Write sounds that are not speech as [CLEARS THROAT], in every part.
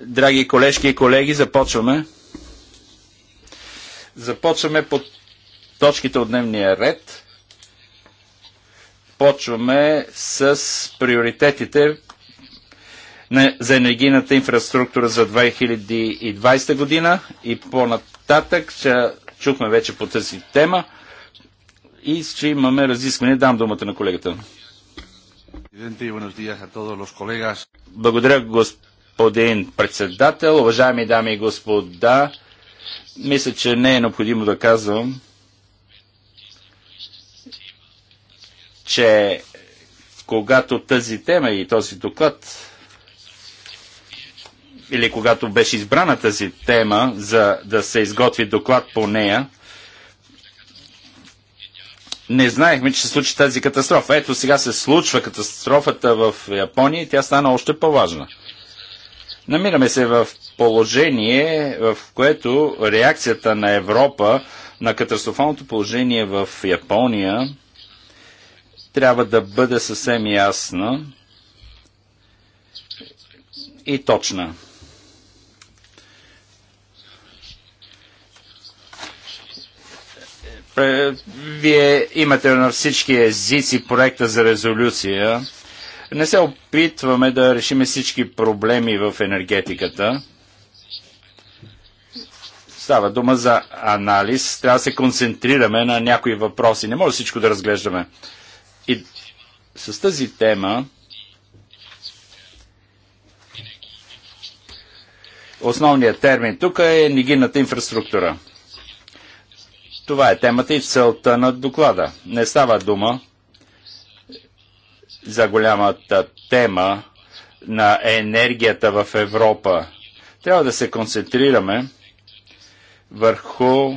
Драги колежки и колеги, започваме. Започваме по точките от дневния ред. Почваме с приоритетите за енергийната инфраструктура за 2020 година и по-нататък. Чухме вече по тази тема и ще имаме разискване. Дам думата на колегата. Благодаря, господин председател. Уважаеми дами и господа, мисля, че не е необходимо да казвам, че когато тази тема и този доклад или когато беше избрана тази тема за да се изготви доклад по нея, не знаехме, че се случи тази катастрофа. Ето сега се случва катастрофата в Япония и тя стана още по-важна. Намираме се в положение, в което реакцията на Европа на катастрофалното положение в Япония трябва да бъде съвсем ясна и точна. Е, вие имате на всички езици проекта за резолюция. Не се опитваме да решим всички проблеми в енергетиката. Става дума за анализ. Трябва да се концентрираме на някои въпроси. Не може всичко да разглеждаме. И с тази тема основният термин тук е енергийната инфраструктура. Това е темата и целта на доклада. Не става дума за голямата тема на енергията в Европа. Трябва да се концентрираме върху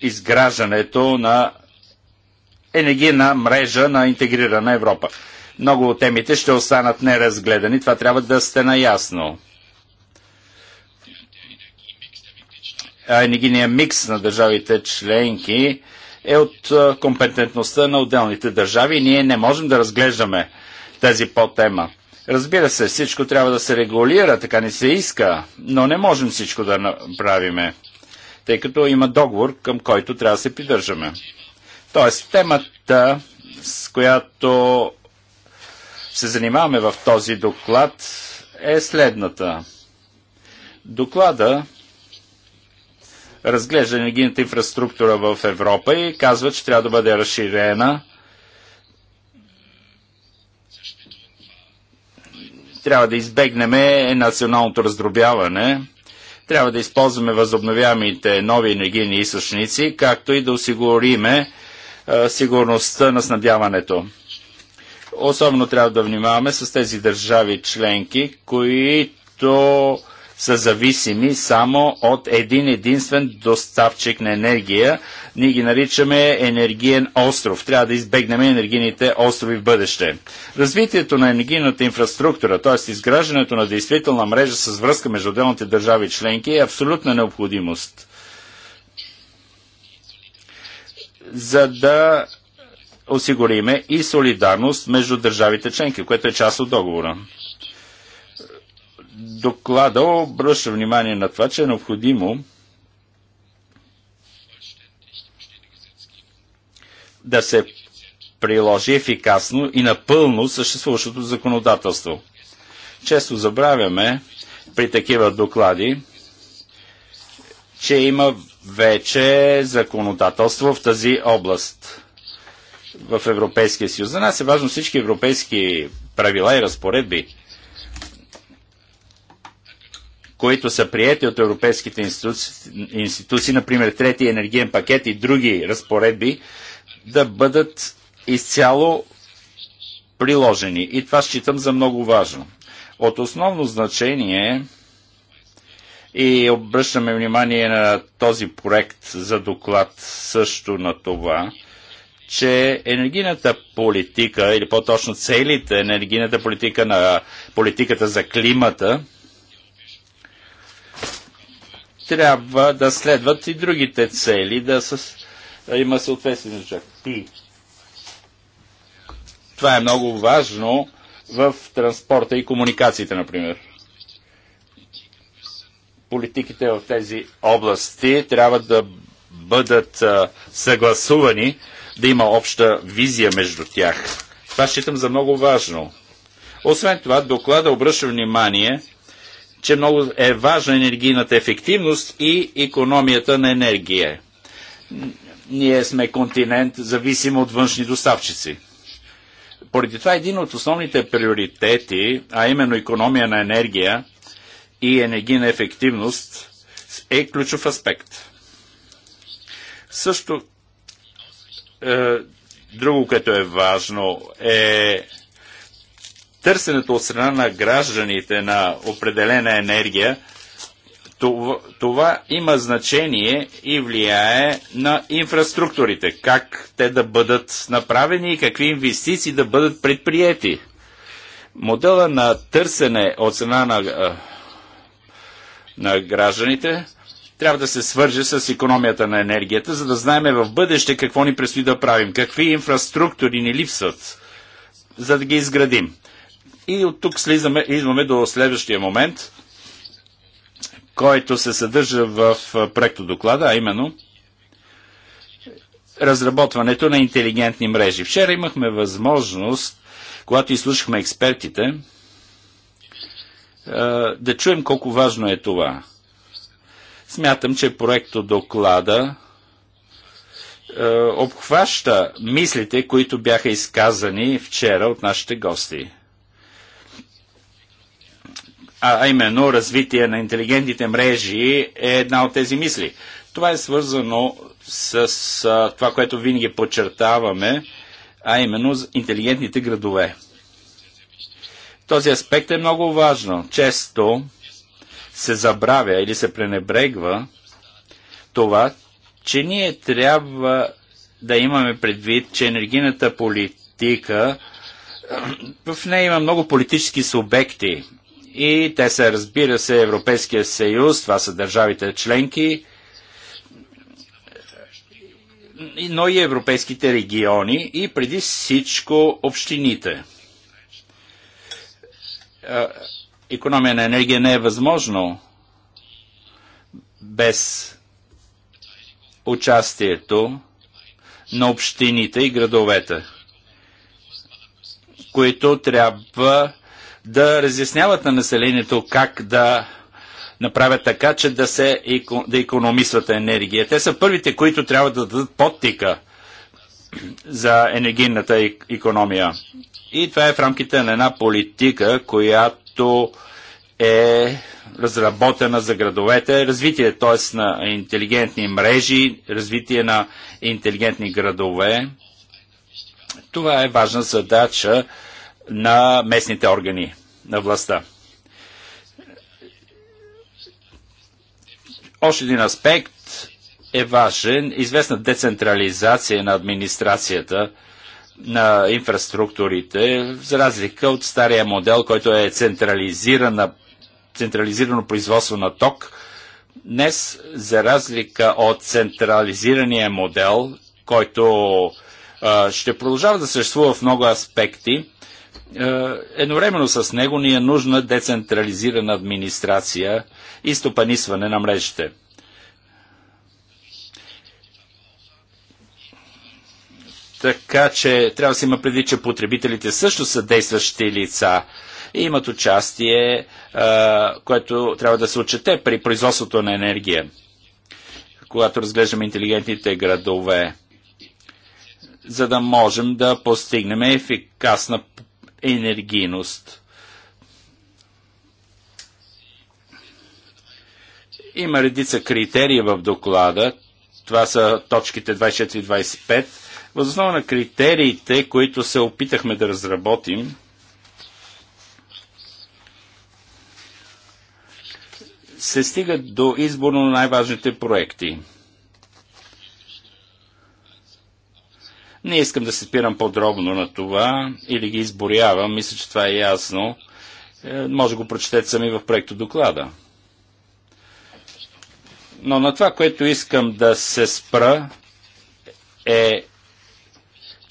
изграждането на енергийна мрежа на интегрирана Европа. Много от темите ще останат неразгледани, това трябва да сте наясно. енергийния микс на държавите членки е от компетентността на отделните държави и ние не можем да разглеждаме тази по-тема. Разбира се, всичко трябва да се регулира, така не се иска, но не можем всичко да направиме, тъй като има договор, към който трябва да се придържаме. Тоест, темата, с която се занимаваме в този доклад, е следната. Доклада разглежда енергийната инфраструктура в Европа и казва, че трябва да бъде разширена. Трябва да избегнем националното раздробяване. Трябва да използваме възобновяемите нови енергийни източници, както и да осигуриме е, сигурността на снабдяването. Особено трябва да внимаваме с тези държави членки, които са зависими само от един единствен доставчик на енергия. Ние ги наричаме енергиен остров. Трябва да избегнем енергийните острови в бъдеще. Развитието на енергийната инфраструктура, т.е. изграждането на действителна мрежа с връзка между отделните държави и членки е абсолютна необходимост. За да осигуриме и солидарност между държавите членки, което е част от договора доклада обръща внимание на това, че е необходимо да се приложи ефикасно и напълно съществуващото законодателство. Често забравяме при такива доклади, че има вече законодателство в тази област в Европейския съюз. За нас е важно всички европейски правила и разпоредби които са приети от европейските институции, институции например трети енергиен пакет и други разпоредби, да бъдат изцяло приложени. И това считам за много важно. От основно значение и обръщаме внимание на този проект за доклад също на това, че енергийната политика, или по-точно целите енергийната политика на политиката за климата, трябва да следват и другите цели, да, с, има съответствие между Пи. Това е много важно в транспорта и комуникациите, например. Политиките в тези области трябва да бъдат а, съгласувани, да има обща визия между тях. Това считам за много важно. Освен това, доклада обръща внимание че много е важна енергийната ефективност и економията на енергия. Ние сме континент, зависим от външни доставчици. Поради това един от основните приоритети, а именно економия на енергия и енергийна ефективност, е ключов аспект. Също е, друго, което е важно, е търсенето от страна на гражданите на определена енергия, това, това има значение и влияе на инфраструктурите, как те да бъдат направени и какви инвестиции да бъдат предприяти. Модела на търсене от страна на, на гражданите трябва да се свърже с економията на енергията, за да знаем в бъдеще какво ни предстои да правим, какви инфраструктури ни липсват, за да ги изградим. И от тук слизаме, идваме до следващия момент, който се съдържа в проекто доклада, а именно разработването на интелигентни мрежи. Вчера имахме възможност, когато изслушахме експертите, да чуем колко важно е това. Смятам, че проекто доклада обхваща мислите, които бяха изказани вчера от нашите гости а именно развитие на интелигентните мрежи е една от тези мисли. Това е свързано с, с това, което винаги подчертаваме, а именно с интелигентните градове. Този аспект е много важно. Често се забравя или се пренебрегва това, че ние трябва да имаме предвид, че енергийната политика в нея има много политически субекти и те са, разбира се, Европейския съюз, това са държавите членки, но и европейските региони и преди всичко общините. Економия на енергия не е възможно без участието на общините и градовете, които трябва да разясняват на населението как да направят така, че да се да економисват енергия. Те са първите, които трябва да дадат подтика за енергийната економия. И това е в рамките на една политика, която е разработена за градовете, развитие т.е. на интелигентни мрежи, развитие на интелигентни градове. Това е важна задача на местните органи на властта. Още един аспект е важен. Известна децентрализация на администрацията на инфраструктурите, за разлика от стария модел, който е централизирано производство на ток. Днес, за разлика от централизирания модел, който а, ще продължава да съществува в много аспекти, е, едновременно с него ни е нужна децентрализирана администрация и стопанисване на мрежите. Така че трябва да се има предвид, че потребителите също са действащи лица и имат участие, е, което трябва да се отчете при производството на енергия, когато разглеждаме интелигентните градове, за да можем да постигнем ефикасна енергийност. Има редица критерии в доклада. Това са точките 24 и 25. Възоснова на критериите, които се опитахме да разработим, се стигат до изборно на най-важните проекти – Не искам да се спирам подробно на това или ги изборявам, мисля, че това е ясно. Е, може да го прочетете сами в проекто доклада. Но на това, което искам да се спра е,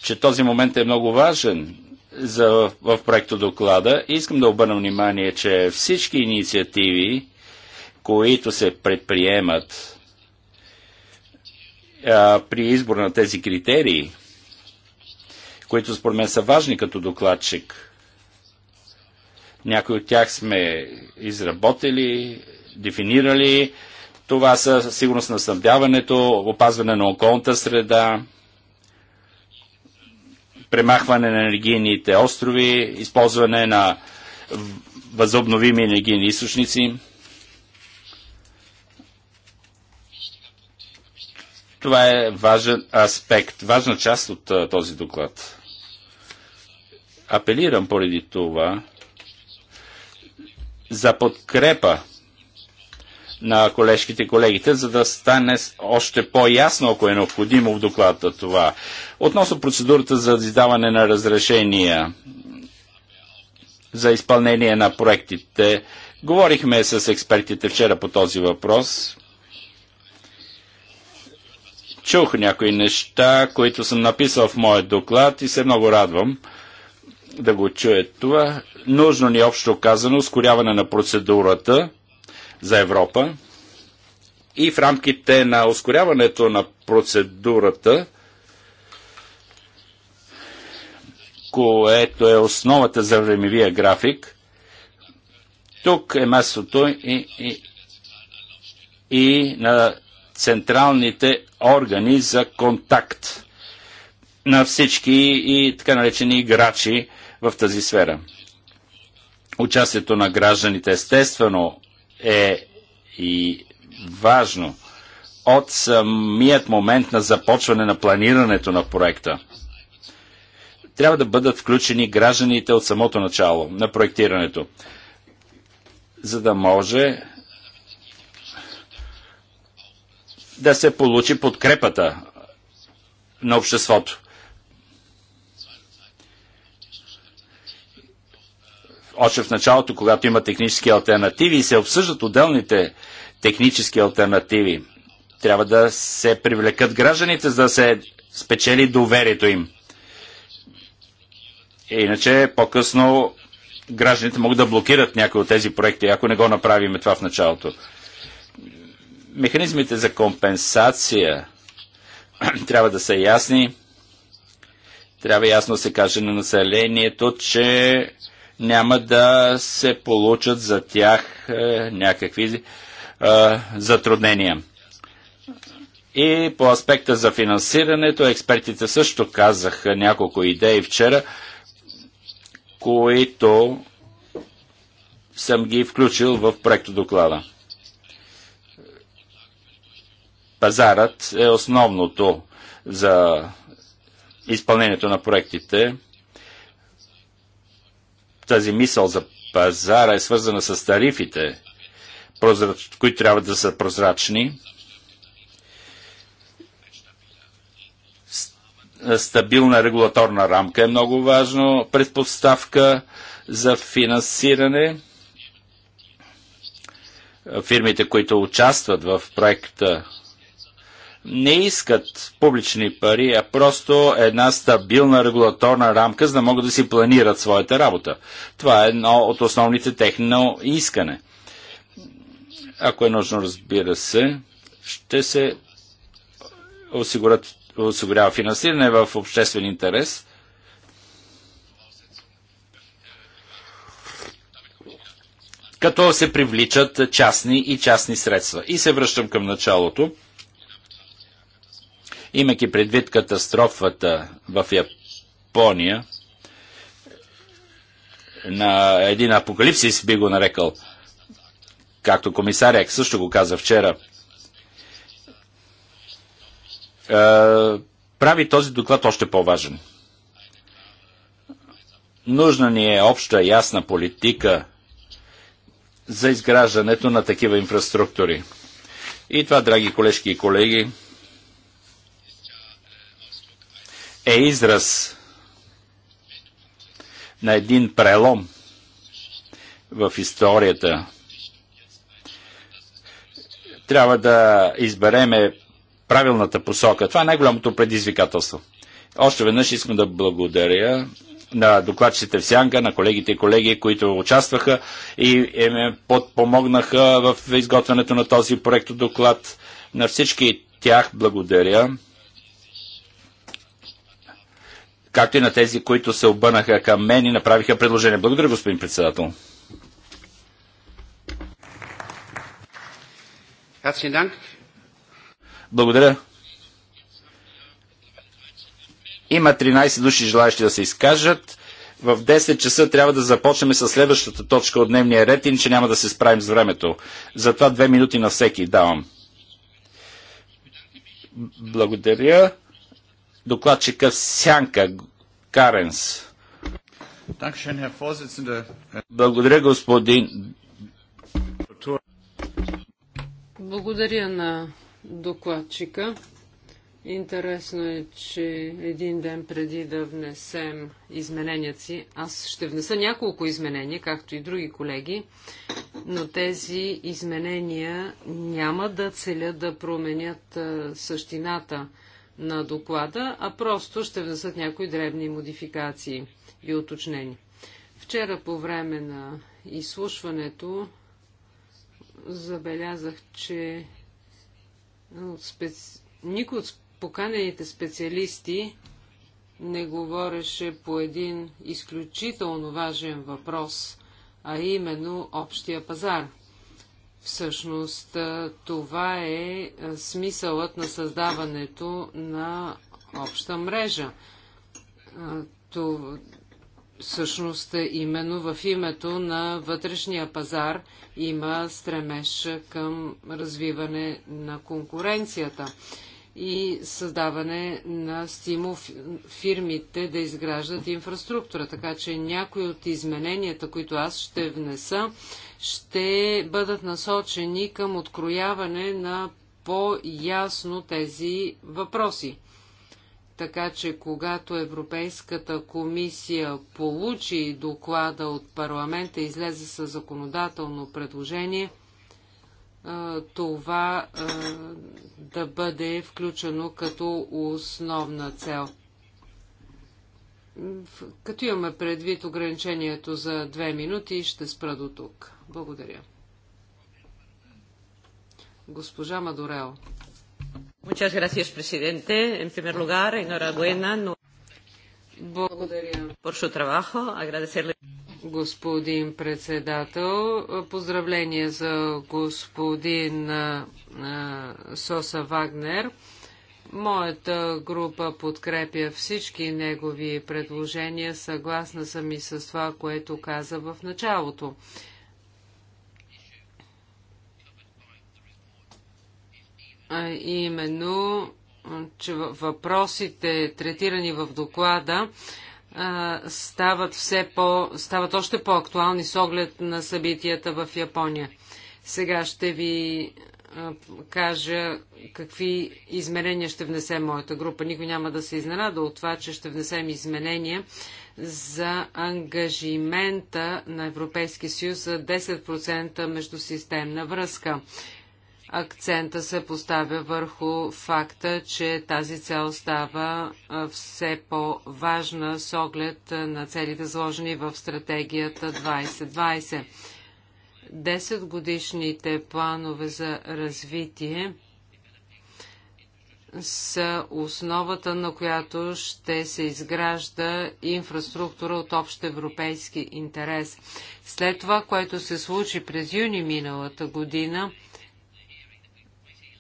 че този момент е много важен за, в проекто доклада. Искам да обърна внимание, че всички инициативи, които се предприемат а, при избор на тези критерии, които според мен са важни като докладчик. Някои от тях сме изработили, дефинирали. Това са сигурност на снабдяването, опазване на околната среда, премахване на енергийните острови, използване на възобновими енергийни източници. Това е важен аспект, важна част от този доклад. Апелирам поради това за подкрепа на колежките и колегите, за да стане още по-ясно, ако е необходимо в доклада това. Относно процедурата за издаване на разрешения за изпълнение на проектите, говорихме с експертите вчера по този въпрос. Чух някои неща, които съм написал в моят доклад и се много радвам – да го чуят това. Нужно ни е общо казано ускоряване на процедурата за Европа и в рамките на ускоряването на процедурата, което е основата за времевия график, тук е мястото и, и, и на централните органи за контакт на всички и така наречени играчи в тази сфера. Участието на гражданите естествено е и важно от самият момент на започване на планирането на проекта. Трябва да бъдат включени гражданите от самото начало на проектирането, за да може да се получи подкрепата на обществото. още в началото, когато има технически альтернативи и се обсъждат отделните технически альтернативи. Трябва да се привлекат гражданите, за да се спечели доверието им. Иначе по-късно гражданите могат да блокират някои от тези проекти, ако не го направим това в началото. Механизмите за компенсация [CLEARS THROAT] трябва да са ясни. Трябва ясно да се каже на населението, че няма да се получат за тях е, някакви е, затруднения. И по аспекта за финансирането, експертите също казаха няколко идеи вчера, които съм ги включил в проекто доклада. Пазарът е основното за изпълнението на проектите тази мисъл за пазара е свързана с тарифите, които трябва да са прозрачни, стабилна регулаторна рамка е много важно, предпоставка за финансиране. Фирмите, които участват в проекта не искат публични пари, а просто една стабилна регулаторна рамка, за да могат да си планират своята работа. Това е едно от основните техно искане. Ако е нужно, разбира се, ще се осигурят, осигурява финансиране в обществен интерес. като се привличат частни и частни средства. И се връщам към началото – Имайки предвид катастрофата в Япония, на един апокалипсис би го нарекал, както комисаряк също го каза вчера, прави този доклад още по-важен. Нужна ни е обща ясна политика за изграждането на такива инфраструктури. И това, драги колежки и колеги, е израз на един прелом в историята. Трябва да избереме правилната посока. Това е най-голямото предизвикателство. Още веднъж искам да благодаря на докладчите в Сянка, на колегите и колеги, които участваха и е, ме подпомогнаха в изготвянето на този проект доклад. На всички тях благодаря. както и на тези, които се обърнаха към мен и направиха предложение. Благодаря, господин председател. Благодаря. Има 13 души желаящи да се изкажат. В 10 часа трябва да започнем с следващата точка от дневния ред, иначе няма да се справим с времето. Затова две минути на всеки давам. Благодаря докладчика Сянка Каренс. Благодаря, господин. Благодаря на докладчика. Интересно е, че един ден преди да внесем измененията си, аз ще внеса няколко изменения, както и други колеги, но тези изменения няма да целят да променят същината на доклада, а просто ще внесат някои дребни модификации и уточнени. Вчера по време на изслушването забелязах, че специ... никой от поканените специалисти не говореше по един изключително важен въпрос, а именно общия пазар – Всъщност това е смисълът на създаването на обща мрежа. То, всъщност именно в името на вътрешния пазар има стремеж към развиване на конкуренцията и създаване на стимул фирмите да изграждат инфраструктура. Така че някои от измененията, които аз ще внеса, ще бъдат насочени към открояване на по-ясно тези въпроси. Така че, когато Европейската комисия получи доклада от парламента и излезе с законодателно предложение, това да бъде включено като основна цел. Като имаме предвид ограничението за две минути, ще спра до тук. Благодаря. Госпожа Мадорел. Muchas gracias, presidente. En primer lugar, enhorabuena. Благодаря. Por su trabajo. Agradecerle. Господин председател, поздравление за господин а, Соса Вагнер. Моята група подкрепя всички негови предложения. Съгласна съм и с това, което каза в началото. И именно, че въпросите, третирани в доклада, стават, все по, стават още по-актуални с оглед на събитията в Япония. Сега ще ви кажа какви изменения ще внесе моята група. Никой няма да се изненада от това, че ще внесем изменения за ангажимента на Европейския съюз за 10% междусистемна връзка акцента се поставя върху факта, че тази цел става все по-важна с оглед на целите заложени в стратегията 2020. Десет годишните планове за развитие са основата, на която ще се изгражда инфраструктура от общ европейски интерес. След това, което се случи през юни миналата година,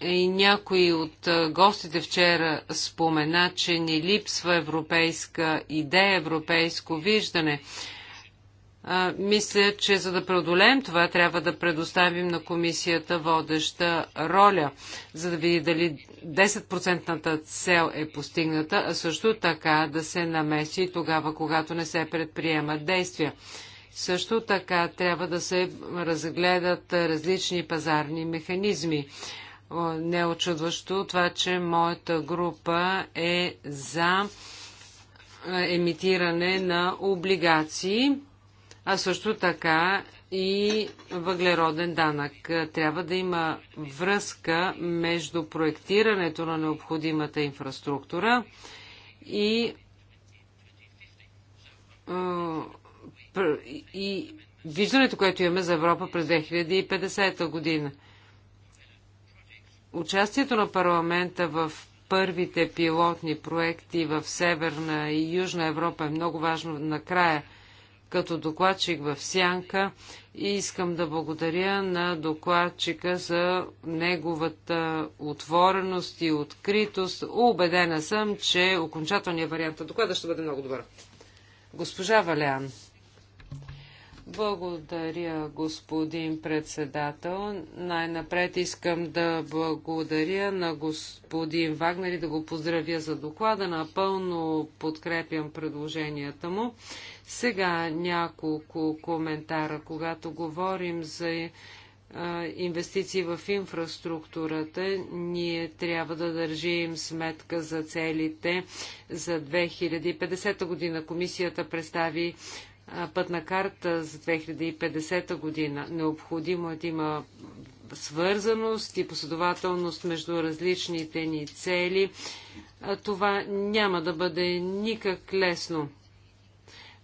и някой от гостите вчера спомена, че ни липсва европейска идея, европейско виждане. А, мисля, че за да преодолеем това, трябва да предоставим на комисията водеща роля, за да види дали 10 цел е постигната, а също така да се намеси тогава, когато не се предприемат действия. Също така трябва да се разгледат различни пазарни механизми не е очудващо това, че моята група е за е, емитиране на облигации, а също така и въглероден данък. Трябва да има връзка между проектирането на необходимата инфраструктура и, е, и виждането, което имаме за Европа през 2050 година. Участието на парламента в първите пилотни проекти в Северна и Южна Европа е много важно накрая. Като докладчик в Сянка и искам да благодаря на докладчика за неговата отвореност и откритост. Убедена съм, че окончателният вариант на доклада ще бъде много добър. Госпожа Валян. Благодаря, господин председател. Най-напред искам да благодаря на господин Вагнер и да го поздравя за доклада. Напълно подкрепям предложенията му. Сега няколко коментара. Когато говорим за е, инвестиции в инфраструктурата, ние трябва да държим сметка за целите за 2050 година. Комисията представи пътна карта за 2050 година. Необходимо е да има свързаност и последователност между различните ни цели. Това няма да бъде никак лесно,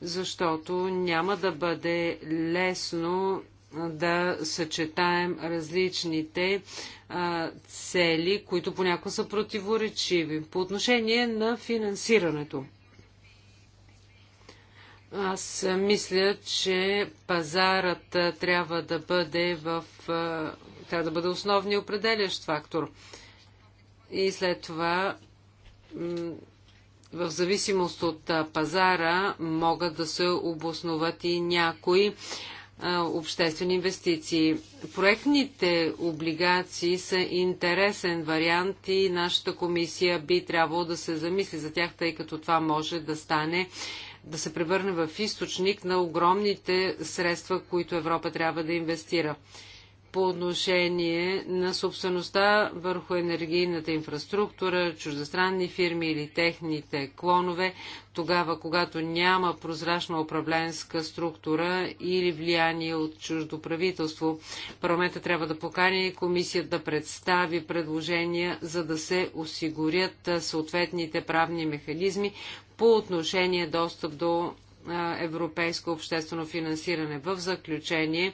защото няма да бъде лесно да съчетаем различните а, цели, които понякога са противоречиви по отношение на финансирането. Аз мисля, че пазарът трябва да бъде в трябва да бъде основния определящ фактор. И след това в зависимост от пазара могат да се обосноват и някои обществени инвестиции. Проектните облигации са интересен вариант и нашата комисия би трябвало да се замисли за тях, тъй като това може да стане да се превърне в източник на огромните средства, които Европа трябва да инвестира. По отношение на собствеността върху енергийната инфраструктура, чуждестранни фирми или техните клонове, тогава когато няма прозрачна управленска структура или влияние от чуждо правителство, парламента трябва да покани комисията да представи предложения, за да се осигурят съответните правни механизми, по отношение достъп до европейско обществено финансиране. В заключение,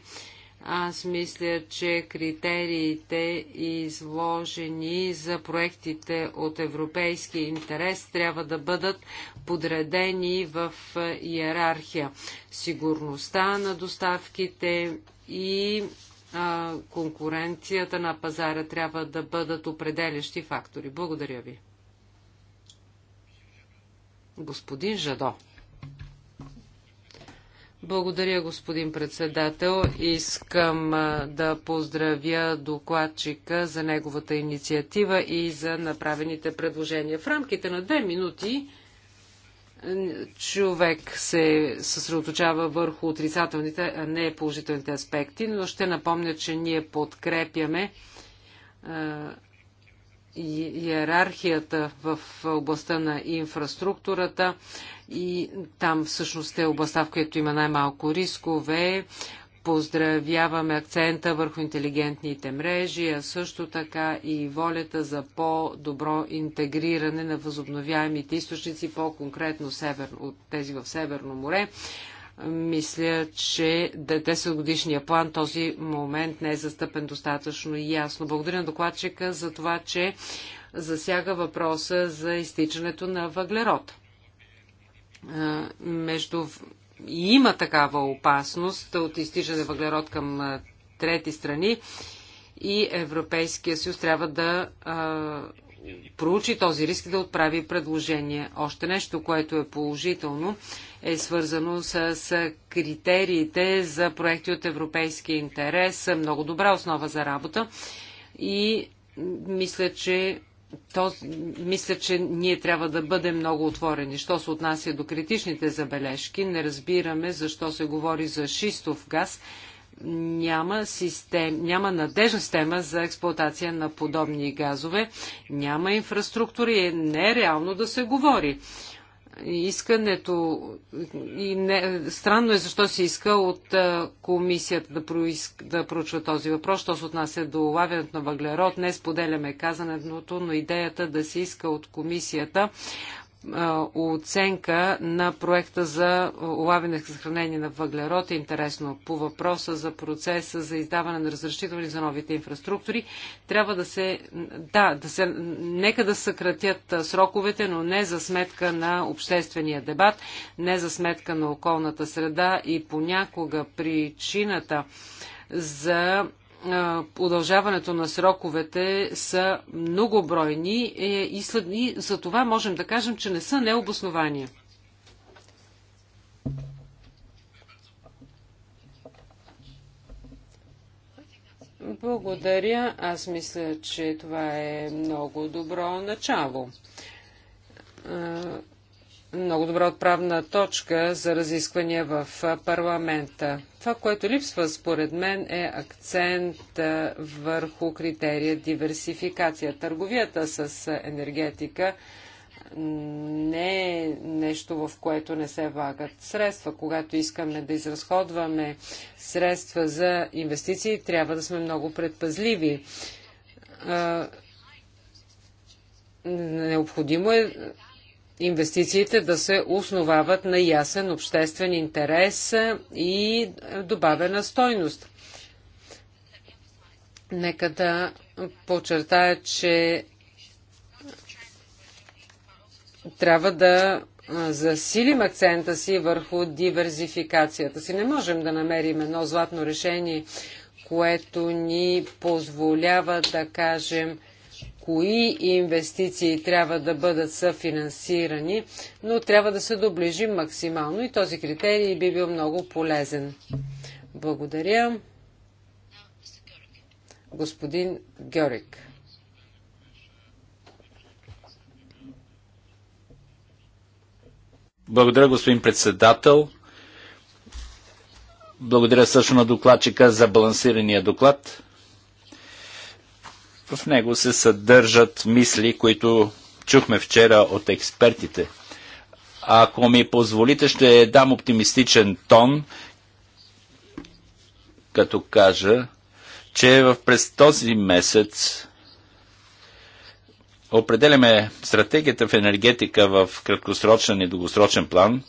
аз мисля, че критериите изложени за проектите от европейски интерес трябва да бъдат подредени в иерархия. Сигурността на доставките и а, конкуренцията на пазара трябва да бъдат определящи фактори. Благодаря ви. Господин Жадо. Благодаря, господин председател. Искам да поздравя докладчика за неговата инициатива и за направените предложения. В рамките на две минути човек се съсредоточава върху отрицателните, а не положителните аспекти, но ще напомня, че ние подкрепяме иерархията в областта на инфраструктурата и там всъщност е областта, в която има най-малко рискове. Поздравяваме акцента върху интелигентните мрежи, а също така и волята за по-добро интегриране на възобновяемите източници, по-конкретно север, от тези в Северно море. Мисля, че 10-годишния е план този момент не е застъпен достатъчно ясно. Благодаря на докладчика за това, че засяга въпроса за изтичането на въглерод. Между... Има такава опасност от изтичане въглерод към трети страни и Европейския съюз трябва да а, проучи този риск и да отправи предложение. Още нещо, което е положително е свързано с критериите за проекти от европейски интерес. Много добра основа за работа и мисля, че то, мисля, че ние трябва да бъдем много отворени. Що се отнася до критичните забележки, не разбираме защо се говори за шистов газ. Няма, систем, няма надежна система за експлуатация на подобни газове, няма инфраструктура и е, не е нереално да се говори искането и не, странно е защо се иска от комисията да, происк, да проучва този въпрос, що се отнася до лавянето на въглерод. Не споделяме казането, но идеята да се иска от комисията оценка на проекта за улавяне и съхранение на въглерод е интересно. По въпроса за процеса за издаване на разрешителни за новите инфраструктури, трябва да се, да, да се, нека да съкратят сроковете, но не за сметка на обществения дебат, не за сметка на околната среда и понякога причината за удължаването на сроковете са многобройни е, и, след, и за това можем да кажем, че не са необоснования. Благодаря. Аз мисля, че това е много добро начало много добра отправна точка за разисквания в парламента. Това, което липсва според мен е акцент върху критерия диверсификация. Търговията с енергетика не е нещо, в което не се влагат средства. Когато искаме да изразходваме средства за инвестиции, трябва да сме много предпазливи. Необходимо е инвестициите да се основават на ясен обществен интерес и добавена стойност. Нека да подчертая, че трябва да засилим акцента си върху диверзификацията. си. Не можем да намерим едно златно решение, което ни позволява да кажем – кои инвестиции трябва да бъдат съфинансирани, но трябва да се доближим максимално и този критерий би бил много полезен. Благодаря. Господин Георик. Благодаря, господин председател. Благодаря също на докладчика за балансирания доклад. В него се съдържат мисли, които чухме вчера от експертите. Ако ми позволите, ще дам оптимистичен тон, като кажа, че в през този месец определяме стратегията в енергетика в краткосрочен и дългосрочен план,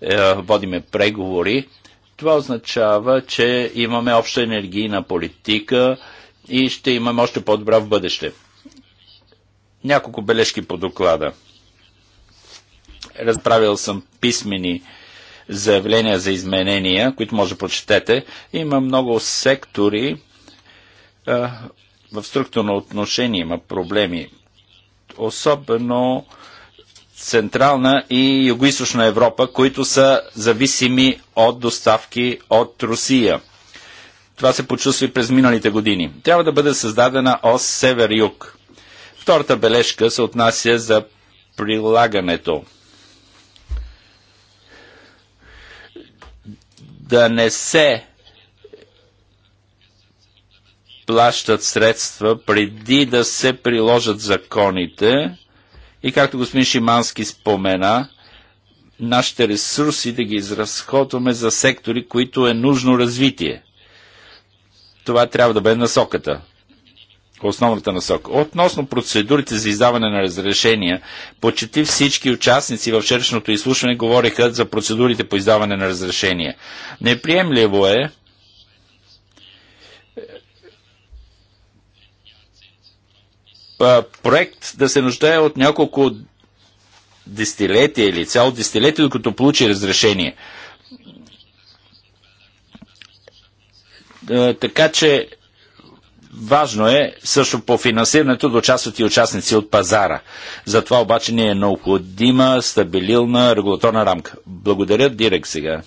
е, водиме преговори. Това означава, че имаме обща енергийна политика, и ще имам още по-добра в бъдеще. Няколко бележки по доклада. Разправил съм писмени заявления за изменения, които може да прочетете. Има много сектори, а, в структурно отношение има проблеми. Особено Централна и Югоизточна Европа, които са зависими от доставки от Русия – това се почувства и през миналите години. Трябва да бъде създадена ОС Север-Юг. Втората бележка се отнася за прилагането. Да не се плащат средства преди да се приложат законите и както господин Шимански спомена, нашите ресурси да ги изразходваме за сектори, които е нужно развитие. Това трябва да бъде насоката. Основната насока. Относно процедурите за издаване на разрешения, почти всички участници в вчерашното изслушване говориха за процедурите по издаване на разрешения. Неприемливо е, проект да се нуждае от няколко десетилетия или цяло десетилетие, докато получи разрешение. Е, така че важно е също по финансирането да участват и участници от пазара. Затова обаче ни е необходима стабилна регулаторна рамка. Благодаря Дирек сега.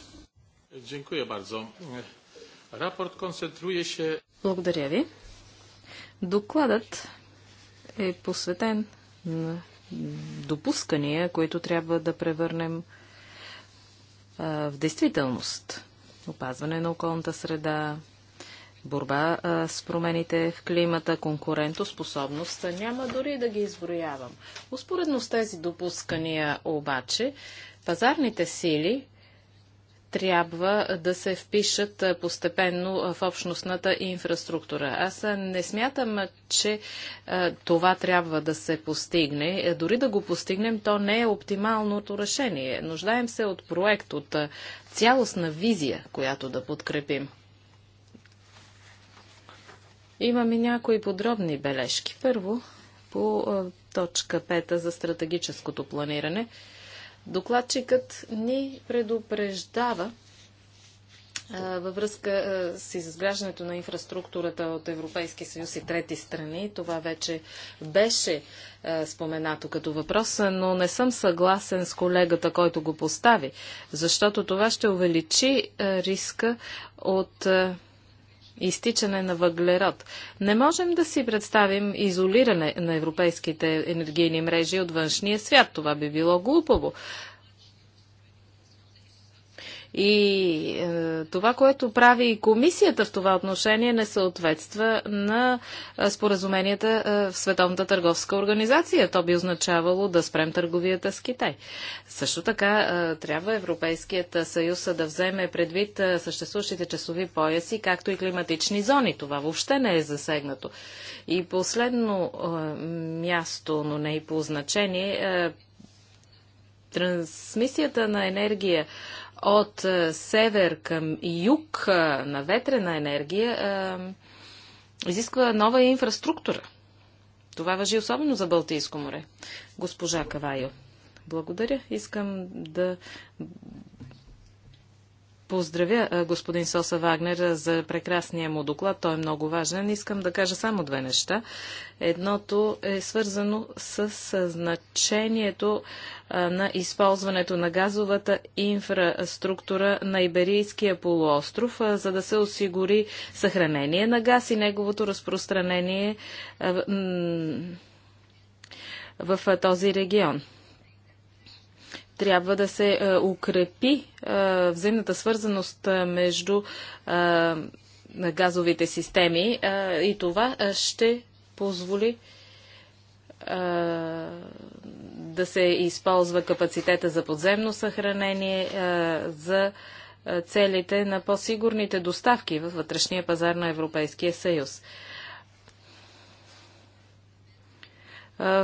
Благодаря ви. Докладът е посветен на допускания, които трябва да превърнем а, в действителност. Опазване на околната среда, борба а, с промените в климата, конкурентоспособност. Няма дори да ги изброявам. Успоредно с тези допускания обаче, пазарните сили трябва да се впишат постепенно в общностната инфраструктура. Аз не смятам, че това трябва да се постигне. Е, дори да го постигнем, то не е оптималното решение. Нуждаем се от проект, от цялостна визия, която да подкрепим. Имаме някои подробни бележки. Първо, по точка 5 за стратегическото планиране. Докладчикът ни предупреждава във връзка с изграждането на инфраструктурата от Европейски съюз и трети страни. Това вече беше споменато като въпрос, но не съм съгласен с колегата, който го постави, защото това ще увеличи риска от изтичане на въглерод. Не можем да си представим изолиране на европейските енергийни мрежи от външния свят. Това би било глупаво. И е, това, което прави и комисията в това отношение, не съответства на е, споразуменията е, в Световната търговска организация. То би означавало да спрем търговията с Китай. Също така е, трябва Европейският съюз да вземе предвид е, съществуващите часови пояси, както и климатични зони. Това въобще не е засегнато. И последно е, място, но не и по значение, трансмисията на енергия от е, север към юг е, на ветрена енергия е, изисква нова инфраструктура. Това въжи особено за Балтийско море. Госпожа Кавайо. Благодаря. Искам да поздравя господин Соса Вагнер за прекрасния му доклад. Той е много важен. Искам да кажа само две неща. Едното е свързано с значението на използването на газовата инфраструктура на Иберийския полуостров, за да се осигури съхранение на газ и неговото разпространение в този регион. Трябва да се е, укрепи е, взаимната свързаност е, между газовите системи и това ще позволи да се използва капацитета за подземно съхранение, за целите на по-сигурните доставки във вътрешния пазар на Европейския съюз.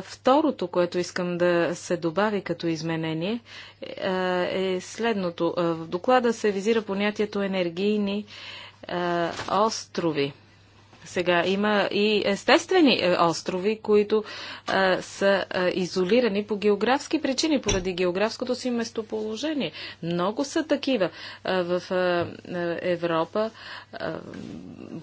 Второто, което искам да се добави като изменение, е, е следното. В доклада се визира понятието енергийни острови. Сега има и естествени е, острови, които а, е, са а, е, изолирани по географски причини, поради географското си местоположение. Много са такива а, в а, Европа. А,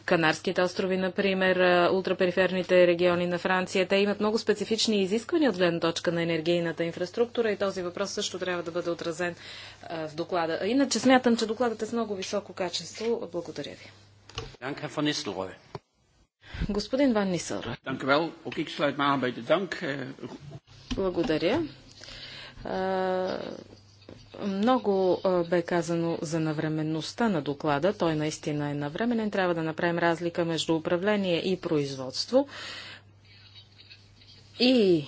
Канарските острови, например, а, ултрапериферните региони на Франция, те имат много специфични изисквания от гледна точка на енергийната инфраструктура и този въпрос също трябва да бъде отразен а, в доклада. Иначе смятам, че докладът е с много високо качество. Благодаря ви. Danke, Herr von Nistelrooy. Господин Ван Нисър. Eh, Благодаря. Много бе казано за навременността на доклада. Той наистина е навременен. Трябва да направим разлика между управление и производство. И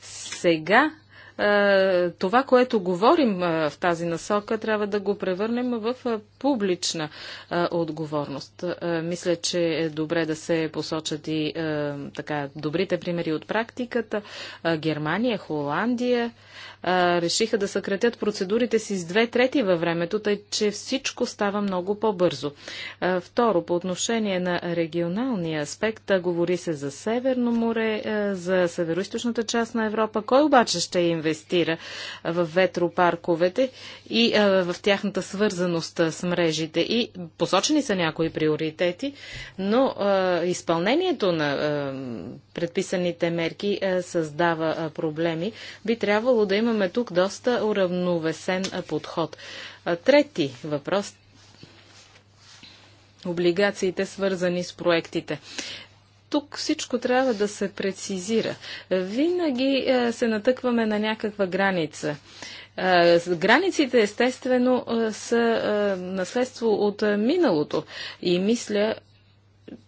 сега е, това, което говорим е, в тази насока, трябва да го превърнем в е, публична отговорност. Мисля, че е добре да се посочат и така, добрите примери от практиката. Германия, Холандия решиха да съкратят процедурите си с две трети във времето, тъй че всичко става много по-бързо. Второ, по отношение на регионалния аспект, говори се за Северно море, за северо част на Европа. Кой обаче ще инвестира? инвестира в ветропарковете и в тяхната свързаност с мрежите. И посочени са някои приоритети, но изпълнението на предписаните мерки създава проблеми. Би трябвало да имаме тук доста уравновесен подход. Трети въпрос облигациите, свързани с проектите тук всичко трябва да се прецизира. Винаги е, се натъкваме на някаква граница. Е, границите, естествено, е, са наследство от миналото и мисля,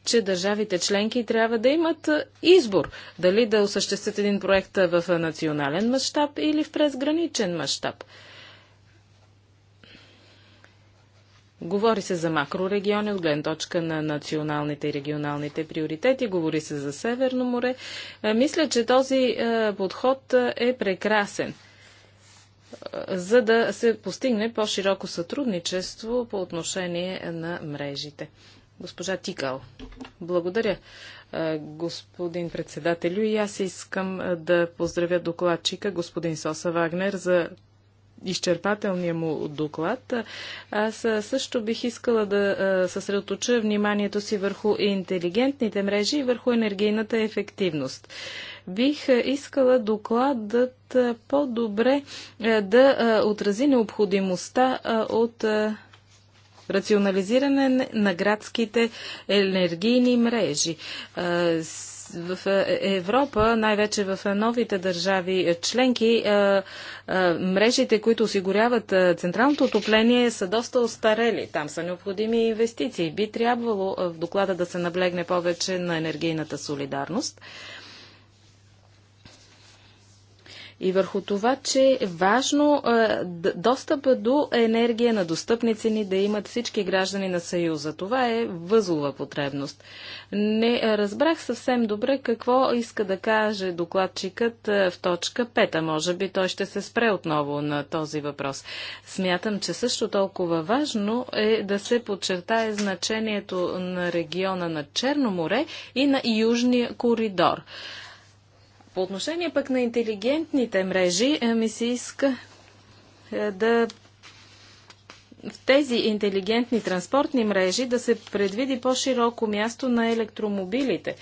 че държавите членки трябва да имат избор дали да осъществят един проект в национален мащаб или в презграничен мащаб. Говори се за макрорегиони от гледна точка на националните и регионалните приоритети, говори се за Северно море. Е, мисля, че този е, подход е, е прекрасен за да се постигне по-широко сътрудничество по отношение на мрежите. Госпожа Тикал, благодаря. Господин председателю, и аз искам да поздравя докладчика, господин Соса Вагнер, за изчерпателния му доклад. Аз също бих искала да съсредоточа вниманието си върху интелигентните мрежи и върху енергийната ефективност. Бих искала докладът по-добре да отрази необходимостта от рационализиране на градските енергийни мрежи в е, Европа, най-вече в е, новите държави е, членки, мрежите, които осигуряват централното отопление, са доста остарели. Там са необходими инвестиции. Би трябвало в доклада да се наблегне повече на енергийната солидарност и върху това, че е важно е, достъпа до енергия на достъпни цени да имат всички граждани на Съюза. Това е възлова потребност. Не е, разбрах съвсем добре какво иска да каже докладчикът е, в точка 5. Може би той ще се спре отново на този въпрос. Смятам, че също толкова важно е да се подчертае значението на региона на Черно море и на Южния коридор. По отношение пък на интелигентните мрежи, е, ми се иска е, да в тези интелигентни транспортни мрежи да се предвиди по-широко място на електромобилите.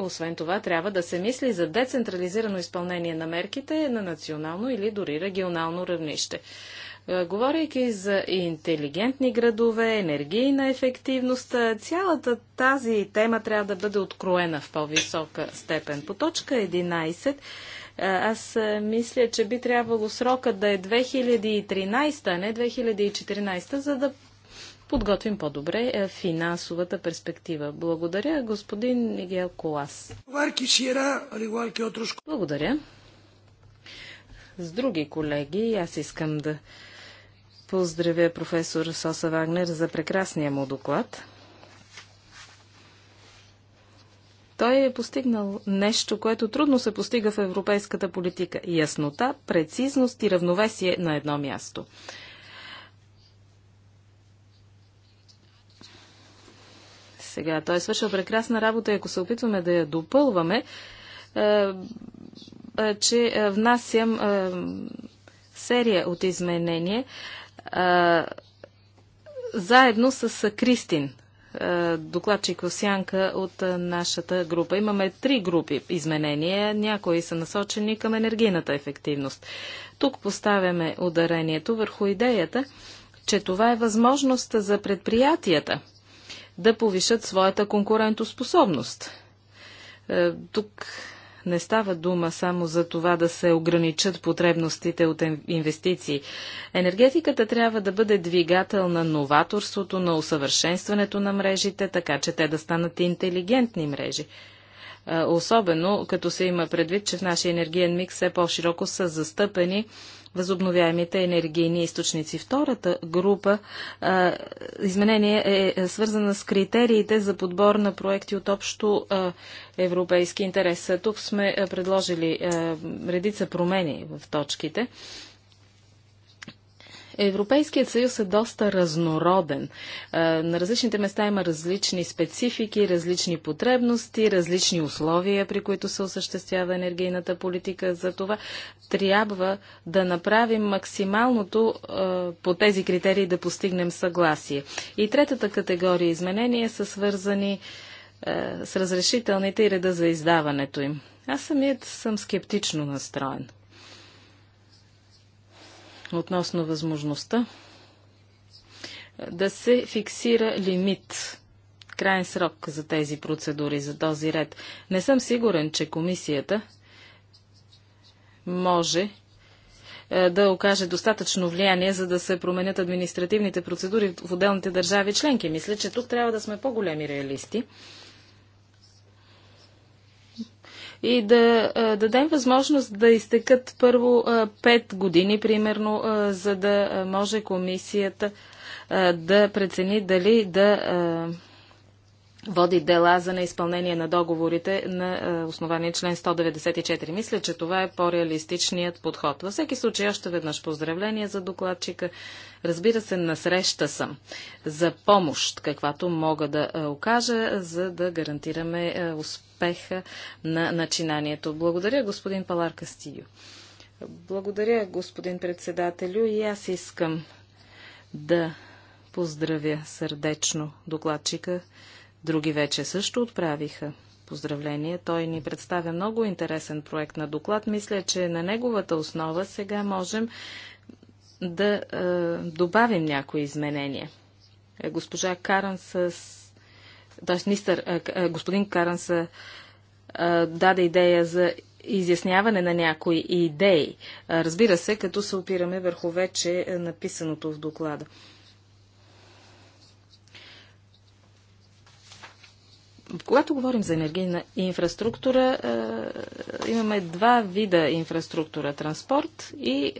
Освен това, трябва да се мисли за децентрализирано изпълнение на мерките на национално или дори регионално равнище. Е, говорейки за интелигентни градове, енергийна ефективност, е, цялата тази тема трябва да бъде откроена в по-висока степен. По точка 11 е, аз мисля, че би трябвало срокът да е 2013, а не 2014, за да подготвим по-добре финансовата перспектива. Благодаря, господин Нигел Колас. Благодаря. С други колеги, аз искам да поздравя професор Соса Вагнер за прекрасния му доклад. Той е постигнал нещо, което трудно се постига в европейската политика – яснота, прецизност и равновесие на едно място. Сега, той е свършил прекрасна работа и ако се опитваме да я допълваме, е, е, че е, внасям е, серия от изменения, а, заедно с Кристин, докладчик Осянка от нашата група. Имаме три групи изменения. Някои са насочени към енергийната ефективност. Тук поставяме ударението върху идеята, че това е възможност за предприятията да повишат своята конкурентоспособност. Е, тук не става дума само за това да се ограничат потребностите от инвестиции. Енергетиката трябва да бъде двигател на новаторството, на усъвършенстването на мрежите, така че те да станат интелигентни мрежи. Особено като се има предвид, че в нашия енергиен микс все по-широко са застъпени възобновяемите енергийни източници. Втората група а, изменение е, е свързана с критериите за подбор на проекти от общо а, европейски интерес. Тук сме предложили а, редица промени в точките. Европейският съюз е доста разнороден. Е, на различните места има различни специфики, различни потребности, различни условия, при които се осъществява енергийната политика. За това трябва да направим максималното е, по тези критерии да постигнем съгласие. И третата категория изменения са свързани е, с разрешителните и реда за издаването им. Аз самият съм скептично настроен относно възможността е, да се фиксира лимит, крайен срок за тези процедури, за този ред. Не съм сигурен, че комисията може е, да окаже достатъчно влияние, за да се променят административните процедури в отделните държави членки. Мисля, че тук трябва да сме по-големи реалисти и да дадем възможност да изтекат първо 5 години, примерно, за да може комисията да прецени дали да води дела за неизпълнение на договорите на е, основание член 194. Мисля, че това е по-реалистичният подход. Във всеки случай, още веднъж поздравление за докладчика. Разбира се, насреща съм за помощ, каквато мога да е, окажа, за да гарантираме е, успеха на начинанието. Благодаря, господин Палар Кастио. Благодаря, господин председателю. И аз искам да поздравя сърдечно докладчика Други вече също отправиха поздравление. Той ни представя много интересен проект на доклад. Мисля, че на неговата основа сега можем да е, добавим някои изменения. Е, госпожа Каранс, т.е. Мистър, е, господин Каранс е, даде идея за изясняване на някои идеи. Разбира се, като се опираме върху вече написаното в доклада. Когато говорим за енергийна инфраструктура, е, имаме два вида инфраструктура транспорт и е,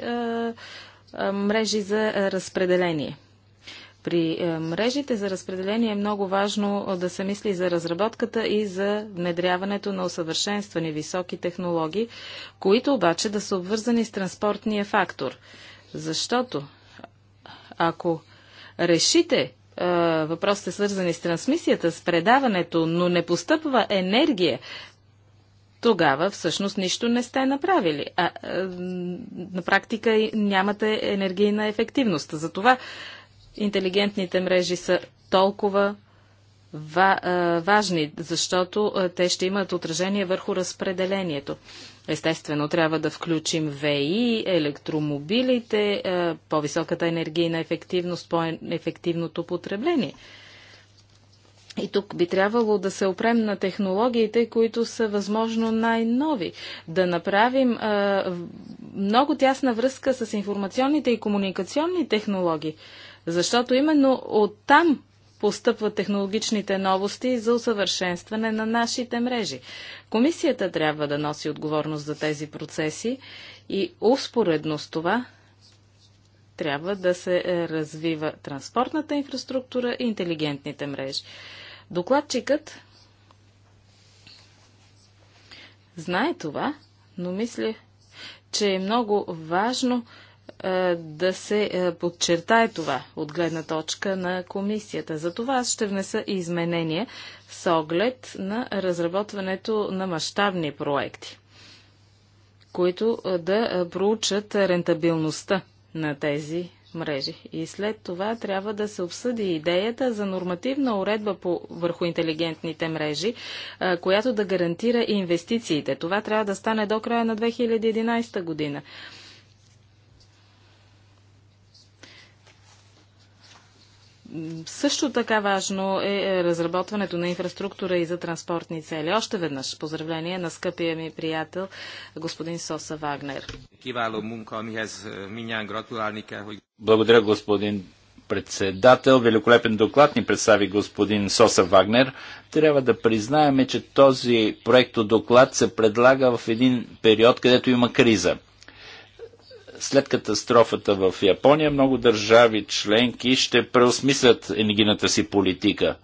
е мрежи за разпределение. При е, мрежите за разпределение е много важно е, да се мисли за разработката и за внедряването на усъвършенствани високи технологии, които обаче да са обвързани с транспортния фактор. Защото ако решите е, въпросите свързани с трансмисията, с предаването, но не постъпва енергия, тогава всъщност нищо не сте направили. А, а е, на практика нямате енергийна ефективност. Затова интелигентните мрежи са толкова ва, а, е, важни, защото те ще имат отражение върху разпределението. Естествено, трябва да включим ВИ, електромобилите, е, по-високата енергийна ефективност, по-ефективното потребление. И тук би трябвало да се опрем на технологиите, които са възможно най-нови. Да направим а, е, много тясна връзка с информационните и комуникационни технологии, защото именно оттам постъпват технологичните новости за усъвършенстване на нашите мрежи. Комисията трябва да носи отговорност за тези процеси и успоредно с това трябва да се развива транспортната инфраструктура и интелигентните мрежи. Докладчикът знае това, но мисля, че е много важно е, да се е, подчертае това от гледна точка на комисията. За това аз ще внеса изменения с оглед на разработването на мащабни проекти, които е, да проучат рентабилността на тези мрежи. И след това трябва да се обсъди идеята за нормативна уредба по, върху интелигентните мрежи, която да гарантира инвестициите. Това трябва да стане до края на 2011 година. Също така важно е, е разработването на инфраструктура и за транспортни цели. Още веднъж поздравление на скъпия ми приятел господин Соса Вагнер. Е, е, Благодаря господин председател. Великолепен доклад ни представи господин Соса Вагнер. Трябва да признаем, че този проект доклад се предлага в един период, където има криза – след катастрофата в Япония много държави членки ще преосмислят енергийната си политика.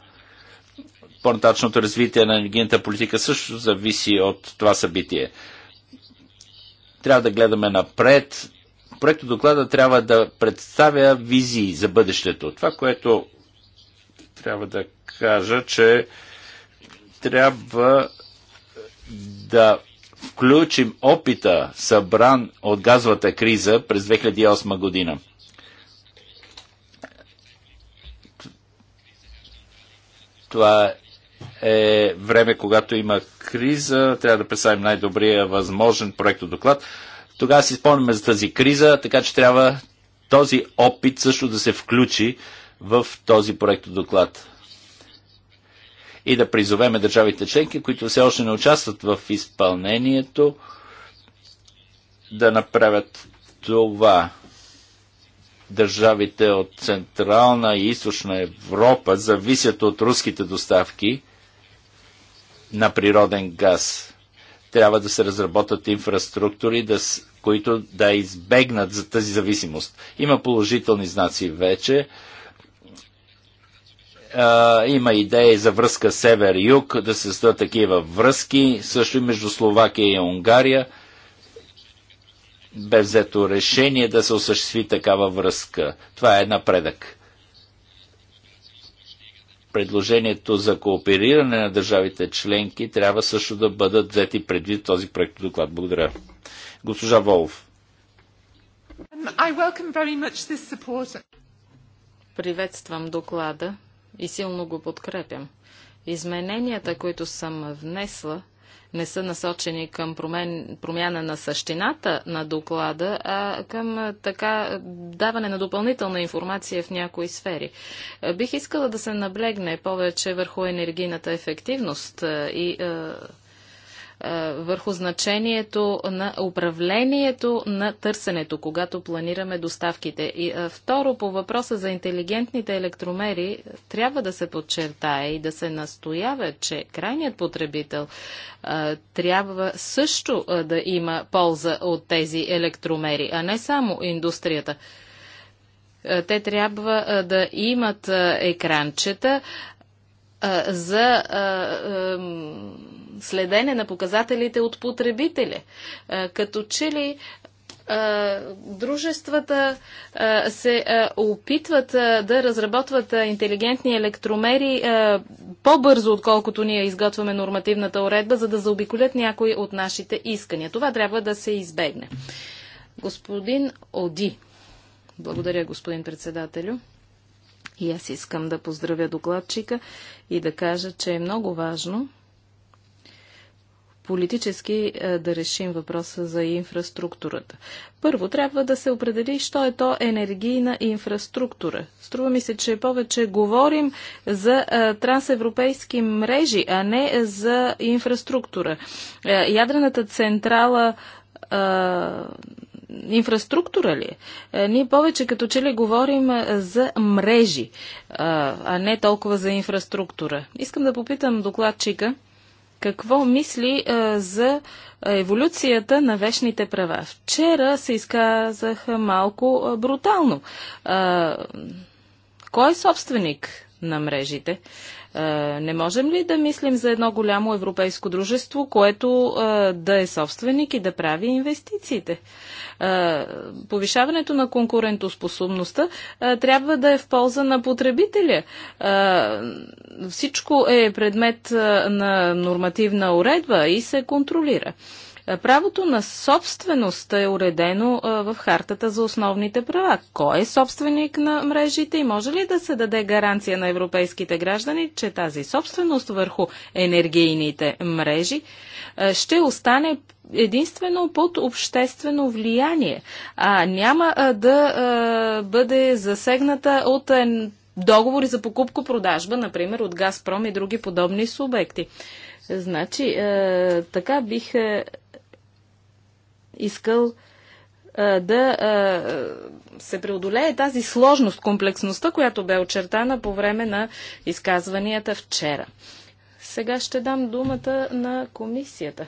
По-нататъчното развитие на енергийната политика също зависи от това събитие. Трябва да гледаме напред. Проектът доклада трябва да представя визии за бъдещето. Това, което трябва да кажа, че трябва да включим опита, събран от газовата криза през 2008 година. Това е време, когато има криза, трябва да представим най-добрия възможен проект от доклад. Тогава си спомняме за тази криза, така че трябва този опит също да се включи в този проект доклад и да призовеме държавите членки, които все още не участват в изпълнението, да направят това. Държавите от Централна и Източна Европа зависят от руските доставки на природен газ. Трябва да се разработят инфраструктури, да, които да избегнат за тази зависимост. Има положителни знаци вече а, има идеи за връзка север-юг, да се създадат такива връзки, също и между Словакия и Унгария. Бе взето решение да се осъществи такава връзка. Това е напредък. Предложението за коопериране на държавите членки трябва също да бъдат взети предвид този проект доклад. Благодаря. Госпожа Волов. Приветствам доклада и силно го подкрепям. Измененията, които съм внесла, не са насочени към промен, промяна на същината на доклада, а към така даване на допълнителна информация в някои сфери. Бих искала да се наблегне повече върху енергийната ефективност и върху значението на управлението на търсенето, когато планираме доставките. И второ, по въпроса за интелигентните електромери, трябва да се подчертае и да се настоява, че крайният потребител трябва също да има полза от тези електромери, а не само индустрията те трябва да имат екранчета, за следене на показателите от потребителя. Като че ли дружествата се опитват да разработват интелигентни електромери по-бързо, отколкото ние изготвяме нормативната уредба, за да заобиколят някои от нашите искания. Това трябва да се избегне. Господин Оди. Благодаря, господин председателю. И аз искам да поздравя докладчика и да кажа, че е много важно политически е, да решим въпроса за инфраструктурата. Първо трябва да се определи, що е то енергийна инфраструктура. Струва ми се, че повече говорим за е, трансевропейски мрежи, а не за инфраструктура. Е, ядрената централа инфраструктура ли е? Ние повече като че ли говорим е, за мрежи, е, а не толкова за инфраструктура. Искам да попитам докладчика какво мисли е, за еволюцията на вечните права. Вчера се изказах малко брутално. кой е собственик на мрежите? Е, не можем ли да мислим за едно голямо европейско дружество, което е, да е собственик и да прави инвестициите? Е, повишаването на конкурентоспособността трябва да е в полза на потребителя. Всичко е предмет на нормативна уредба и се контролира. Правото на собственост е уредено в Хартата за основните права. Кой е собственик на мрежите и може ли да се даде гаранция на европейските граждани, че тази собственост върху енергийните мрежи ще остане единствено под обществено влияние, а няма да бъде засегната от договори за покупко-продажба, например, от Газпром и други подобни субекти. Значи, е, така бих искал да се преодолее тази сложност, комплексността, която бе очертана по време на изказванията вчера. Сега ще дам думата на комисията.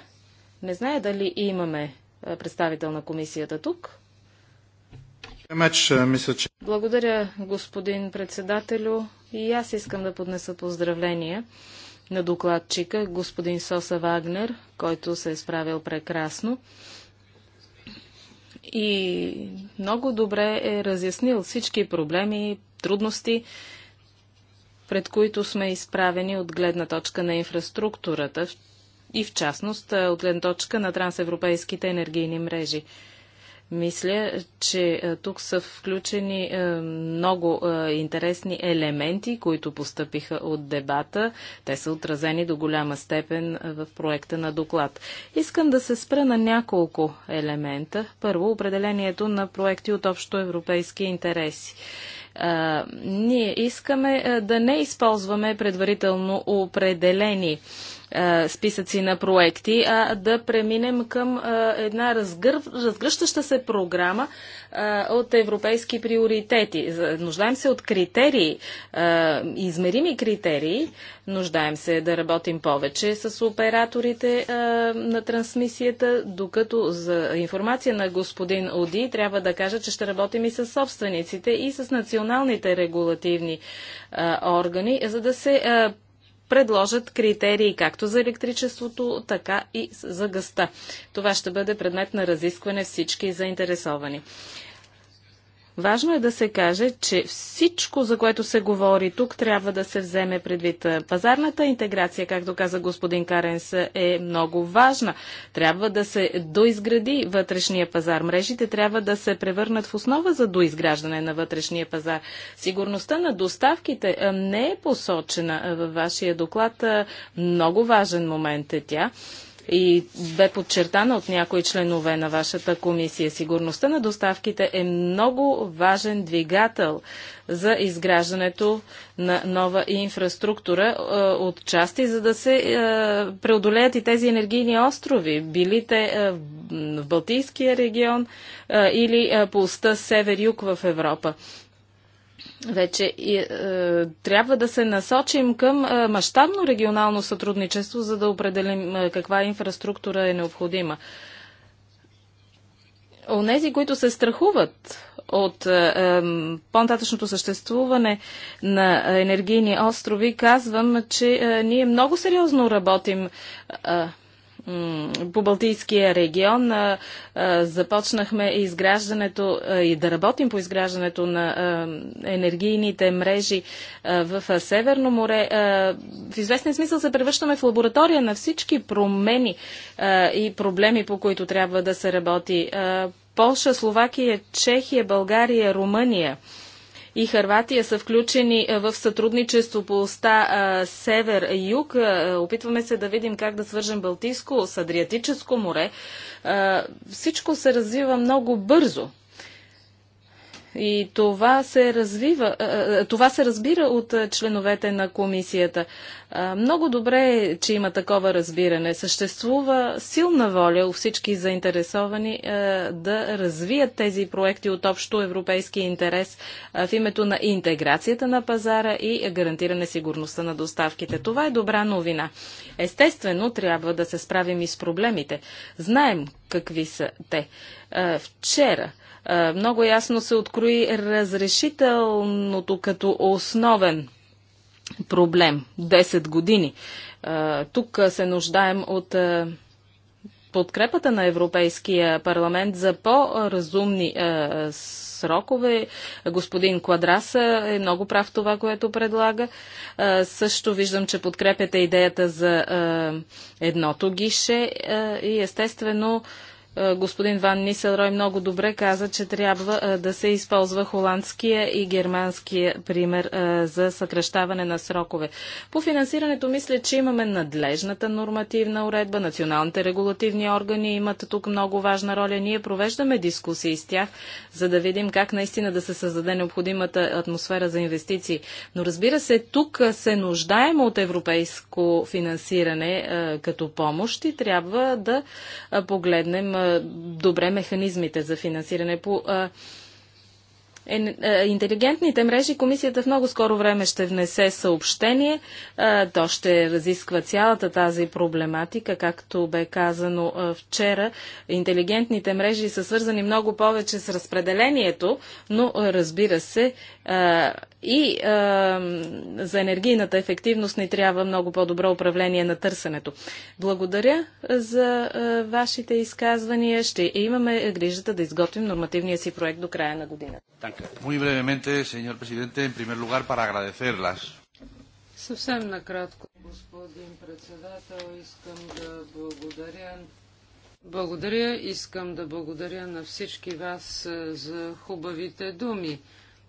Не знае дали имаме представител на комисията тук. Благодаря, господин председателю. И аз искам да поднеса поздравления на докладчика, господин Соса Вагнер, който се е справил прекрасно и много добре е разяснил всички проблеми, трудности, пред които сме изправени от гледна точка на инфраструктурата и в частност от гледна точка на трансевропейските енергийни мрежи. Мисля, че е, тук са включени е, много е, интересни елементи, които постъпиха от дебата. Те са отразени до голяма степен в проекта на доклад. Искам да се спра на няколко елемента. Първо, определението на проекти от общо европейски интереси. А, ние искаме да не използваме предварително определени е, списъци на проекти, а да преминем към е, една разгръщаща се програма е, от европейски приоритети. Нуждаем се от критерии, измерими критерии, нуждаем се да работим повече с операторите на трансмисията, докато за информация на господин Оди трябва да кажа, че ще работим и с собствениците и с националните регулативни органи, за да се предложат критерии както за електричеството, така и за гъста. Това ще бъде предмет на разискване всички заинтересовани. Важно е да се каже, че всичко, за което се говори тук, трябва да се вземе предвид. Пазарната интеграция, както каза господин Каренс, е много важна. Трябва да се доизгради вътрешния пазар. Мрежите трябва да се превърнат в основа за доизграждане на вътрешния пазар. Сигурността на доставките не е посочена във вашия доклад. Много важен момент е тя и бе подчертана от някои членове на вашата комисия. Сигурността на доставките е много важен двигател за изграждането на нова инфраструктура е, от части, за да се е, преодолеят и тези енергийни острови, били те е, в Балтийския регион или по уста север-юг в Европа вече и, е, трябва да се насочим към е, мащабно регионално сътрудничество, за да определим е, каква инфраструктура е необходима. Онези, които се страхуват от е, е по-нататъчното съществуване на енергийни острови, казвам, че е, ние много сериозно работим е, по Балтийския регион започнахме изграждането и да работим по изграждането на енергийните мрежи в Северно море. В известен смисъл се превръщаме в лаборатория на всички промени и проблеми, по които трябва да се работи. Полша, Словакия, Чехия, България, Румъния – и Харватия са включени е, в сътрудничество по оста е, Север-Юг. Е, опитваме се да видим как да свържем Балтийско с Адриатическо море. Всичко се развива много бързо. И това се развива, това се разбира от членовете на комисията. Много добре е, че има такова разбиране. Съществува силна воля у всички заинтересовани да развият тези проекти от общо европейски интерес в името на интеграцията на пазара и гарантиране сигурността на доставките. Това е добра новина. Естествено, трябва да се справим и с проблемите. Знаем какви са те. Вчера е, много ясно се открои разрешителното като основен проблем. 10 години. Е, тук се нуждаем от е, подкрепата на Европейския парламент за по-разумни срокове. Господин Квадрас е много прав това, което предлага. също виждам, че подкрепяте идеята за едното гише и естествено е, господин Ван Нисълрой много добре каза, че трябва е, да се използва холандския и германския пример е, за съкръщаване на срокове. По финансирането мисля, че имаме надлежната нормативна уредба. Националните регулативни органи имат тук много важна роля. Ние провеждаме дискусии с тях, за да видим как наистина да се създаде необходимата атмосфера за инвестиции. Но разбира се, тук се нуждаем от европейско финансиране като помощ и трябва да погледнем е, добре механизмите за финансиране. По е, е, интелигентните мрежи комисията в много скоро време ще внесе съобщение. то ще разисква цялата тази проблематика, както бе казано вчера. Интелигентните мрежи са свързани много повече с разпределението, но разбира се, и за енергийната ефективност ни трябва много по-добро управление на търсенето. Благодаря за вашите изказвания. Ще имаме грижата да изготвим нормативния си проект до края на годината. Съвсем накратко, господин председател, искам да благодаря. Благодаря, искам да благодаря на всички вас за хубавите думи.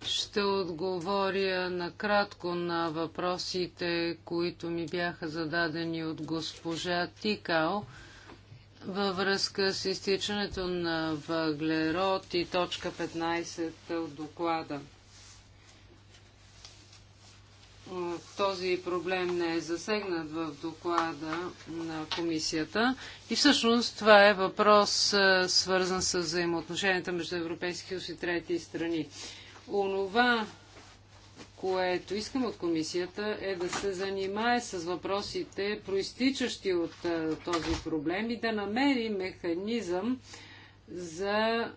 Ще отговоря накратко на въпросите, които ми бяха зададени от госпожа Тикао във връзка с изтичането на въглерод и точка 15 от доклада. Този проблем не е засегнат в доклада на комисията и всъщност това е въпрос свързан с взаимоотношенията между Европейския съюз и трети страни. Онова, което искам от комисията е да се занимае с въпросите, проистичащи от а, този проблем и да намери механизъм за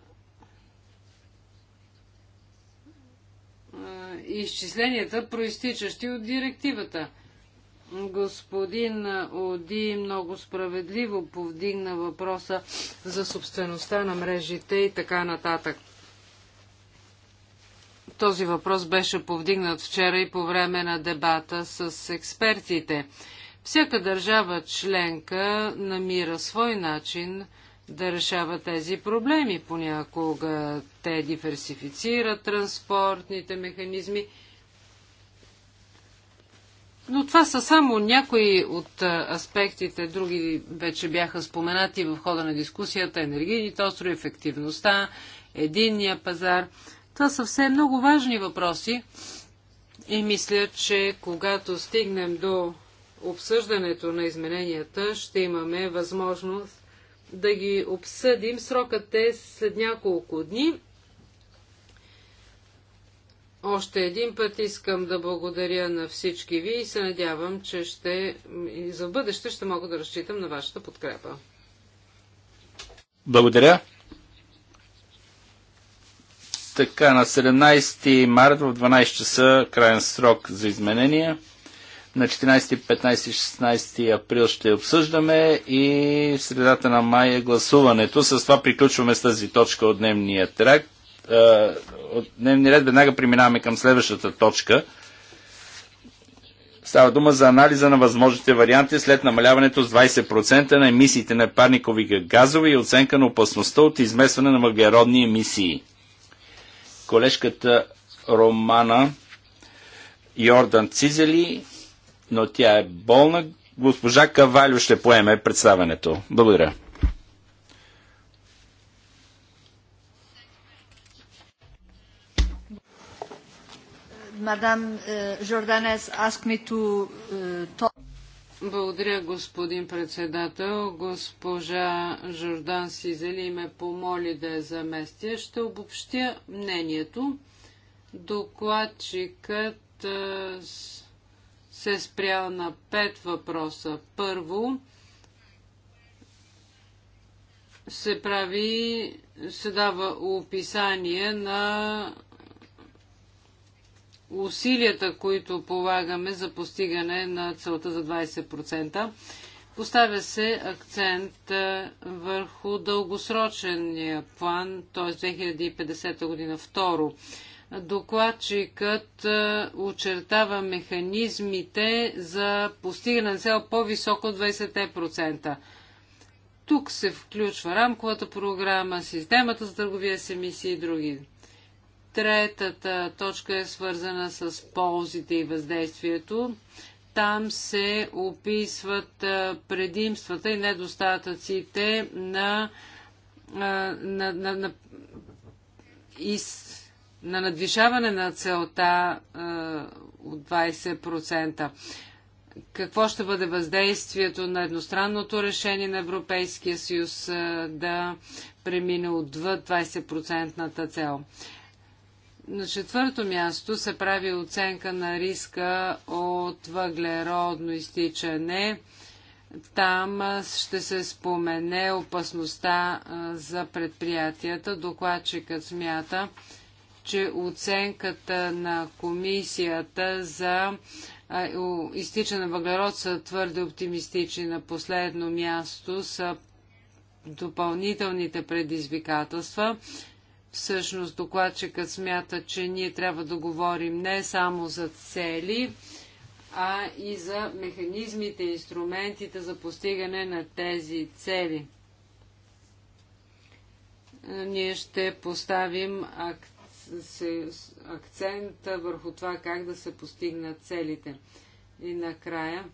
а, изчисленията, проистичащи от директивата. Господин Оди много справедливо повдигна въпроса за собствеността на мрежите и така нататък. Този въпрос беше повдигнат вчера и по време на дебата с експертите. Всяка държава членка намира свой начин да решава тези проблеми. Понякога те диверсифицират транспортните механизми. Но това са само някои от аспектите, други вече бяха споменати в хода на дискусията, енергийните острови, ефективността, единния пазар – това са все много важни въпроси и мисля, че когато стигнем до обсъждането на измененията, ще имаме възможност да ги обсъдим. Срокът е след няколко дни. Още един път искам да благодаря на всички ви и се надявам, че ще, за бъдеще ще мога да разчитам на вашата подкрепа. Благодаря. Така, на 17 март в 12 часа крайен срок за изменения. На 14, 15, 16 април ще обсъждаме и в средата на май е гласуването. С това приключваме с тази точка от дневния тракт. От дневния ред веднага преминаваме към следващата точка. Става дума за анализа на възможните варианти след намаляването с 20% на емисиите на парникови газове и оценка на опасността от изместване на въглеродни емисии колежката Романа Йордан Цизели, но тя е болна. Госпожа Кавалю ще поеме представенето. Благодаря. Мадам е, Жорданес, аз ми ту... Благодаря, господин председател. Госпожа Жордан Сизели ме помоли да я заместя. Ще обобщя мнението. Докладчикът се спря на пет въпроса. Първо, се прави, се дава описание на усилията, които полагаме за постигане на целта за 20%. Поставя се акцент върху дългосрочения план, т.е. 2050 година. Второ, докладчикът очертава механизмите за постигане на цел по-високо от 20%. Тук се включва рамковата програма, системата за търговия с емисии и други. Третата точка е свързана с ползите и въздействието. Там се описват предимствата и недостатъците на, на, на, на, из, на надвишаване на целта от 20%. Какво ще бъде въздействието на едностранното решение на Европейския съюз да премине отвъд 20 цел? На четвърто място се прави оценка на риска от въглеродно изтичане. Там ще се спомене опасността за предприятията. Докладчикът смята, че оценката на комисията за изтичане на въглерод са твърде оптимистични. На последно място са допълнителните предизвикателства. Всъщност докладчикът смята, че ние трябва да говорим не само за цели, а и за механизмите и инструментите за постигане на тези цели. Ние ще поставим акцент върху това как да се постигнат целите. И накрая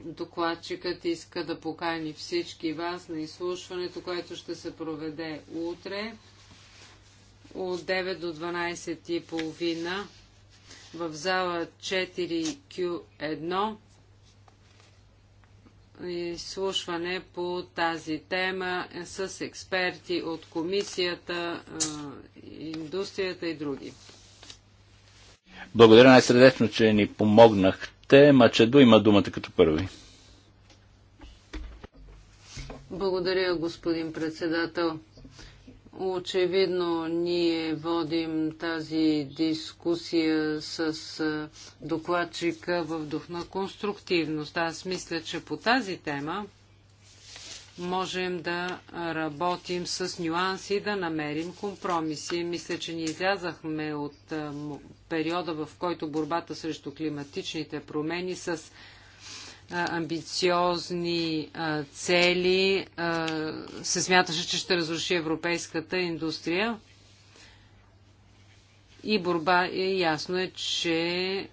докладчикът иска да покани всички вас на изслушването, което ще се проведе утре от 9 до 12 и половина в зала 4Q1 изслушване по тази тема с експерти от комисията, индустрията и други. Благодаря най-сърдечно, че ни помогнахте. Мачедо има думата като първи. Благодаря, господин председател. Очевидно ние водим тази дискусия с докладчика в дух на конструктивност. Аз мисля, че по тази тема можем да работим с нюанси и да намерим компромиси. Мисля, че ни излязахме от периода, в който борбата срещу климатичните промени с амбициозни цели се смяташе, че ще разруши европейската индустрия. И борба е ясно е, че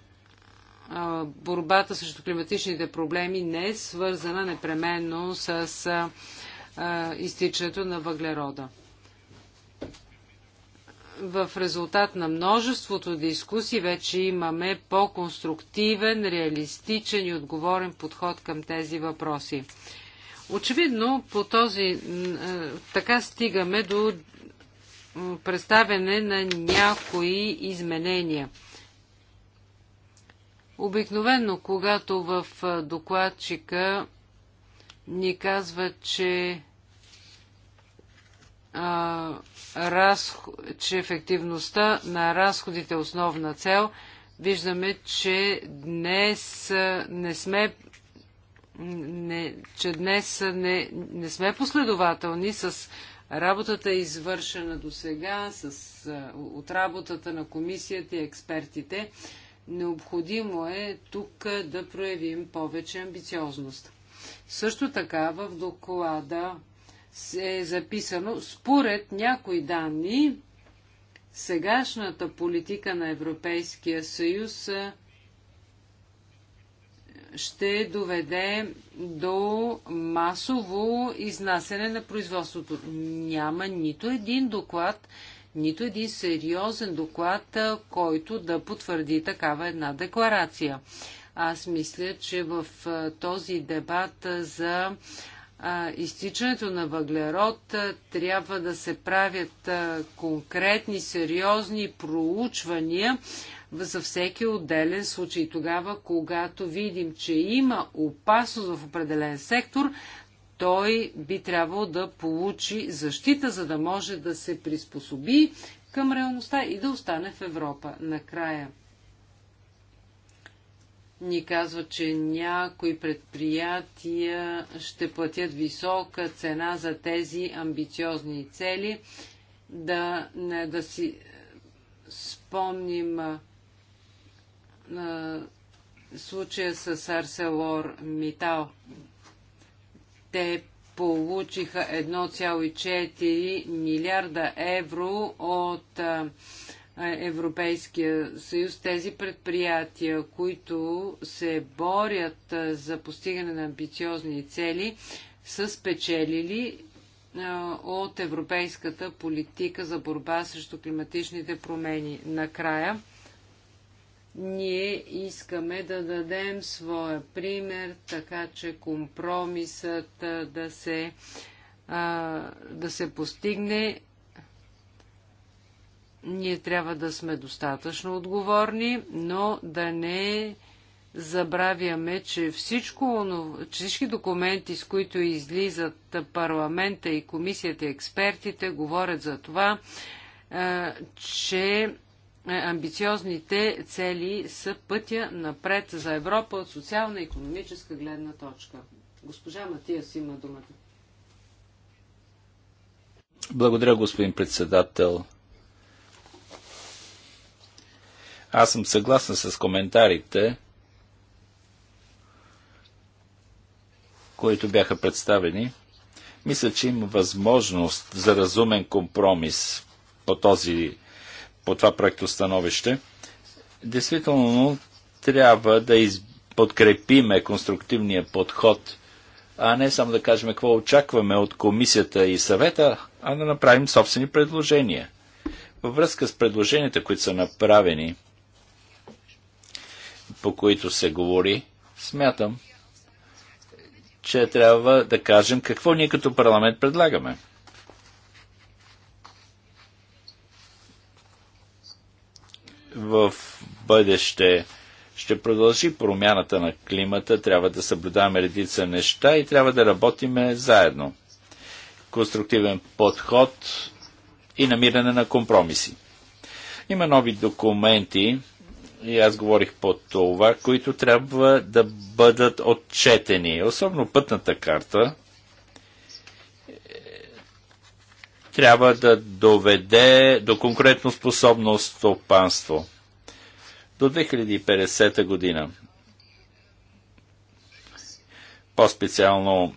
борбата срещу климатичните проблеми не е свързана непременно с изтичането на въглерода в резултат на множеството дискусии вече имаме по-конструктивен, реалистичен и отговорен подход към тези въпроси. Очевидно, по този, е, така стигаме до представяне на някои изменения. Обикновено, когато в е, докладчика ни казва, че а, че ефективността на разходите е основна цел, виждаме, че днес не сме не, че днес не, не сме последователни с работата извършена до сега, с, от работата на комисията и експертите. Необходимо е тук да проявим повече амбициозност. Също така в доклада е записано, според някои данни, сегашната политика на Европейския съюз ще доведе до масово изнасяне на производството. Няма нито един доклад, нито един сериозен доклад, който да потвърди такава една декларация. Аз мисля, че в този дебат за а, изтичането на въглерод а, трябва да се правят а, конкретни, сериозни проучвания за всеки отделен случай. Тогава, когато видим, че има опасност в определен сектор, той би трябвало да получи защита, за да може да се приспособи към реалността и да остане в Европа. Накрая ни казва, че някои предприятия ще платят висока цена за тези амбициозни цели. Да, не, да си е, спомним а, е, а, случая с Арселор Митал. Те получиха 1,4 милиарда евро от а, е, Европейския съюз, тези предприятия, които се борят за постигане на амбициозни цели, са спечелили от европейската политика за борба срещу климатичните промени. Накрая, ние искаме да дадем своя пример, така че компромисът да се, да се постигне ние трябва да сме достатъчно отговорни, но да не забравяме, че, всичко, че всички документи, с които излизат парламента и комисията и експертите, говорят за това, е, че е, амбициозните цели са пътя напред за Европа от социална и економическа гледна точка. Госпожа Матиас има думата. Благодаря, господин председател. Аз съм съгласен с коментарите, които бяха представени. Мисля, че има възможност за разумен компромис по, този, по това проектостановище. Действително трябва да из... подкрепиме конструктивния подход, а не само да кажем какво очакваме от комисията и съвета, а да направим собствени предложения. Във връзка с предложенията, които са направени – по които се говори, смятам, че трябва да кажем какво ние като парламент предлагаме. В бъдеще ще продължи промяната на климата, трябва да съблюдаваме редица неща и трябва да работиме заедно. Конструктивен подход и намиране на компромиси. Има нови документи, и аз говорих по това, които трябва да бъдат отчетени. Особено пътната карта е, трябва да доведе до конкретно способност стопанство до 2050 година. По-специално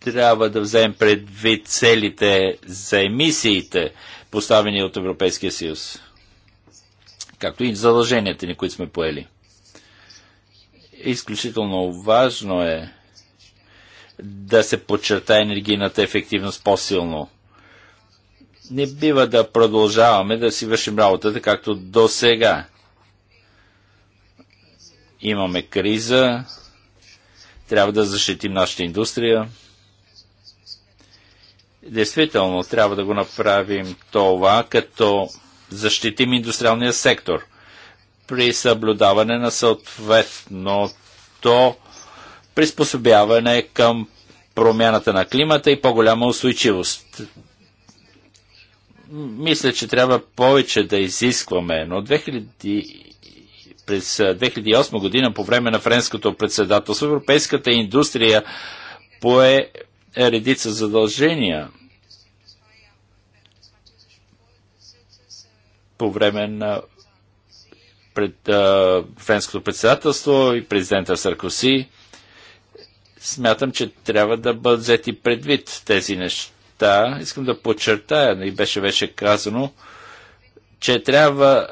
трябва да вземем предвид целите за емисиите, поставени от Европейския съюз. Както и задълженията ни, които сме поели. Изключително важно е да се подчертае енергийната ефективност по-силно. Не бива да продължаваме да си вършим работата както до сега. Имаме криза, трябва да защитим нашата индустрия. Действително, трябва да го направим това, като защитим индустриалния сектор при съблюдаване на съответното приспособяване към промяната на климата и по-голяма устойчивост. Мисля, че трябва повече да изискваме, но 2000 през 2008 година по време на френското председателство европейската индустрия пое е редица задължения по време на пред, а, френското председателство и президента Саркоси. Смятам, че трябва да бъдат взети предвид тези неща. Искам да подчертая, и беше вече казано, че трябва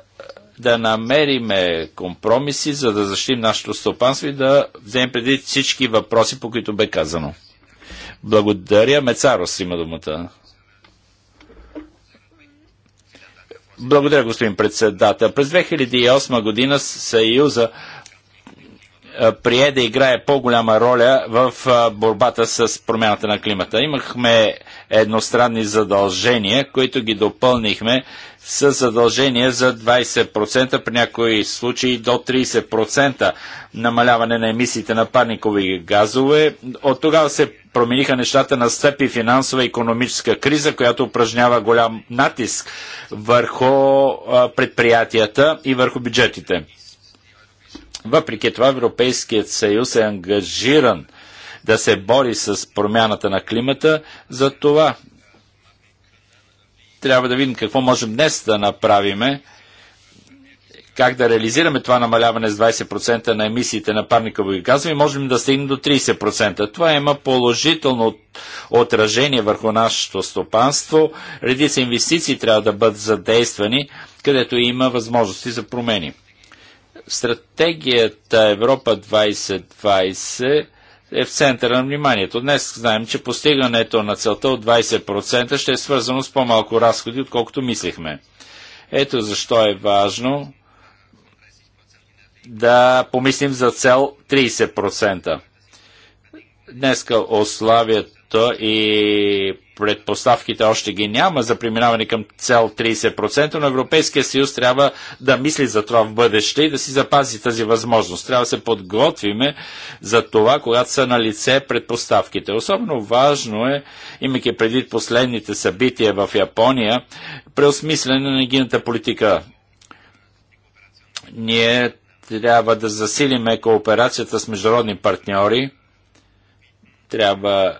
да намериме компромиси, за да защитим нашето стопанство и да вземем предвид всички въпроси, по които бе казано. Благодаря. Мецарос има думата. Благодаря, господин председател. През 2008 година Съюза прие да играе по-голяма роля в борбата с промяната на климата. Имахме едностранни задължения, които ги допълнихме с задължения за 20%, при някои случаи до 30% намаляване на емисиите на парникови газове. От тогава се промениха нещата, настъпи финансова и економическа криза, която упражнява голям натиск върху предприятията и върху бюджетите. Въпреки това Европейският съюз е ангажиран – да се бори с промяната на климата. За това трябва да видим какво можем днес да направиме, как да реализираме това намаляване с 20% на емисиите на парникови газове и можем да стигнем до 30%. Това има положително отражение върху нашето стопанство. Редица инвестиции трябва да бъдат задействани, където има възможности за промени. Стратегията Европа 2020 е в центъра на вниманието. Днес знаем, че постигането на целта от 20% ще е свързано с по-малко разходи, отколкото мислихме. Ето защо е важно да помислим за цел 30%. Днеска ославят и предпоставките още ги няма за преминаване към цел 30%, но Европейския съюз трябва да мисли за това в бъдеще и да си запази тази възможност. Трябва да се подготвиме за това, когато са на лице предпоставките. Особено важно е, имайки предвид последните събития в Япония, преосмислене на енергийната политика. Ние трябва да засилиме кооперацията с международни партньори, трябва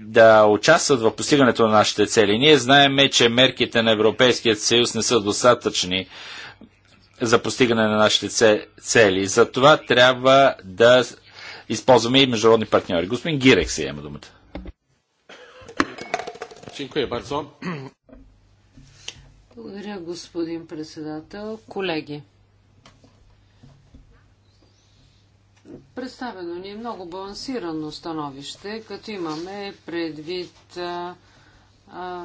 да участват в постигането на нашите цели. Ние знаеме, че мерките на Европейския съюз не са достатъчни за постигане на нашите цели. За това трябва да използваме и международни партньори. Господин Гирек се има думата. Благодаря, господин председател. Колеги, Представено ни е много балансирано становище, като имаме предвид а, а,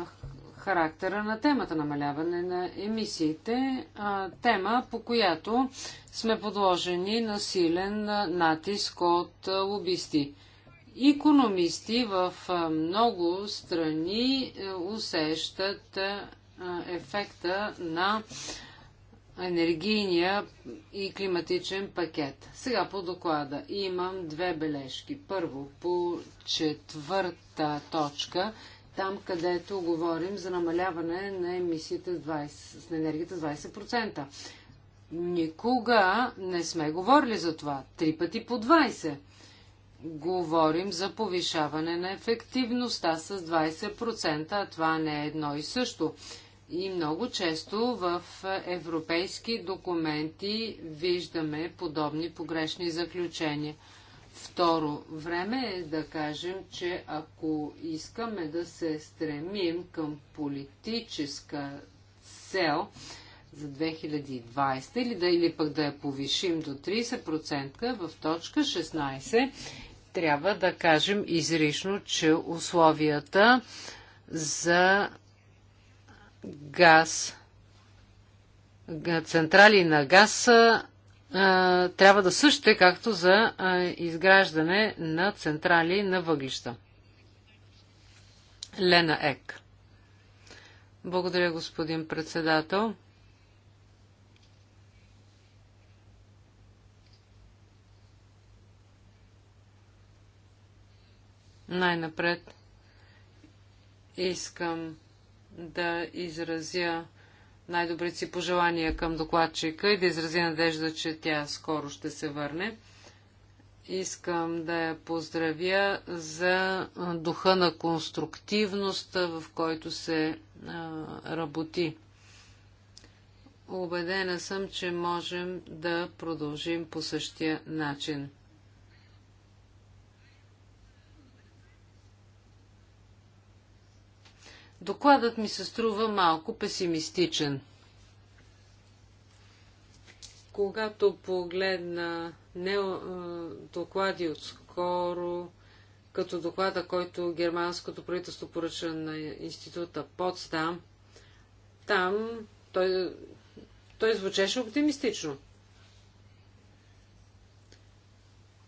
характера на темата намаляване на емисиите, а, тема по която сме подложени на силен натиск от лобисти. Икономисти в а, много страни е, усещат ефекта на енергийния и климатичен пакет. Сега по доклада имам две бележки. Първо, по четвърта точка, там където говорим за намаляване на емисиите с, 20, с енергията с 20%. Никога не сме говорили за това. Три пъти по 20. Говорим за повишаване на ефективността с 20%, а това не е едно и също. И много често в европейски документи виждаме подобни погрешни заключения. Второ, време е да кажем, че ако искаме да се стремим към политическа цел за 2020 или, да, или пък да я повишим до 30%, в точка 16 трябва да кажем изрично, че условията за газ, централи на газ трябва да същите, както за изграждане на централи на въглища. Лена Ек. Благодаря, господин председател. Най-напред искам да изразя най-добрите си пожелания към докладчика и да изрази надежда, че тя скоро ще се върне. Искам да я поздравя за духа на конструктивност, в който се а, работи. Обедена съм, че можем да продължим по същия начин. Докладът ми се струва малко песимистичен. Когато погледна не, доклади скоро, като доклада, който германското правителство поръча на института Подстам, там той, той звучеше оптимистично.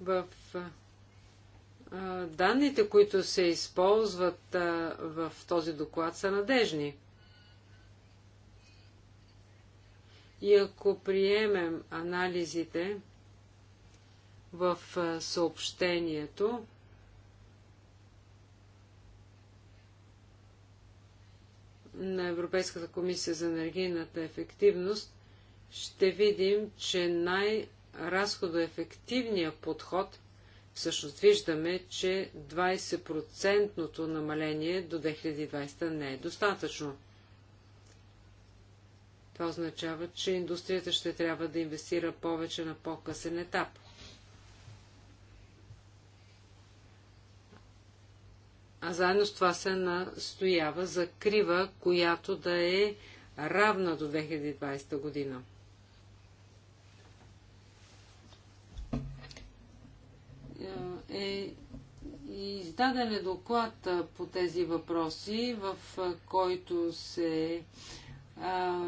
В данните, които се използват в този доклад, са надежни. И ако приемем анализите в съобщението, на Европейската комисия за енергийната ефективност, ще видим, че най-разходоефективният подход всъщност виждаме, че 20 намаление до 2020 не е достатъчно. Това означава, че индустрията ще трябва да инвестира повече на по-късен етап. А заедно с това се настоява за крива, която да е равна до 2020 година. Е, е издаден е доклад по тези въпроси, в който се а,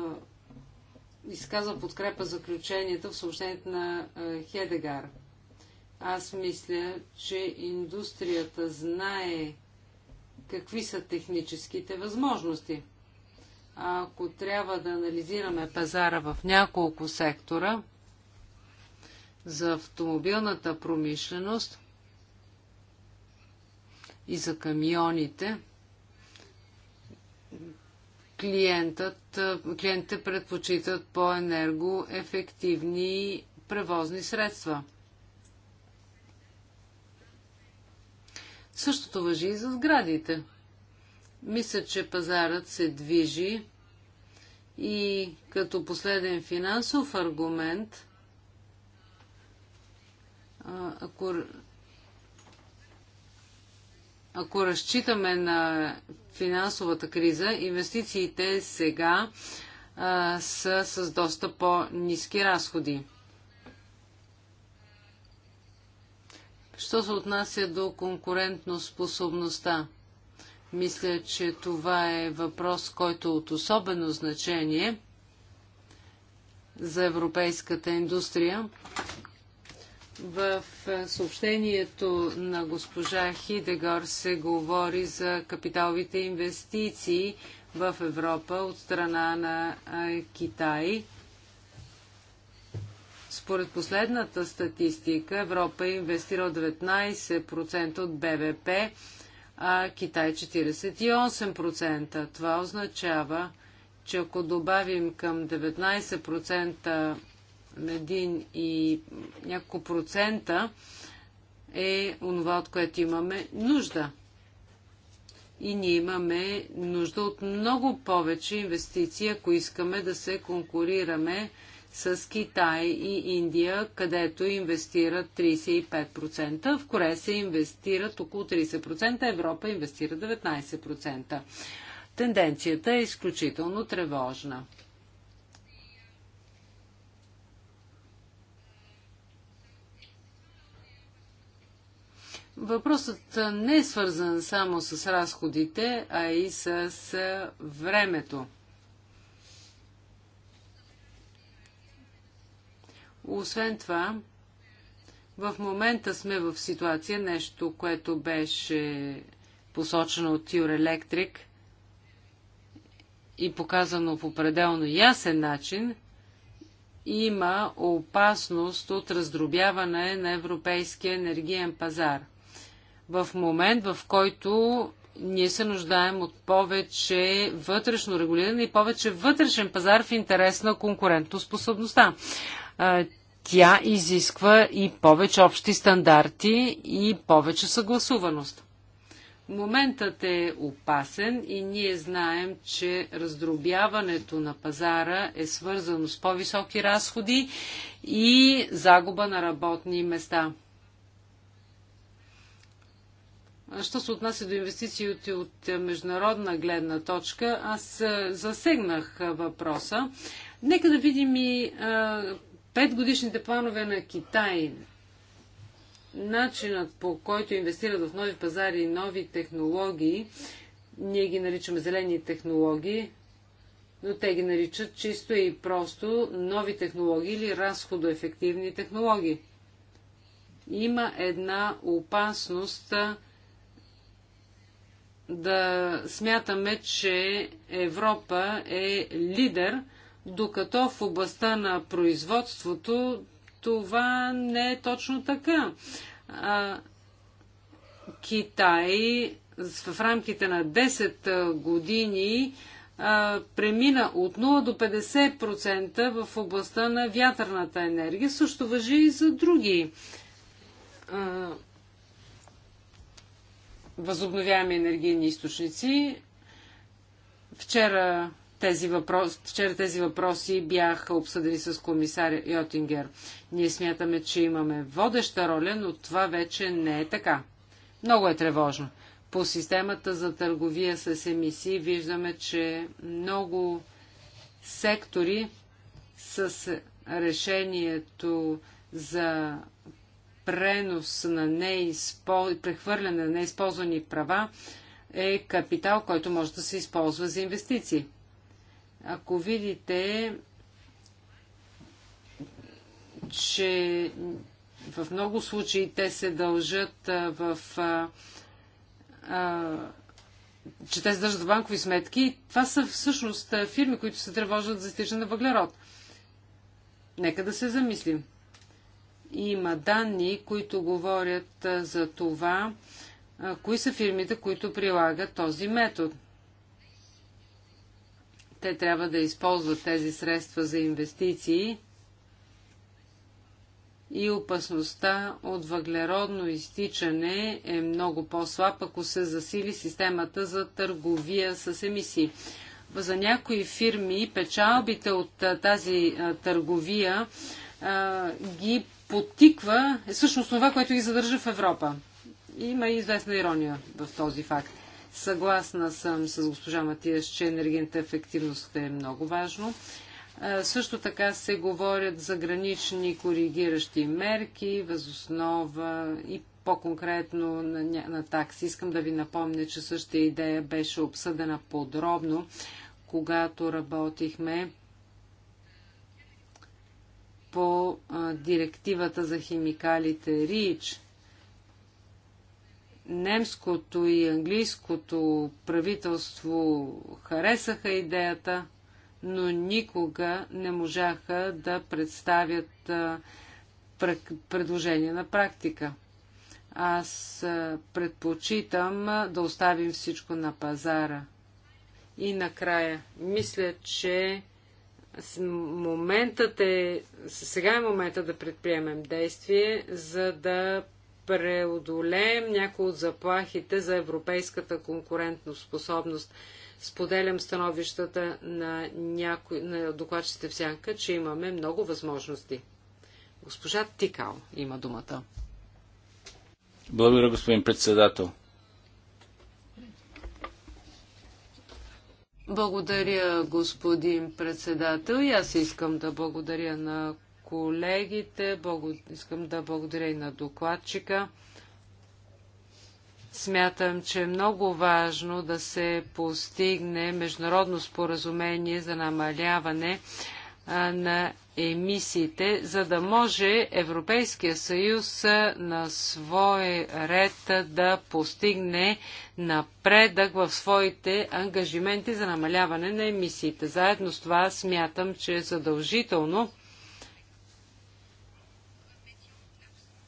изказва подкрепа заключенията в съобщението на Хедегар. Аз мисля, че индустрията знае какви са техническите възможности. Ако трябва да анализираме пазара в няколко сектора, за автомобилната промишленост – и за камионите, клиентът, клиентите предпочитат по-енергоефективни превозни средства. Същото въжи и за сградите. Мисля, че пазарът се движи и като последен финансов аргумент, ако ако разчитаме на финансовата криза, инвестициите сега а, са с доста по-низки разходи. Що се отнася до конкурентно способността? Мисля, че това е въпрос, който е от особено значение за европейската индустрия, в е, съобщението на госпожа Хидегор се говори за капиталовите инвестиции в Европа от страна на е, Китай. Според последната статистика, Европа е инвестирал 19% от БВП, а Китай 48%. Това означава, че ако добавим към 19% един и няколко процента е онова, от което имаме нужда. И ние имаме нужда от много повече инвестиции, ако искаме да се конкурираме с Китай и Индия, където инвестират 35%, в Корея се инвестират около 30%, Европа инвестира 19%. Тенденцията е изключително тревожна. Въпросът не е свързан само с разходите, а и с времето. Освен това, в момента сме в ситуация, нещо, което беше посочено от Тюр Електрик и показано по пределно ясен начин, има опасност от раздробяване на европейския енергиен пазар – в момент, в който ние се нуждаем от повече вътрешно регулиране и повече вътрешен пазар в интерес на конкурентоспособността. Тя изисква и повече общи стандарти и повече съгласуваност. Моментът е опасен и ние знаем, че раздробяването на пазара е свързано с по-високи разходи и загуба на работни места. Що се отнася до инвестициите от международна гледна точка, аз засегнах въпроса. Нека да видим и петгодишните планове на Китай. Начинът по който инвестират в нови пазари и нови технологии, ние ги наричаме зелени технологии, но те ги наричат чисто и просто нови технологии или разходоефективни технологии. Има една опасност да смятаме, че Европа е лидер, докато в областта на производството това не е точно така. А, Китай в рамките на 10 години а, премина от 0 до 50% в областта на вятърната енергия. Също въжи и за други а, възобновяеми енергийни източници. Вчера тези, въпрос, вчера тези въпроси бяха обсъдени с комисар Йотингер. Ние смятаме, че имаме водеща роля, но това вече не е така. Много е тревожно. По системата за търговия с емисии виждаме, че много сектори с решението за пренос на неизпол... прехвърляне на неизползвани права е капитал, който може да се използва за инвестиции. Ако видите, че в много случаи те се дължат в. А, а, че те се в банкови сметки. Това са всъщност фирми, които се тревожат за стичане на въглерод. Нека да се замислим. Има данни, които говорят за това, кои са фирмите, които прилагат този метод. Те трябва да използват тези средства за инвестиции и опасността от въглеродно изтичане е много по-слаб, ако се засили системата за търговия с емисии. За някои фирми печалбите от тази търговия ги потиква е всъщност това, което ги задържа в Европа. Има и известна ирония в този факт. Съгласна съм с госпожа Матиас, че енергийната ефективност е много важно. Също така се говорят за гранични коригиращи мерки, възоснова и по-конкретно на, на такси. Искам да ви напомня, че същата идея беше обсъдена подробно, когато работихме по директивата за химикалите РИЧ. Немското и английското правителство харесаха идеята, но никога не можаха да представят предложение на практика. Аз предпочитам да оставим всичко на пазара. И накрая, мисля, че Моментът е, сега е момента да предприемем действие, за да преодолеем някои от заплахите за европейската способност. Споделям становищата на, някои, на докладчите в сянка, че имаме много възможности. Госпожа Тикал има думата. Благодаря, господин председател. Благодаря, господин председател. И аз искам да благодаря на колегите, искам да благодаря и на докладчика. Смятам, че е много важно да се постигне международно споразумение за намаляване на емисиите, за да може Европейския съюз на свой ред да постигне напредък в своите ангажименти за намаляване на емисиите. Заедно с това смятам, че е задължително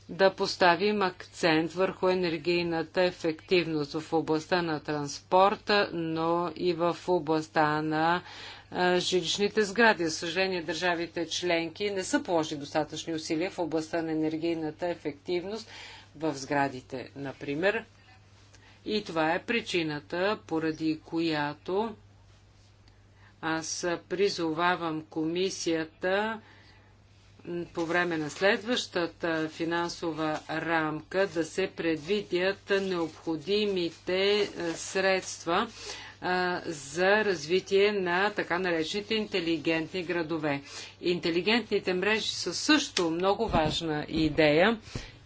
да поставим акцент върху енергийната ефективност в областта на транспорта, но и в областта на жилищните сгради. За съжаление, държавите членки не са положили достатъчни усилия в областта на енергийната ефективност в сградите, например. И това е причината, поради която аз призовавам комисията по време на следващата финансова рамка да се предвидят необходимите средства за развитие на така наречените интелигентни градове. Интелигентните мрежи са също много важна идея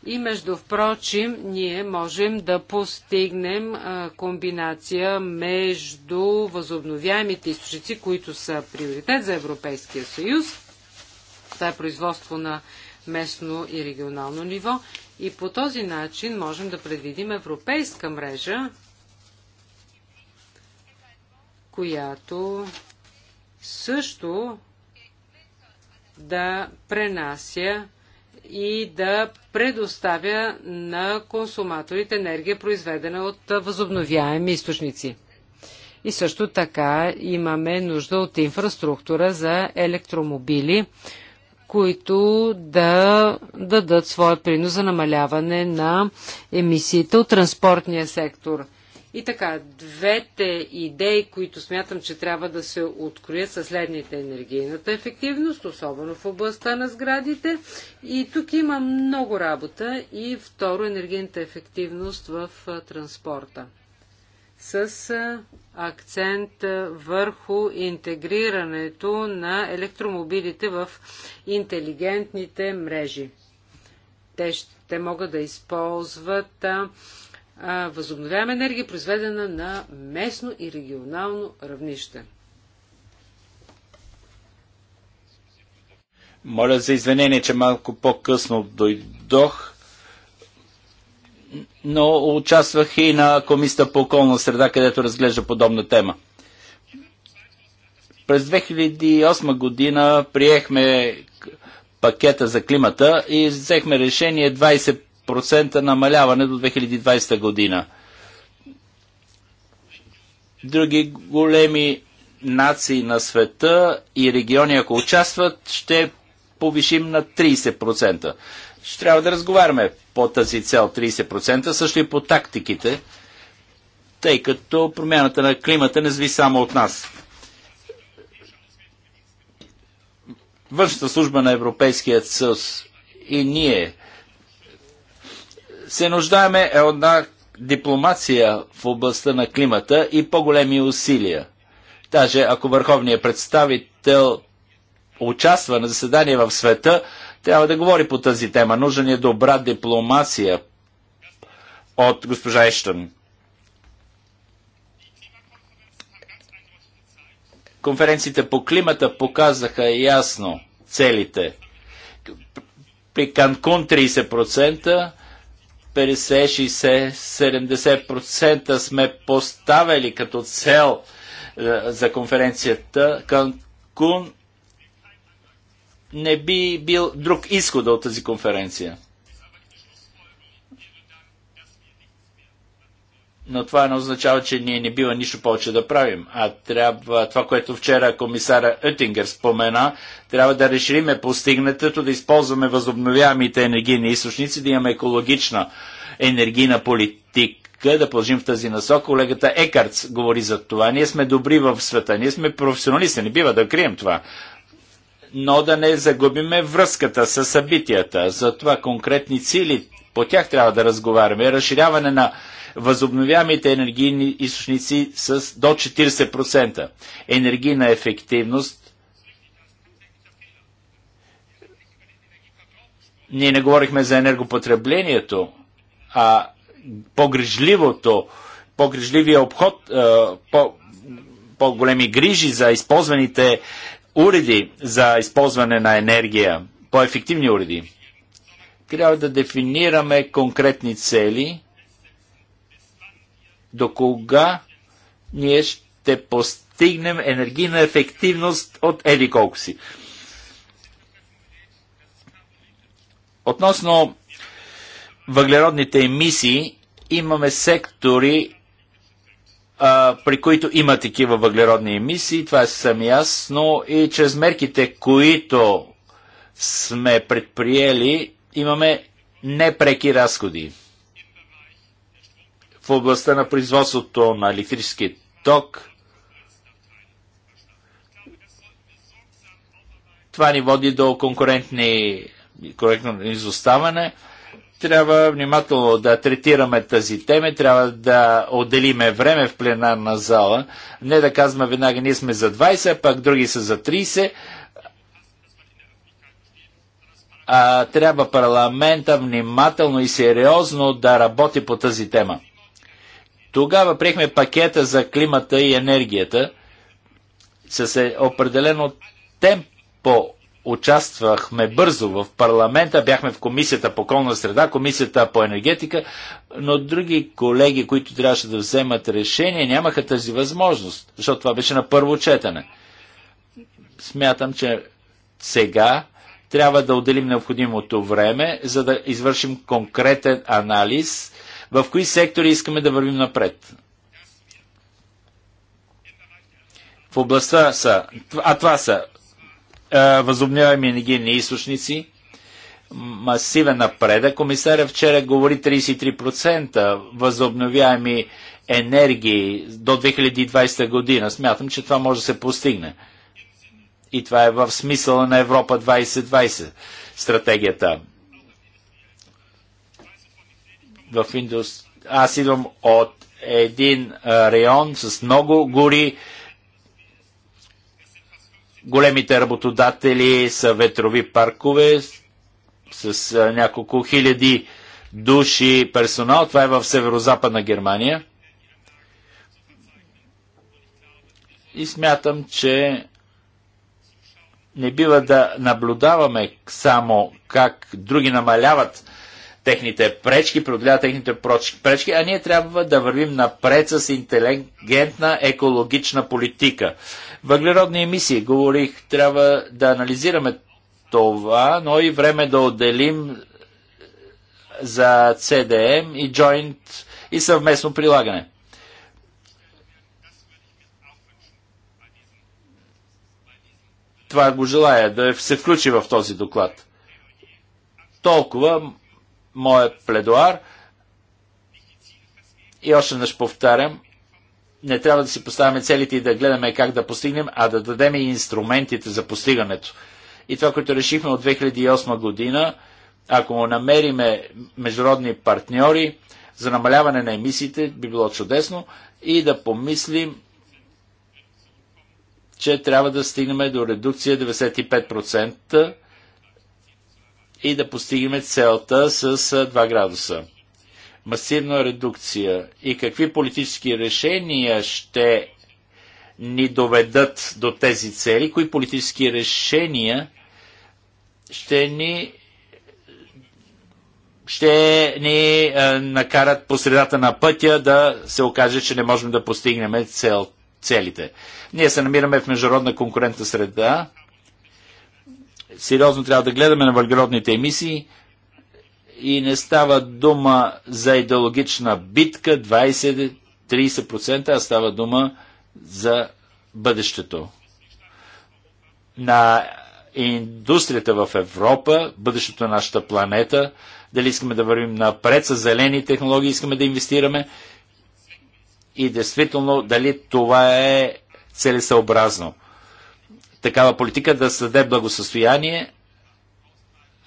и между впрочем ние можем да постигнем комбинация между възобновяемите източници, които са приоритет за Европейския съюз. Това е производство на местно и регионално ниво. И по този начин можем да предвидим европейска мрежа която също да пренася и да предоставя на консуматорите енергия, произведена от възобновяеми източници. И също така имаме нужда от инфраструктура за електромобили, които да дадат своя принос за намаляване на емисиите от транспортния сектор – и така, двете идеи, които смятам, че трябва да се откроят са следните енергийната ефективност, особено в областта на сградите. И тук има много работа. И второ, енергийната ефективност в транспорта. С акцент върху интегрирането на електромобилите в интелигентните мрежи. Те, ще, те могат да използват възобновяема енергия, произведена на местно и регионално равнище. Моля за извинение, че малко по-късно дойдох, но участвах и на Комисията по околна среда, където разглежда подобна тема. През 2008 година приехме пакета за климата и взехме решение 20 10% намаляване до 2020 година. Други големи нации на света и региони, ако участват, ще повишим на 30%. Ще трябва да разговаряме по тази цел 30%, също и по тактиките, тъй като промяната на климата не зви само от нас. Външната служба на Европейския съюз и ние се нуждаеме е една дипломация в областта на климата и по-големи усилия. Даже ако върховният представител участва на заседание в света, трябва да говори по тази тема. Нужен е добра дипломация от госпожа Ештън. Конференциите по климата показаха ясно целите. При Канкун 30%, 50-60-70% сме поставили като цел е, за конференцията. Канкун не би бил друг изход от тази конференция. но това не означава, че ние не бива нищо повече да правим. А трябва това, което вчера комисара Оттингер спомена, трябва да решиме постигнатото, да използваме възобновяемите енергийни източници, да имаме екологична енергийна политика, да положим в тази насока. Колегата Екарц говори за това. Ние сме добри в света, ние сме професионалисти, не бива да крием това но да не загубиме връзката с събитията. за това конкретни цили, по тях трябва да разговаряме. Разширяване на възобновяемите енергийни източници с до 40%. Енергийна ефективност. Ние не говорихме за енергопотреблението, а погрежливото, погрежливия обход, е, по, по-големи грижи за използваните уреди за използване на енергия, по-ефективни уреди. Трябва да дефинираме конкретни цели, до кога ние ще постигнем енергийна ефективност от еди колко си. Относно въглеродните емисии, имаме сектори, а, при които има такива въглеродни емисии, това е съвсем ясно, и чрез мерките, които сме предприели, имаме непреки разходи. В областта на производството на електрически ток, това ни води до конкурентни, конкурентно изоставане – трябва внимателно да третираме тази теми, трябва да отделиме време в пленарна зала, не да казваме веднага ние сме за 20, пак други са за 30. А, трябва парламента внимателно и сериозно да работи по тази тема. Тогава приехме пакета за климата и енергията с е- определено темпо участвахме бързо в парламента, бяхме в комисията по околна среда, комисията по енергетика, но други колеги, които трябваше да вземат решение, нямаха тази възможност, защото това беше на първо четене. Смятам, че сега трябва да отделим необходимото време, за да извършим конкретен анализ в кои сектори искаме да вървим напред. В областта са, а това са възобновяеми енергийни източници, масивен напредък. Комисаря вчера говори 33% възобновяеми енергии до 2020 година. Смятам, че това може да се постигне. И това е в смисъла на Европа 2020 стратегията. В индус... Аз идвам от един район с много гори, Големите работодатели са ветрови паркове с, а, няколко хиляди души персонал. Това е в северо-западна Германия. И смятам, че не бива да наблюдаваме само как други намаляват техните пречки, преодолява техните пречки, а ние трябва да вървим напред с интелигентна екологична политика. Въглеродни емисии, говорих, трябва да анализираме това, но и време да отделим за CDM и Joint и съвместно прилагане. Това го желая да се включи в този доклад. Толкова моят пледуар и още наш повтарям, не трябва да си поставяме целите и да гледаме как да постигнем, а да дадем и инструментите за постигането. И това, което решихме от 2008 година, ако намериме международни партньори за намаляване на емисиите, би било чудесно и да помислим, че трябва да стигнем до редукция 95% и да постигнем целта с 2 градуса. Масивна редукция и какви политически решения ще ни доведат до тези цели, кои политически решения ще ни ще ни а, накарат по средата на пътя да се окаже, че не можем да постигнем цел, целите. Ние се намираме в международна конкурентна среда, сериозно трябва да гледаме на въглеродните емисии и не става дума за идеологична битка 20-30%, а става дума за бъдещето. На индустрията в Европа, бъдещето на нашата планета, дали искаме да вървим напред с зелени технологии, искаме да инвестираме и действително дали това е целесъобразно такава политика да създаде благосъстояние,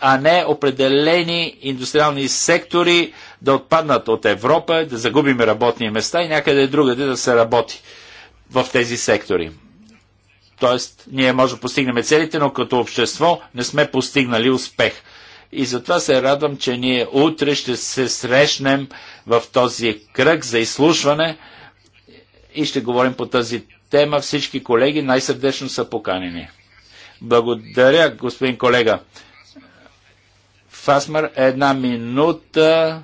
а не определени индустриални сектори да отпаднат от Европа, да загубим работни места и някъде другаде да се работи в тези сектори. Тоест, ние може да постигнем целите, но като общество не сме постигнали успех. И затова се радвам, че ние утре ще се срещнем в този кръг за изслушване – и ще говорим по тази тема. Всички колеги най-сърдечно са поканени. Благодаря, господин колега. Фасмар, една минута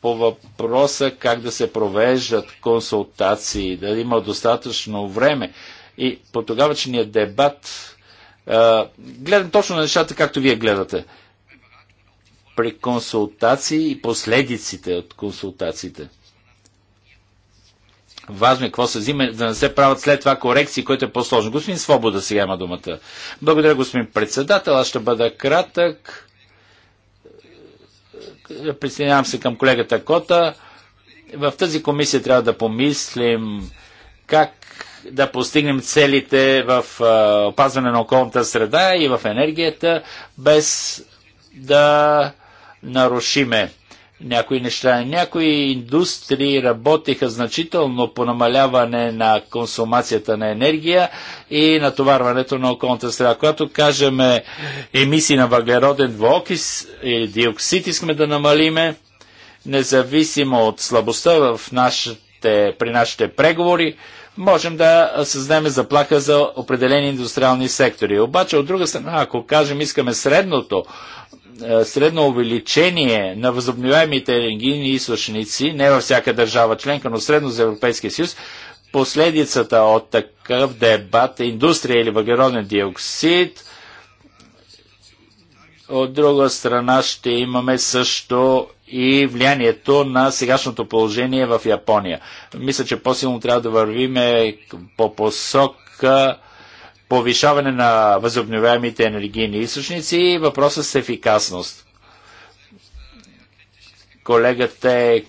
по въпроса как да се провеждат консултации, да има достатъчно време. И по тогавачния дебат гледам точно на нещата, както вие гледате. При консултации и последиците от консултациите. Важно е какво се взима, да не се правят след това корекции, което е по-сложно. Господин Свобода сега има думата. Благодаря, господин председател. Аз ще бъда кратък. Присъединявам се към колегата Кота. В тази комисия трябва да помислим как да постигнем целите в опазване на околната среда и в енергията, без да нарушиме някои неща. Някои индустрии работиха значително по намаляване на консумацията на енергия и натоварването на околната среда. Когато кажем емисии на въглероден двуокис и диоксид искаме да намалиме, независимо от слабостта в нашите, при нашите преговори, можем да създадем заплаха за определени индустриални сектори. Обаче, от друга страна, ако кажем искаме средното е, средно увеличение на възобновяемите енергийни източници, не във всяка държава членка, но средно за Европейския съюз, последицата от такъв дебат, е индустрия или въглероден диоксид, от друга страна ще имаме също и влиянието на сегашното положение в Япония. Мисля, че по-силно трябва да вървиме по посока повишаване на възобновяемите енергийни източници и въпроса с ефикасност. Колегата е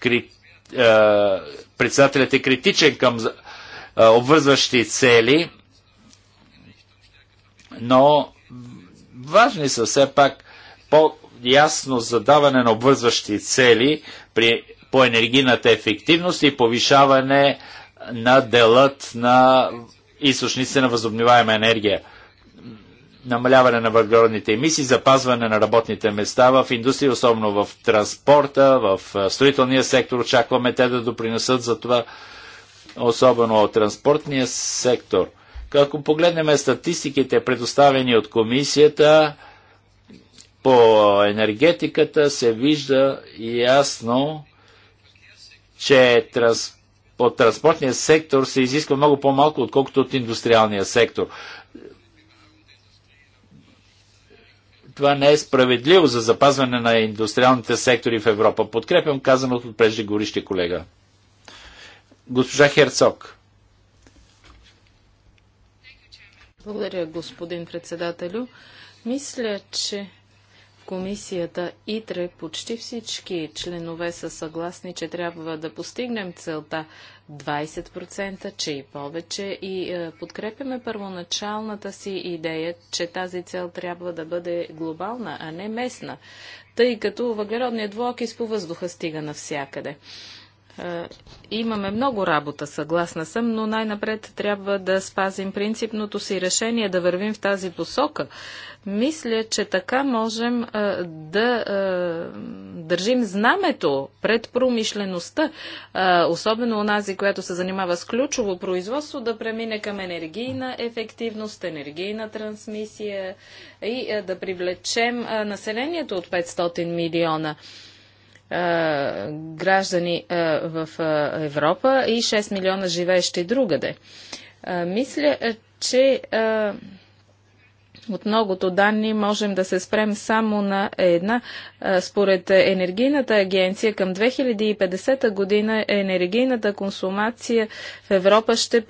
кри... е, председателят е критичен към е, обвързващи цели, но важни са все пак по-ясно задаване на обвързващи цели при, по енергийната ефективност и повишаване на делът на източници на възобновяема енергия, намаляване на въглеродните емисии, запазване на работните места в индустрия, особено в транспорта, в строителния сектор. Очакваме те да допринесат за това, особено от транспортния сектор. Ако погледнем статистиките, предоставени от комисията по енергетиката, се вижда ясно, че транспорт от транспортния сектор се изисква много по-малко, отколкото от индустриалния сектор. Това не е справедливо за запазване на индустриалните сектори в Европа. Подкрепям казаното от преждегорищи колега. Госпожа Херцог. Благодаря, господин председателю. Мисля, че комисията ИТРЕ почти всички членове са съгласни, че трябва да постигнем целта 20%, че и повече. И е, подкрепяме първоначалната си идея, че тази цел трябва да бъде глобална, а не местна, тъй като въглеродният двуокис по въздуха стига навсякъде. Е, имаме много работа, съгласна съм, но най-напред трябва да спазим принципното си решение да вървим в тази посока. Мисля, че така можем е, да е, държим знамето пред промишлеността, особено онази, която се занимава с ключово производство, да премине към енергийна ефективност, енергийна трансмисия и да привлечем населението от 500 милиона. Е, граждани е, в е, Европа и 6 милиона живеещи другаде. Мисля, че от многото данни можем да се спрем само на една. Според Енергийната агенция към 2050 година енергийната консумация в Европа ще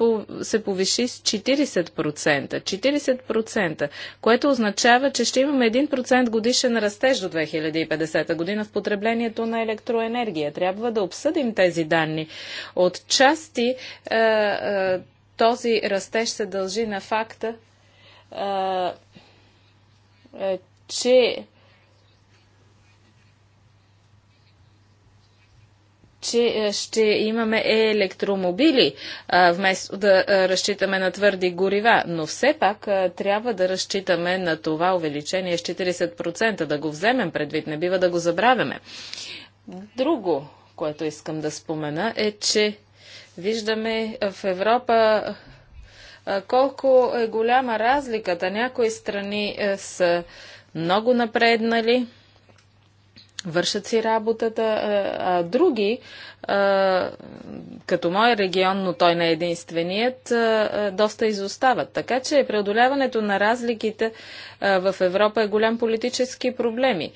се повиши с 40%. 40%, което означава, че ще имаме 1% годишен растеж до 2050 година в потреблението на електроенергия. Трябва да обсъдим тези данни. От части този растеж се дължи на факта, е, че че е, ще имаме електромобили, е, вместо да разчитаме на твърди горива. Но все пак трябва да разчитаме на това увеличение с 40%, да го вземем предвид, не бива да го забравяме. Друго, което искам да спомена, е, че виждаме в Европа колко е голяма разликата. Някои страни е, са много напреднали, вършат си работата, е, а други, е, като мой регион, но той не е единственият, доста изостават. Така че преодоляването на разликите в Европа е голям политически проблеми.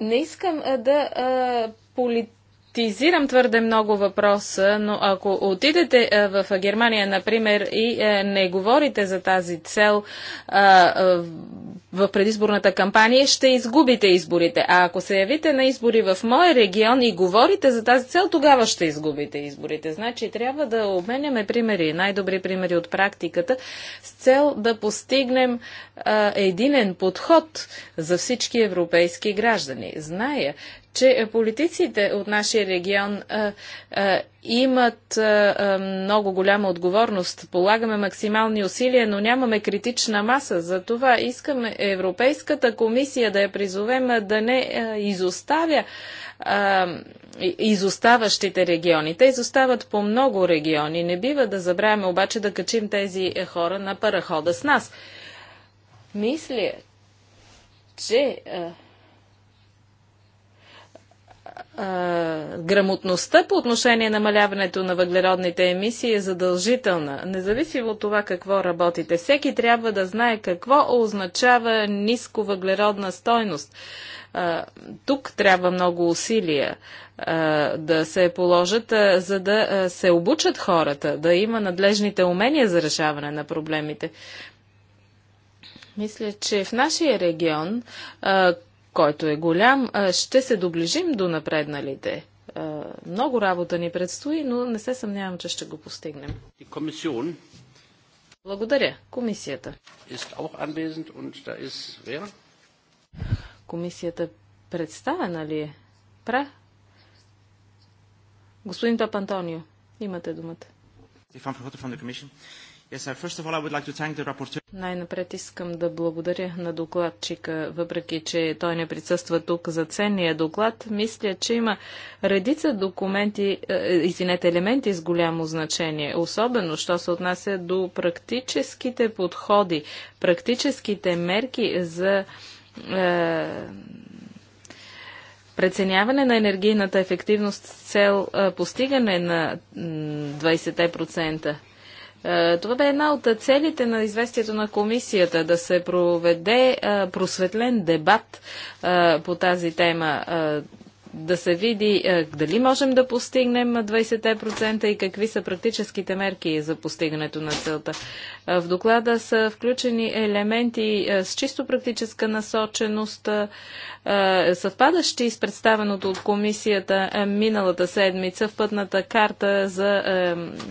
Не искам да политизирам Тизирам твърде много въпроса, но ако отидете в Германия, например, и не говорите за тази цел в предизборната кампания, ще изгубите изборите. А ако се явите на избори в моя регион и говорите за тази цел, тогава ще изгубите изборите. Значи трябва да обменяме примери, най-добри примери от практиката, с цел да постигнем единен подход за всички европейски граждани. Зная, че е, политиците от нашия регион а, е, а, е, имат а, много голяма отговорност. Полагаме максимални усилия, но нямаме критична маса. За това искаме Европейската комисия да я призовем да не а, изоставя а, изоставащите региони. Те изостават по много региони. Не бива да забравяме обаче да качим тези хора на парахода с нас. Мисля, че. А, грамотността по отношение на намаляването на въглеродните емисии е задължителна. Независимо от това какво работите, всеки трябва да знае какво означава ниско въглеродна стойност. А, тук трябва много усилия а, да се положат, а, за да се обучат хората, да има надлежните умения за решаване на проблемите. Мисля, че в нашия регион който е голям, ще се доближим до напредналите. Много работа ни предстои, но не се съмнявам, че ще го постигнем. Комисион. Благодаря. Комисията. Комисията представена ли е? Пра? Господин Папантонио, имате думата. von der най-напред искам да благодаря на докладчика, въпреки че той не присъства тук за ценния доклад. Мисля, че има редица документи, е, е, извинете, елементи с голямо значение, особено, що се отнася до практическите подходи, практическите мерки за е, преценяване на енергийната ефективност с цел е, постигане на 20%. Е, това бе една от целите на известието на комисията да се проведе е, просветлен дебат е, по тази тема да се види е, дали можем да постигнем 20% и какви са практическите мерки за постигането на целта. Е, в доклада са включени елементи е, с чисто практическа насоченост, съвпадащи с представеното от комисията миналата седмица в пътната карта за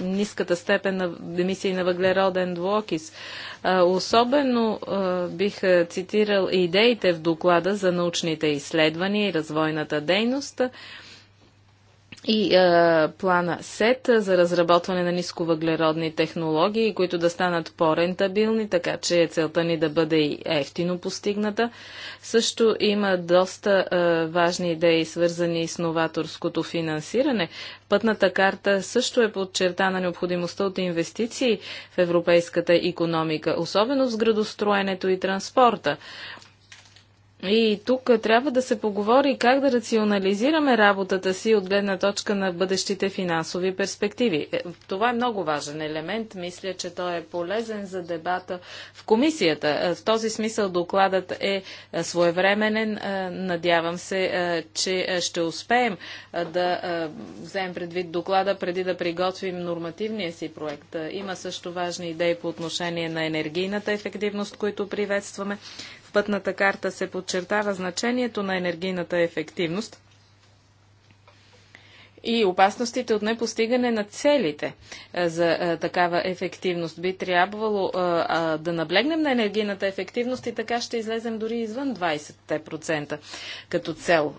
ниската степен на емисии на въглероден двуокис. Особено бих цитирал идеите в доклада за научните изследвания и развойната дейност, и а, е, плана СЕТ за разработване на нисковъглеродни технологии, които да станат по-рентабилни, така че целта ни да бъде и ефтино постигната. Също има доста а, е, важни идеи, свързани с новаторското финансиране. Пътната карта също е подчертана необходимостта от инвестиции в европейската економика, особено с градостроенето и транспорта. И тук трябва да се поговори как да рационализираме работата си от гледна точка на бъдещите финансови перспективи. Е, това е много важен елемент. Мисля, че той е полезен за дебата в комисията. Е, в този смисъл докладът е, е своевременен. Надявам се, че ще успеем да вземем предвид доклада преди да приготвим нормативния си проект. Има също важни идеи по отношение на енергийната ефективност, които приветстваме пътната карта се подчертава значението на енергийната ефективност и опасностите от непостигане на целите е, за е, такава ефективност. Би трябвало е, да наблегнем на енергийната ефективност и така ще излезем дори извън 20% като цел.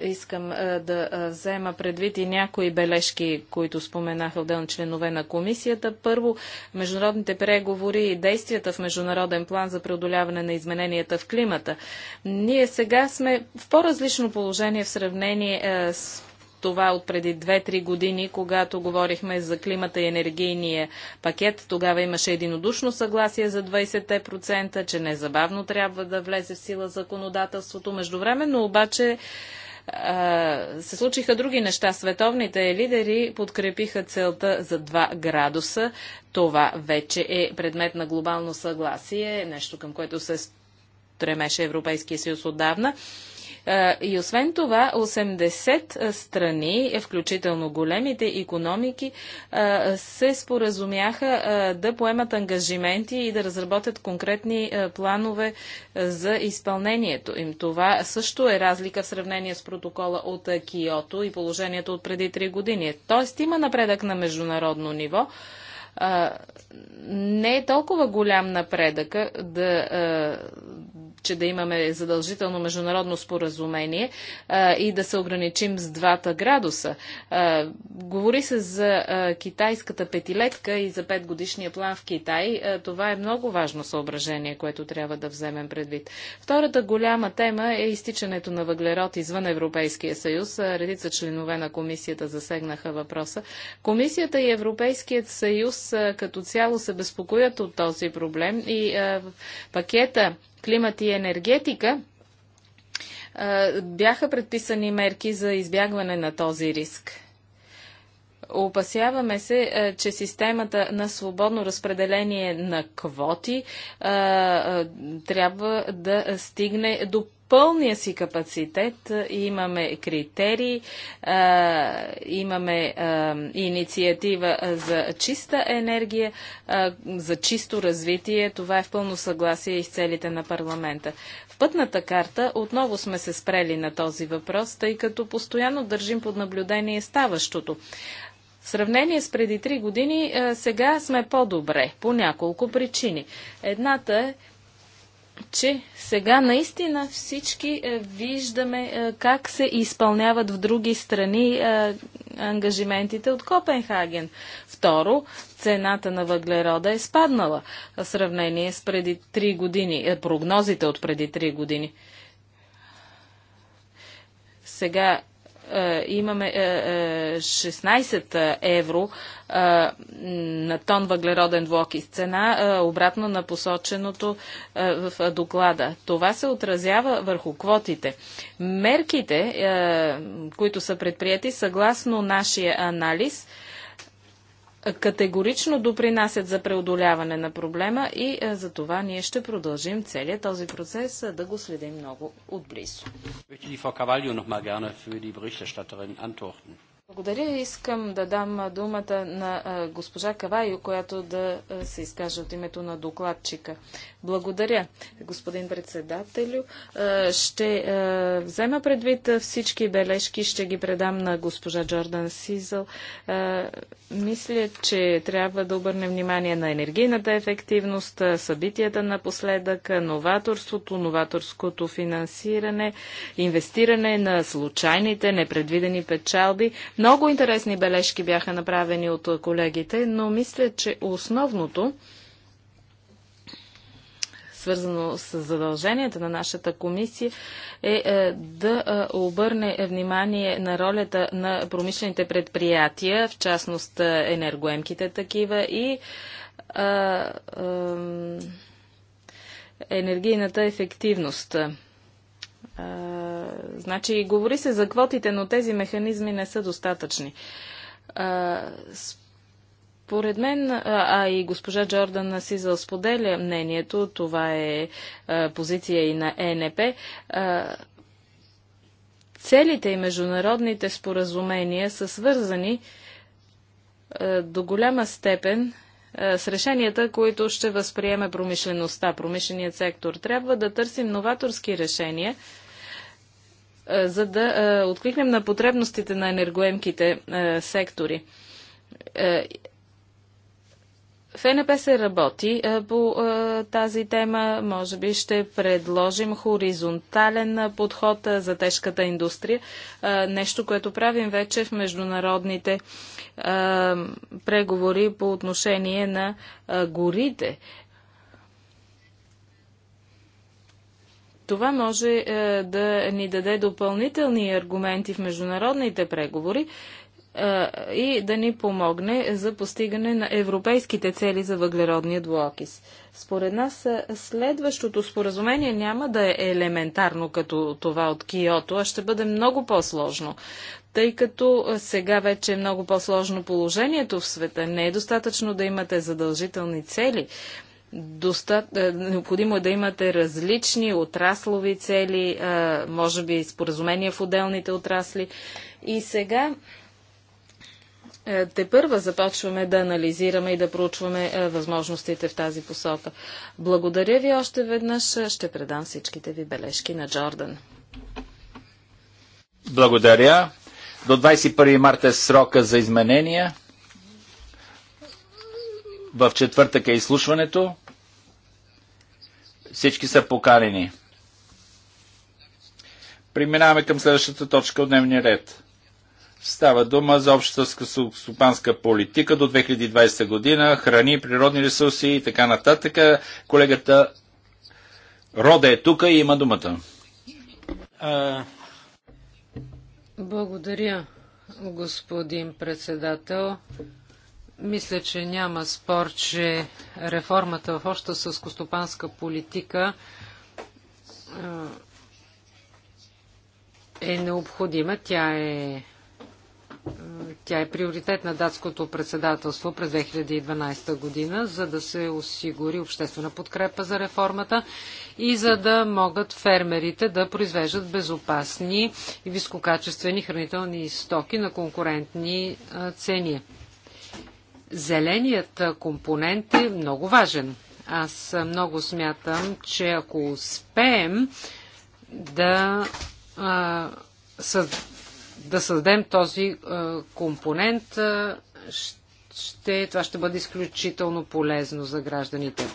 Искам да взема предвид и някои бележки, които споменаха отделно членове на комисията. Първо, международните преговори и действията в международен план за преодоляване на измененията в климата. Ние сега сме в по-различно положение в сравнение с това от преди 2-3 години, когато говорихме за климата и енергийния пакет. Тогава имаше единодушно съгласие за 20%, че незабавно трябва да влезе в сила законодателството. Междувременно обаче се случиха други неща. Световните лидери подкрепиха целта за 2 градуса. Това вече е предмет на глобално съгласие, нещо към което се стремеше Европейския съюз отдавна. Е, и освен това, 80 е, страни, е, включително големите економики, се споразумяха да поемат ангажименти и да разработят конкретни планове за изпълнението им. Това също е разлика в сравнение с протокола от Киото и положението от преди 3 години. Тоест има напредък на международно ниво не е толкова голям напредък да че да имаме задължително международно споразумение а, и да се ограничим с двата градуса. А, говори се за а, китайската петилетка и за петгодишния план в Китай. А, това е много важно съображение, което трябва да вземем предвид. Втората голяма тема е изтичането на въглерод извън Европейския съюз. Редица членове на комисията засегнаха въпроса. Комисията и Европейският съюз а, като цяло се безпокоят от този проблем и а, пакета климат и енергетика, бяха предписани мерки за избягване на този риск. Опасяваме се, че системата на свободно разпределение на квоти трябва да стигне до пълния си капацитет. Имаме критерии, имаме инициатива за чиста енергия, за чисто развитие. Това е в пълно съгласие и с целите на парламента. В пътната карта отново сме се спрели на този въпрос, тъй като постоянно държим под наблюдение ставащото. В сравнение с преди три години, сега сме по-добре по няколко причини. Едната е, че сега наистина всички е, виждаме е, как се изпълняват в други страни е, ангажиментите от Копенхаген. Второ, цената на въглерода е спаднала в сравнение с преди 3 години, прогнозите от преди 3 години. Сега е, имаме 16 е, е, евро на тон въглероден и цена, обратно на посоченото в доклада. Това се отразява върху квотите. Мерките, които са предприяти, съгласно нашия анализ, категорично допринасят за преодоляване на проблема и е, за това ние ще продължим целият този процес е, да го следим много отблизо. Благодаря. Искам да дам думата на госпожа Кавайо, която да се изкаже от името на докладчика. Благодаря, господин председателю. Ще взема предвид всички бележки, ще ги предам на госпожа Джордан Сизъл. Мисля, че трябва да обърнем внимание на енергийната ефективност, събитията напоследък, новаторството, новаторското финансиране, инвестиране на случайните, непредвидени печалби. Много интересни бележки бяха направени от колегите, но мисля, че основното, свързано с задълженията на нашата комисия, е, е да е, обърне внимание на ролята на промишлените предприятия, в частност е, енергоемките такива и енергийната ефективност. А, значи, говори се за квотите, но тези механизми не са достатъчни. А, според мен, а и госпожа Джордан Сизъл споделя мнението, това е а, позиция и на ЕНП, а, целите и международните споразумения са свързани а, до голяма степен с решенията, които ще възприеме промишлеността, промишленият сектор. Трябва да търсим новаторски решения, е, за да е, откликнем на потребностите на енергоемките е, сектори. В ЕНП се работи по тази тема. Може би ще предложим хоризонтален подход за тежката индустрия. Нещо, което правим вече в международните преговори по отношение на горите. Това може е, да ни даде допълнителни аргументи в международните преговори е, и да ни помогне за постигане на европейските цели за въглеродния двуокис. Според нас е, следващото споразумение няма да е елементарно като това от Киото, а ще бъде много по-сложно, тъй като сега вече е много по-сложно положението в света. Не е достатъчно да имате задължителни цели доста... Е, необходимо е да имате различни отраслови цели, е, може би споразумения в отделните отрасли. И сега е, те първа започваме да анализираме и да проучваме възможностите в тази посока. Благодаря ви още веднъж. Ще предам всичките ви бележки на Джордан. Благодаря. До 21 марта е срока за изменения. В четвъртък е изслушването. Всички са поканени. Преминаваме към следващата точка от дневния ред. Става дума за общата стопанска политика до 2020 година, храни, природни ресурси и така нататък. Колегата Рода е тук и има думата. Благодаря, господин председател. Мисля, че няма спор, че реформата в обща съскостопанска политика е необходима. Тя е, тя е приоритет на датското председателство през 2012 година, за да се осигури обществена подкрепа за реформата и за да могат фермерите да произвеждат безопасни и висококачествени хранителни стоки на конкурентни цени. Зеленият компонент е много важен. Аз много смятам, че ако успеем да, да създадем този компонент, ще, това ще бъде изключително полезно за гражданите.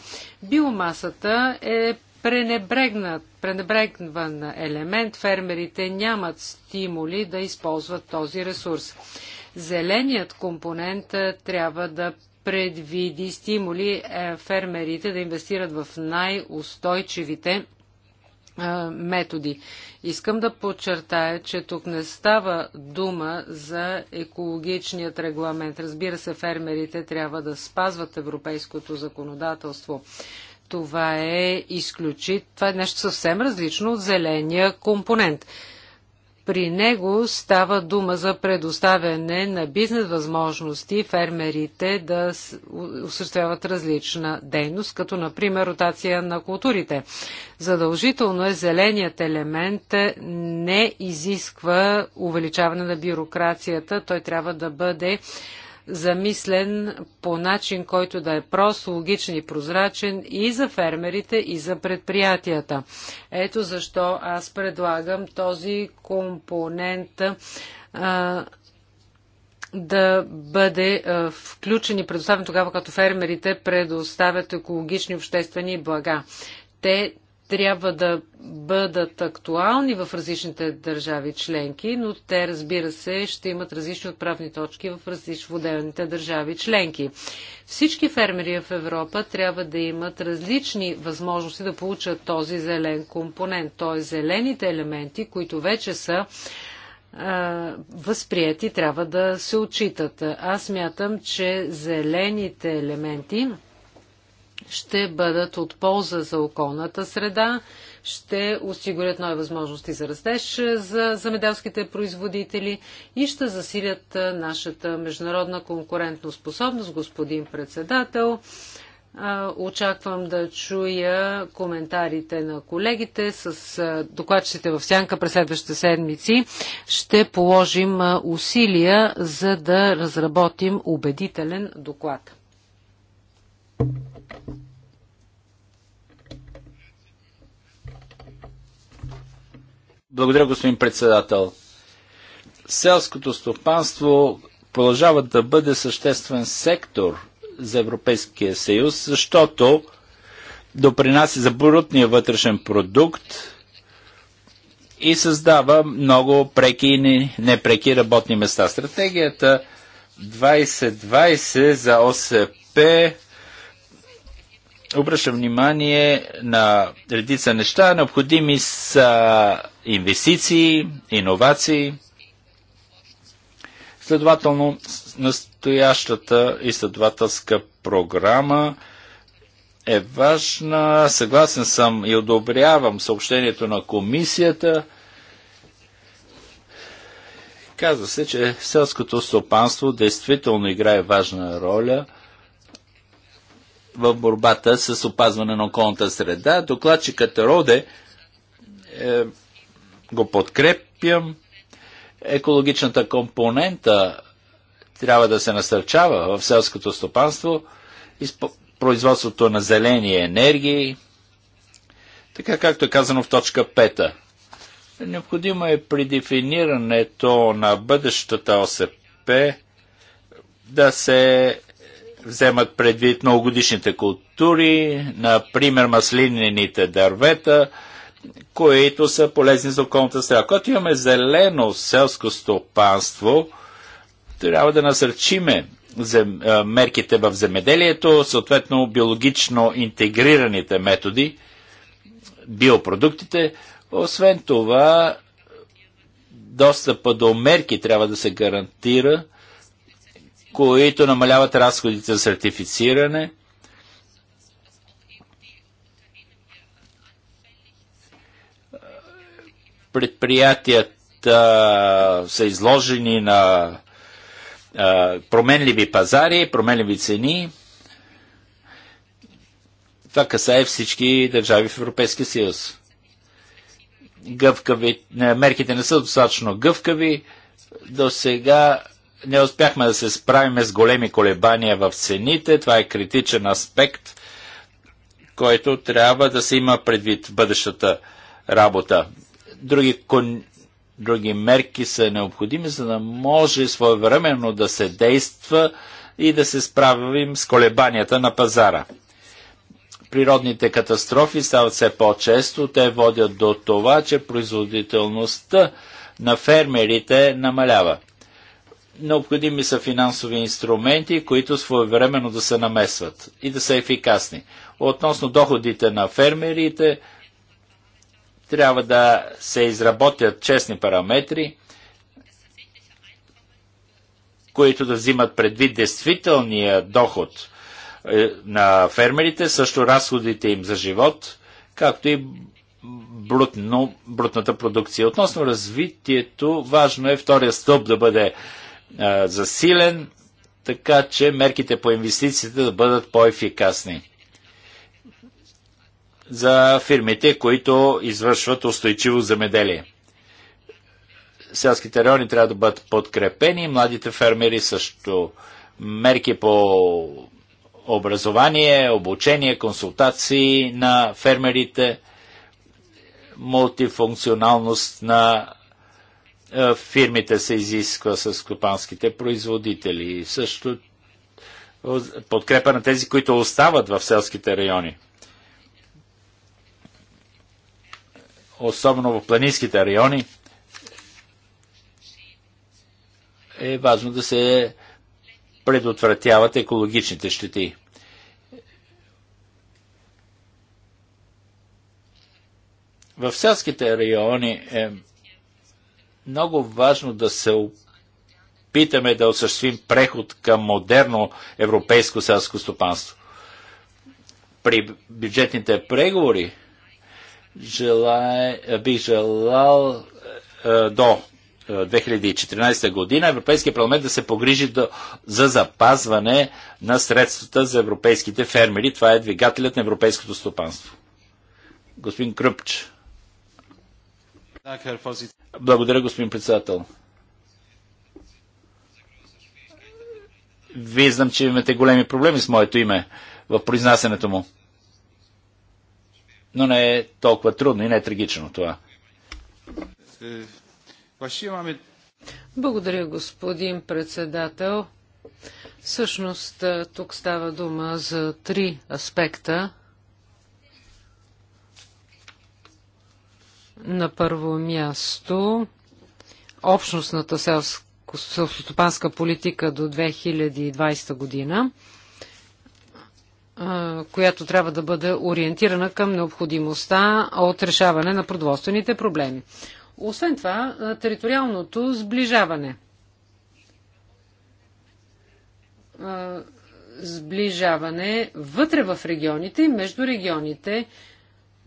Биомасата е пренебрегнат, пренебрегван елемент. Фермерите нямат стимули да използват този ресурс. Зеленият компонент е, трябва да предвиди стимули е, фермерите да инвестират в най-устойчивите е, методи. Искам да подчертая, че тук не става дума за екологичният регламент. Разбира се, фермерите трябва да спазват европейското законодателство. Това е изключително Това е нещо съвсем различно от зеления компонент. При него става дума за предоставяне на бизнес възможности фермерите да осъществяват различна дейност, като например ротация на културите. Задължително е зеленият елемент не изисква увеличаване на бюрокрацията, той трябва да бъде замислен по начин, който да е прост, логичен и прозрачен и за фермерите, и за предприятията. Ето защо аз предлагам този компонент а, да бъде а, включен и предоставен тогава, като фермерите предоставят екологични обществени блага. Те трябва да бъдат актуални в различните държави членки, но те, разбира се, ще имат различни отправни точки в различни отделните държави членки. Всички фермери в Европа трябва да имат различни възможности да получат този зелен компонент, т.е. зелените елементи, които вече са възприяти, трябва да се отчитат. Аз мятам, че зелените елементи ще бъдат от полза за околната среда, ще осигурят нови възможности за растеж е, за замеделските производители и ще засилят е, нашата международна способност, господин председател. Е, очаквам да чуя коментарите на колегите с докладчите в сянка през следващите седмици. Ще положим усилия, за да разработим убедителен доклад. Благодаря, господин председател. Селското стопанство продължава да бъде съществен сектор за Европейския съюз, защото допринася за брутния вътрешен продукт и създава много преки и непреки работни места. Стратегията 2020 за ОСП обръща внимание на редица неща. Необходими са инвестиции, иновации. Следователно, настоящата изследователска програма е важна. Съгласен съм и одобрявам съобщението на комисията. Казва се, че селското стопанство действително играе важна роля – в борбата с опазване на околната среда. Докладчикът Роде е, го подкрепям. Екологичната компонента трябва да се насърчава в селското стопанство, производството на зелени енергии, така както е казано в точка 5. Необходимо е при дефинирането на бъдещата ОСП да се вземат предвид многогодишните култури, например маслинените дървета, които са полезни за околната среда. Когато имаме зелено селско стопанство, трябва да насърчиме зем... мерките в земеделието, съответно биологично интегрираните методи, биопродуктите. Освен това, достъпа до мерки трябва да се гарантира – които намаляват разходите за сертифициране. Предприятията са изложени на променливи пазари, променливи цени. Това касае всички държави в Европейския съюз. Гъвкави, мерките не са достатъчно гъвкави. До сега не успяхме да се справим с големи колебания в цените. Това е критичен аспект, който трябва да се има предвид в бъдещата работа. Други, кон... други мерки са необходими, за да може своевременно да се действа и да се справим с колебанията на пазара. Природните катастрофи стават все по-често. Те водят до това, че производителността на фермерите намалява. Необходими са финансови инструменти, които своевременно да се намесват и да са ефикасни. Относно доходите на фермерите, трябва да се изработят честни параметри, които да взимат предвид действителния доход е, на фермерите, също разходите им за живот, както и брутно, брутната продукция. Относно развитието, важно е втория стълб да бъде засилен, така че мерките по инвестициите да бъдат по-ефикасни за фирмите, които извършват устойчиво замеделие. Селските райони трябва да бъдат подкрепени, младите фермери също мерки по образование, обучение, консултации на фермерите, мултифункционалност на фирмите се изисква с стопанските производители. Също подкрепа на тези, които остават в селските райони. Особено в планинските райони е важно да се предотвратяват екологичните щети. В селските райони е много важно да се опитаме да осъществим преход към модерно европейско селско стопанство. При бюджетните преговори желай, бих желал е, до 2014 е, година Европейския парламент да се погрижи до, за запазване на средствата за европейските фермери. Това е двигателят на европейското стопанство. Господин Кръпч. Благодаря, господин председател. Вие знам, че имате големи проблеми с моето име в произнасянето му. Но не е толкова трудно и не е трагично това. Благодаря, господин председател. Всъщност, тук става дума за три аспекта На първо място общностната селско-стопанска политика до 2020 година, която трябва да бъде ориентирана към необходимостта от решаване на продоволствените проблеми. Освен това, териториалното сближаване. Сближаване вътре в регионите и между регионите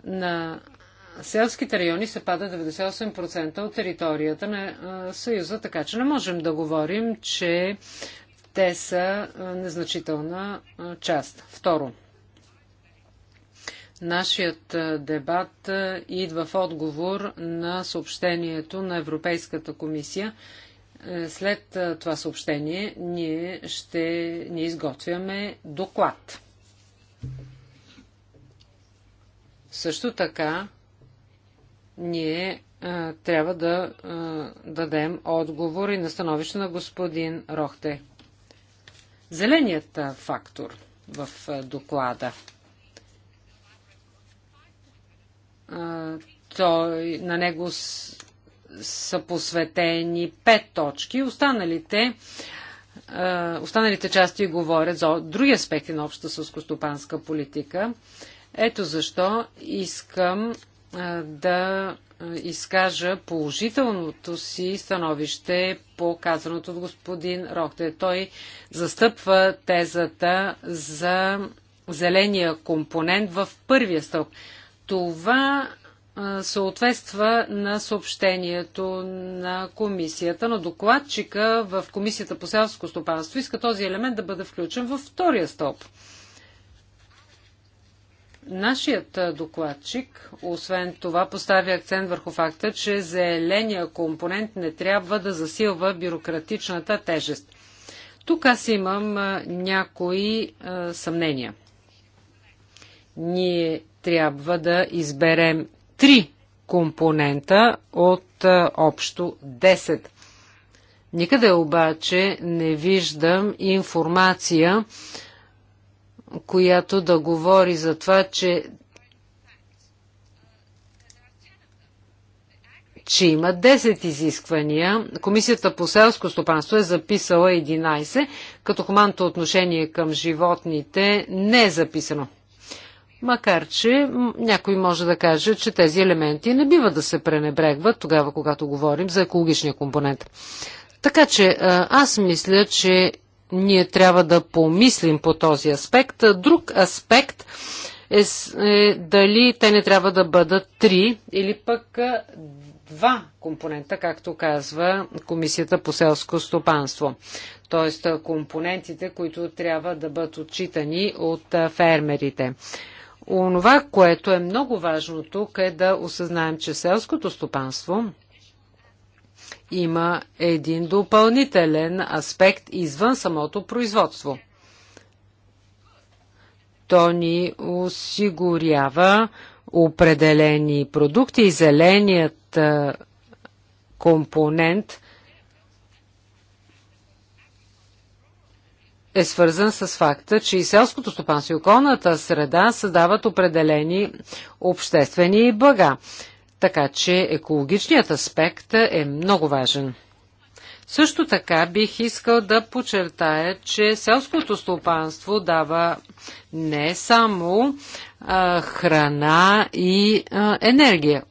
на Селските райони се пада 98% от територията на Съюза, така че не можем да говорим, че те са незначителна част. Второ, нашият дебат идва в отговор на съобщението на Европейската комисия. Е, след това съобщение ние ще ни изготвяме доклад. Също така ние а, трябва да а, дадем отговор и на становище на господин Рохте. Зеленият фактор в а, доклада. А, той, на него с, са посветени пет точки. Останалите, а, останалите части говорят за други аспекти на общата сълскостопанска политика. Ето защо искам да изкажа положителното си становище по казаното от господин Рохте. Той застъпва тезата за зеления компонент в първия стълб. Това съответства на съобщението на комисията, на докладчика в комисията по селско стопанство иска този елемент да бъде включен във втория стълб. Нашият докладчик, освен това, поставя акцент върху факта, че зеления компонент не трябва да засилва бюрократичната тежест. Тук аз имам някои а, съмнения. Ние трябва да изберем три компонента от а, общо 10. Никъде обаче не виждам информация, която да говори за това, че че има 10 изисквания. Комисията по селско стопанство е записала 11, като хуманното отношение към животните не е записано. Макар, че някой може да каже, че тези елементи не бива да се пренебрегват тогава, когато говорим за екологичния компонент. Така че аз мисля, че ние трябва да помислим по този аспект. Друг аспект е, е дали те не трябва да бъдат три или пък два компонента, както казва Комисията по селско стопанство. Тоест компонентите, които трябва да бъдат отчитани от фермерите. Онова, което е много важно тук е да осъзнаем, че селското стопанство – има един допълнителен аспект извън самото производство. То ни осигурява определени продукти и зеленият компонент е свързан с факта, че и селското стопанство и околната среда създават определени обществени блага. Така че екологичният аспект е много важен. Също така бих искал да подчертая, че селското стопанство дава не само а, храна и а, енергия.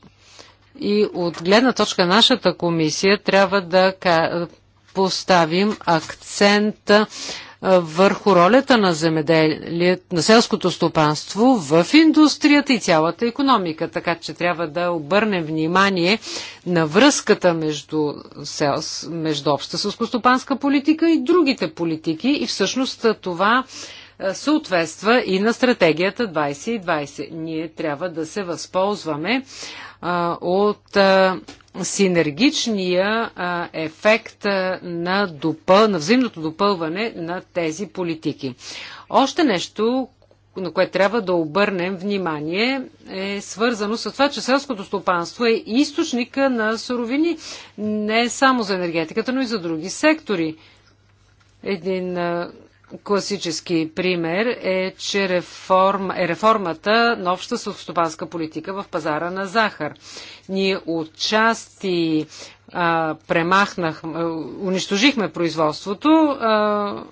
И от гледна точка нашата комисия трябва да поставим акцент върху ролята на земеделието, на селското стопанство в индустрията и цялата економика. Така че трябва да обърнем внимание на връзката между, селс, между обща селскостопанска политика и другите политики. И всъщност това съответства и на стратегията 2020. Ние трябва да се възползваме а, от а, синергичния ефект на, допъл... на взаимното допълване на тези политики. Още нещо, на което трябва да обърнем внимание, е свързано с това, че селското стопанство е източника на суровини не само за енергетиката, но и за други сектори. Един класически пример е, че реформ, е реформата на обща селскостопанска политика в пазара на захар. Ние отчасти а, премахнахме, унищожихме производството, а,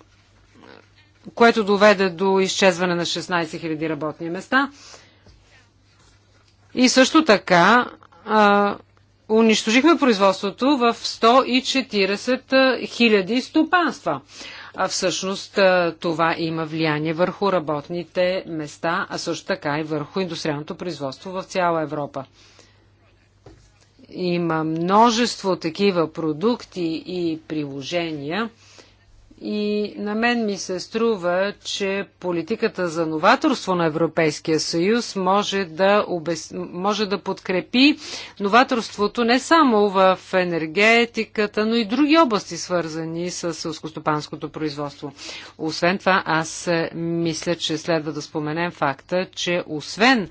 което доведе до изчезване на 16 000 работни места. И също така а, унищожихме производството в 140 000 стопанства а всъщност това има влияние върху работните места, а също така и върху индустриалното производство в цяла Европа. Има множество такива продукти и приложения – и на мен ми се струва, че политиката за новаторство на Европейския съюз може да, обес... може да подкрепи новаторството не само в енергетиката, но и други области, свързани с сълскостопанското производство. Освен това, аз мисля, че следва да споменем факта, че освен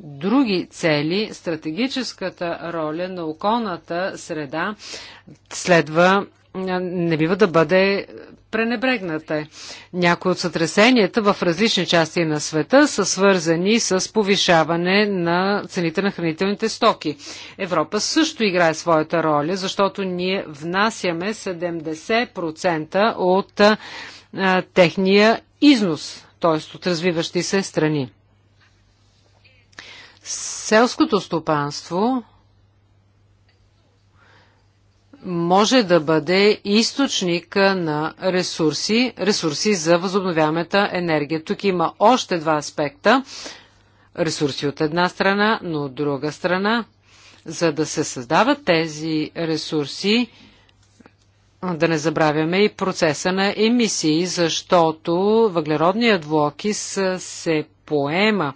други цели, стратегическата роля на околната среда следва не бива да бъде пренебрегната. Някои от сътресенията в различни части на света са свързани с повишаване на цените на хранителните стоки. Европа също играе своята роля, защото ние внасяме 70% от а, техния износ, т.е. от развиващи се страни. Селското стопанство може да бъде източник на ресурси, ресурси за възобновяемата енергия. Тук има още два аспекта. Ресурси от една страна, но от друга страна, за да се създават тези ресурси, да не забравяме и процеса на емисии, защото въглеродният двуокис се поема.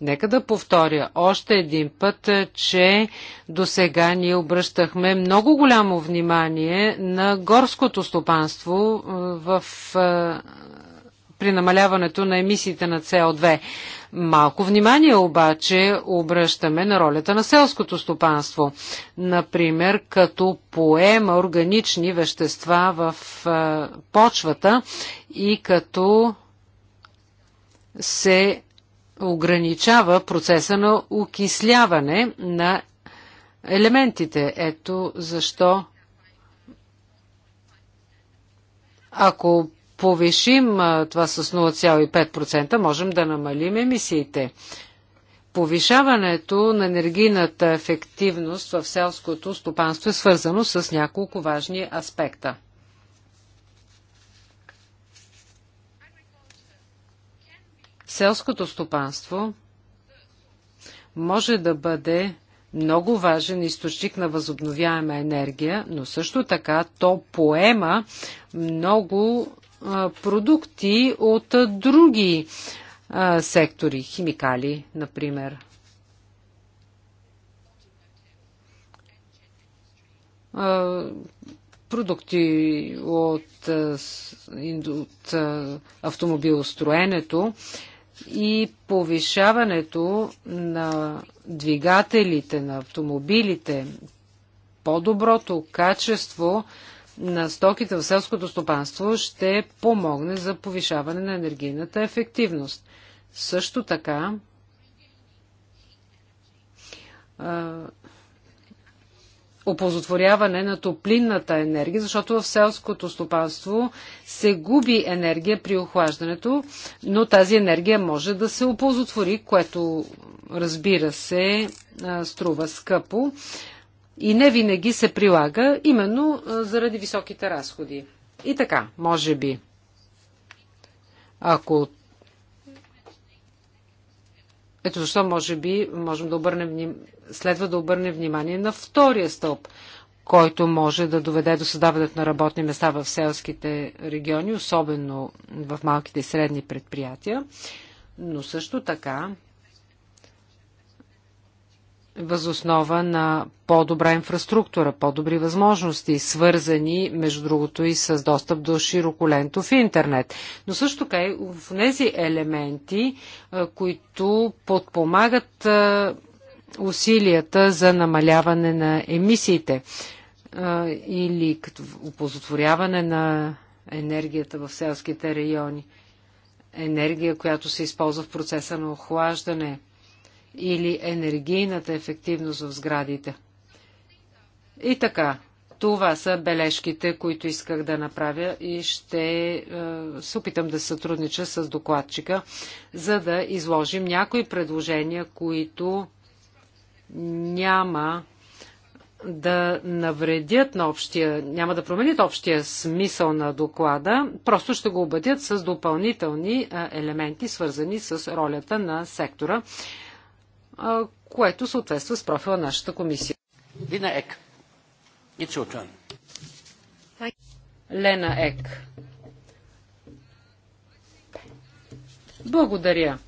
Нека да повторя още един път, е, че до сега ние обръщахме много голямо внимание на горското стопанство е, в, е, при намаляването на емисиите на СО2. Малко внимание обаче обръщаме на ролята на селското стопанство. Например, като поема органични вещества в почвата и като се ограничава процеса на окисляване на елементите. Ето защо ако повишим това с 0,5%, можем да намалим емисиите. Повишаването на енергийната ефективност в селското стопанство е свързано с няколко важни аспекта. Селското стопанство може да бъде много важен източник на възобновяема енергия, но също така то поема много продукти от други сектори, химикали, например. продукти от, от автомобилостроенето и повишаването на двигателите на автомобилите, по-доброто качество на стоките в селското стопанство ще помогне за повишаване на енергийната ефективност. Също така оползотворяване на топлинната енергия, защото в селското стопанство се губи енергия при охлаждането, но тази енергия може да се оползотвори, което разбира се струва скъпо и не винаги се прилага, именно заради високите разходи. И така, може би, ако ето защо, може би, можем да обърнем, следва да обърнем внимание на втория стълб, който може да доведе до създаването на работни места в селските региони, особено в малките и средни предприятия, но също така възоснова на по-добра инфраструктура, по-добри възможности, свързани, между другото, и с достъп до широколентов интернет. Но също така и в тези елементи, е, които подпомагат е, усилията за намаляване на емисиите е, или като опозотворяване на енергията в селските райони. Енергия, която се използва в процеса на охлаждане – или енергийната ефективност в сградите. И така, това са бележките, които исках да направя и ще е, се опитам да сътруднича с докладчика, за да изложим някои предложения, които няма да навредят на общия, няма да променят общия смисъл на доклада, просто ще го обадят с допълнителни е, елементи, свързани с ролята на сектора което съответства с профила на нашата комисия. Лена Ек. It's your turn. Лена Ек. Благодаря.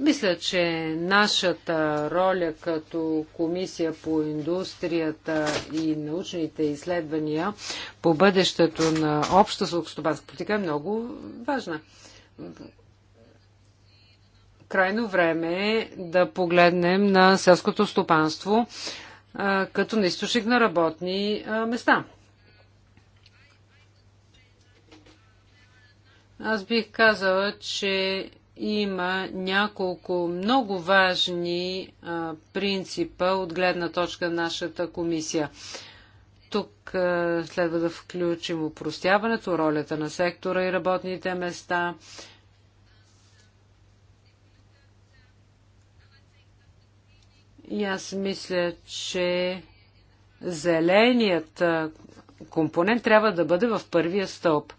Мисля, че нашата роля като комисия по индустрията и научните изследвания по бъдещето на обща сълкостопанска политика е много важна крайно време е да погледнем на селското стопанство като на източник на работни места. Аз бих казала, че има няколко много важни принципа от гледна точка на нашата комисия. Тук следва да включим упростяването, ролята на сектора и работните места, И аз мисля, че зеленият компонент трябва да бъде в първия стълб.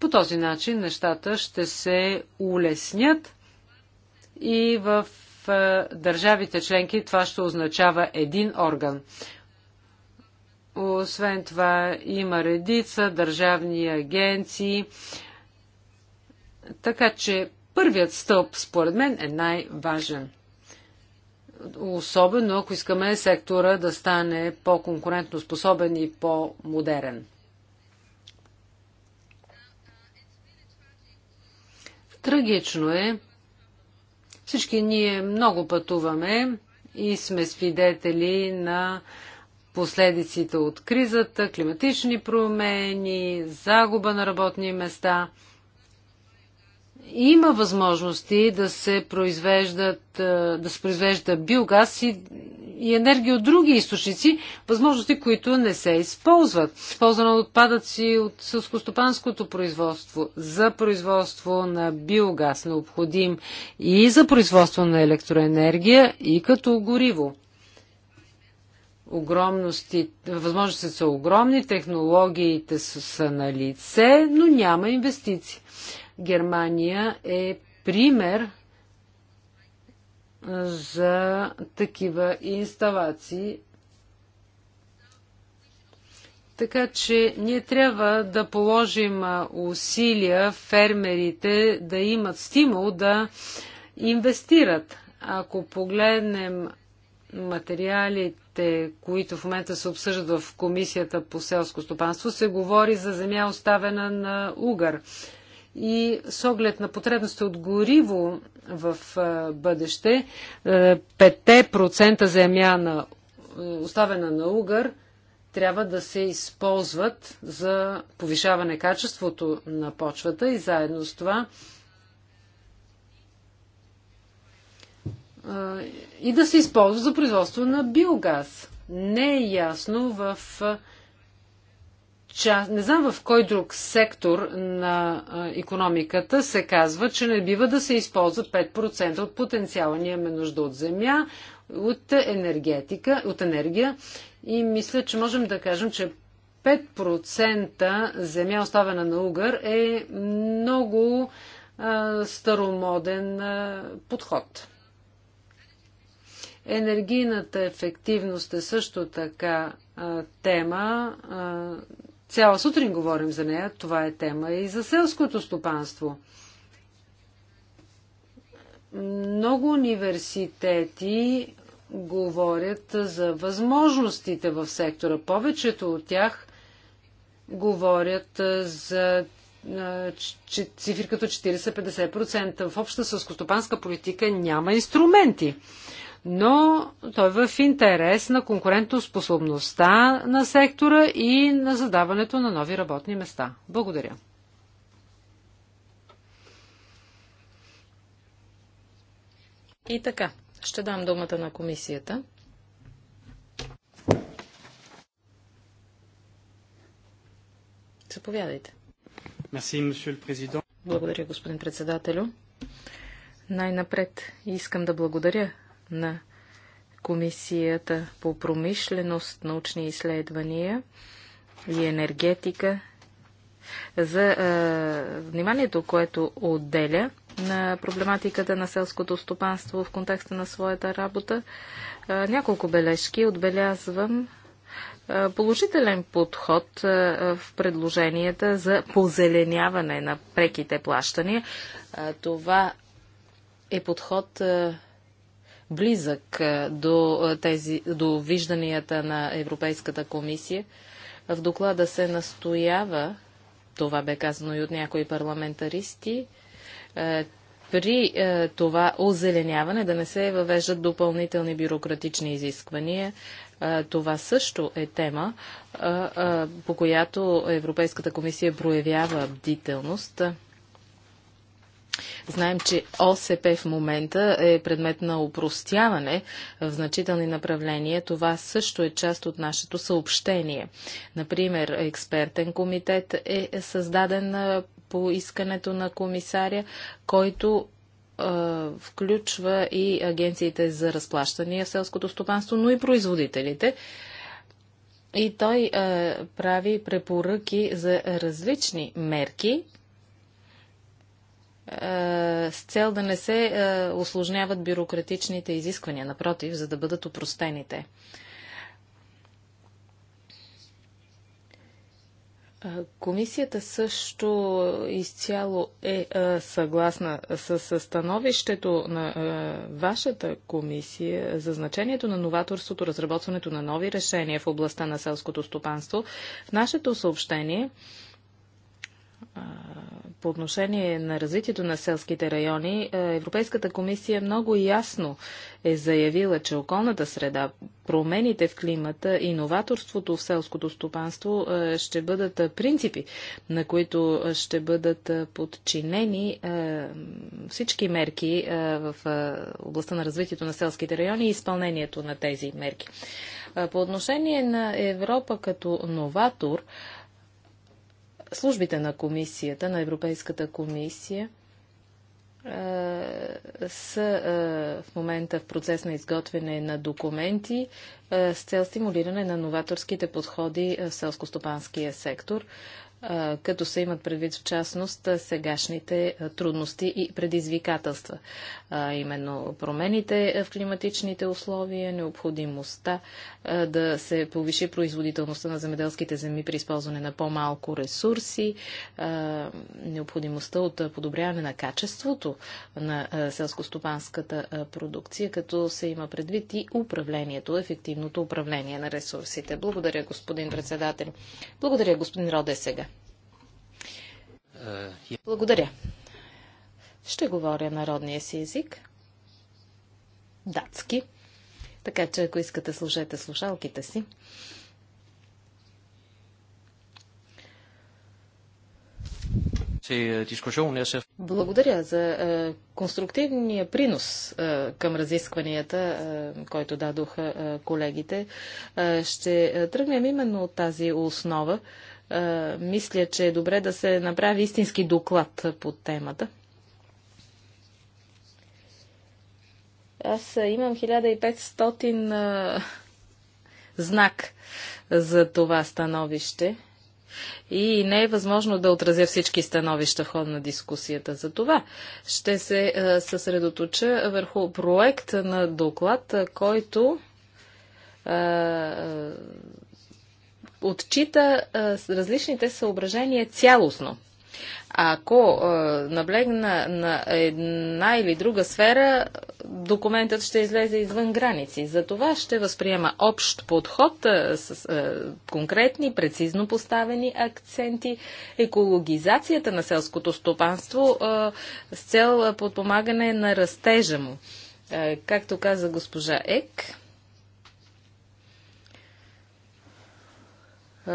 По този начин нещата ще се улеснят и в държавите членки това ще означава един орган. Освен това има редица държавни агенции. Така че първият стълб, според мен, е най-важен особено ако искаме сектора да стане по-конкурентно способен и по-модерен. Трагично е. Всички ние много пътуваме и сме свидетели на последиците от кризата, климатични промени, загуба на работни места – има възможности да се произвеждат, е, да се произвежда биогаз и, и енергия от други източници, възможности, които не се използват. Използване отпадъци от сълскостопанското производство за производство на биогаз необходим и за производство на електроенергия и като гориво. Огромности, възможностите са огромни, технологиите са, са на лице, но няма инвестиции. Германия е пример за такива инсталации. Така че ние трябва да положим усилия фермерите да имат стимул да инвестират. Ако погледнем материалите, които в момента се обсъждат в Комисията по селско стопанство, се говори за земя оставена на угър и с оглед на потребността от гориво в бъдеще, 5% земя на, оставена на угър трябва да се използват за повишаване качеството на почвата и заедно с това и да се използва за производство на биогаз. Не е ясно в част, не знам в кой друг сектор на економиката се казва, че не бива да се използва 5% от потенциала. Ние имаме нужда от земя, от енергетика, от енергия и мисля, че можем да кажем, че 5% земя оставена на угър е много а, старомоден а, подход. Енергийната ефективност е също така а, тема, а, Цяла сутрин говорим за нея. Това е тема и за селското стопанство. Много университети говорят за възможностите в сектора. Повечето от тях говорят за цифри като 40-50%. В обща сълскостопанска политика няма инструменти но той е в интерес на конкурентоспособността на сектора и на задаването на нови работни места. Благодаря. И така, ще дам думата на комисията. Заповядайте. Благодаря, господин председателю. Най-напред искам да благодаря на Комисията по промишленост, научни изследвания и енергетика за е, вниманието, което отделя на проблематиката на селското стопанство в контекста на своята работа. Е, няколко бележки отбелязвам положителен подход в предложенията за позеленяване на преките плащания. това е подход близък е, до, е, тези, до вижданията на Европейската комисия. В доклада се настоява, това бе казано и от някои парламентаристи, е, при това озеленяване да не се въвеждат допълнителни бюрократични изисквания. това също е тема, по която Европейската комисия проявява бдителност. Знаем, че ОСП в момента е предмет на упростяване в значителни направления. Това също е част от нашето съобщение. Например, експертен комитет е създаден по искането на комисаря, който включва и агенциите за разплащания в селското стопанство, но и производителите. И той прави препоръки за различни мерки, е, с цел да не се осложняват е, бюрократичните изисквания, напротив, за да бъдат упростените. Е, комисията също изцяло е съгласна с становището на вашата комисия за значението на новаторството, разработването на нови решения в областта на селското стопанство. В нашето съобщение по отношение на развитието на селските райони, е, Европейската комисия много ясно е заявила, че околната среда, промените в климата и новаторството в селското стопанство е, ще бъдат е, принципи, на които ще бъдат подчинени всички мерки в областта на развитието на селските райони и изпълнението на тези мерки. По отношение на Европа като новатор, службите на комисията, на Европейската комисия, е, са е, в момента в процес на изготвяне на документи е, с цел стимулиране на новаторските подходи в селско-стопанския сектор като се имат предвид в частност сегашните трудности и предизвикателства. Именно промените в климатичните условия, необходимостта да се повиши производителността на земеделските земи при използване на по-малко ресурси, необходимостта от подобряване на качеството на селскостопанската продукция, като се има предвид и управлението, ефективното управление на ресурсите. Благодаря, господин председател. Благодаря, господин Роде сега. Благодаря. Ще говоря народния си език. Датски. Така че, ако искате, служете слушалките си. Øh, Благодаря за е, конструктивния принос е, към разискванията, е, който дадоха е, колегите. Е, ще е, тръгнем именно от тази основа, е, мисля, че е добре да се направи истински доклад по темата. Аз е, имам 1500 е, знак за това становище и не е възможно да отразя всички становища в ход на дискусията. За това ще се съсредоточа върху проект на доклад, който отчита различните съображения цялостно. А ако а, наблегна на една или друга сфера, документът ще излезе извън граници. За това ще възприема общ подход а, с а, конкретни, прецизно поставени акценти, екологизацията на селското стопанство с цел подпомагане на растежа му. А, както каза госпожа Ек,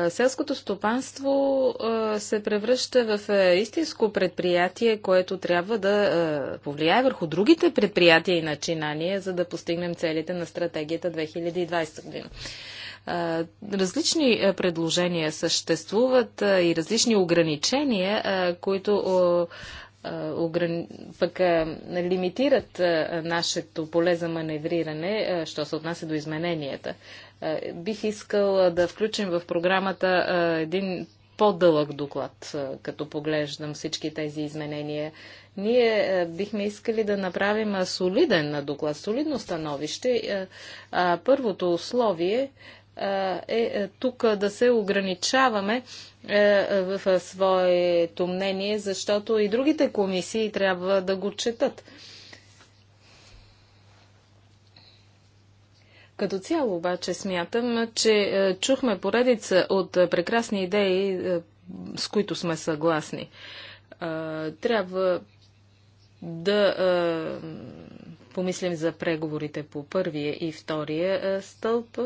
Селското стопанство се превръща в е, истинско предприятие, което трябва да повлияе върху другите предприятия и начинания, за да постигнем целите на стратегията 2020 година. Различни е, предложения съществуват и различни ограничения, които ограни... пък лимитират нашето поле за маневриране, що се отнася до измененията. Бих искал да включим в програмата един по-дълъг доклад, като поглеждам всички тези изменения. Ние бихме искали да направим солиден доклад, солидно становище. Първото условие е, е тук да се ограничаваме е, в своето мнение, защото и другите комисии трябва да го четат. Като цяло обаче смятам, че е, чухме поредица от прекрасни идеи, с които сме съгласни. Трябва да помислим за преговорите по първия и втория стълб.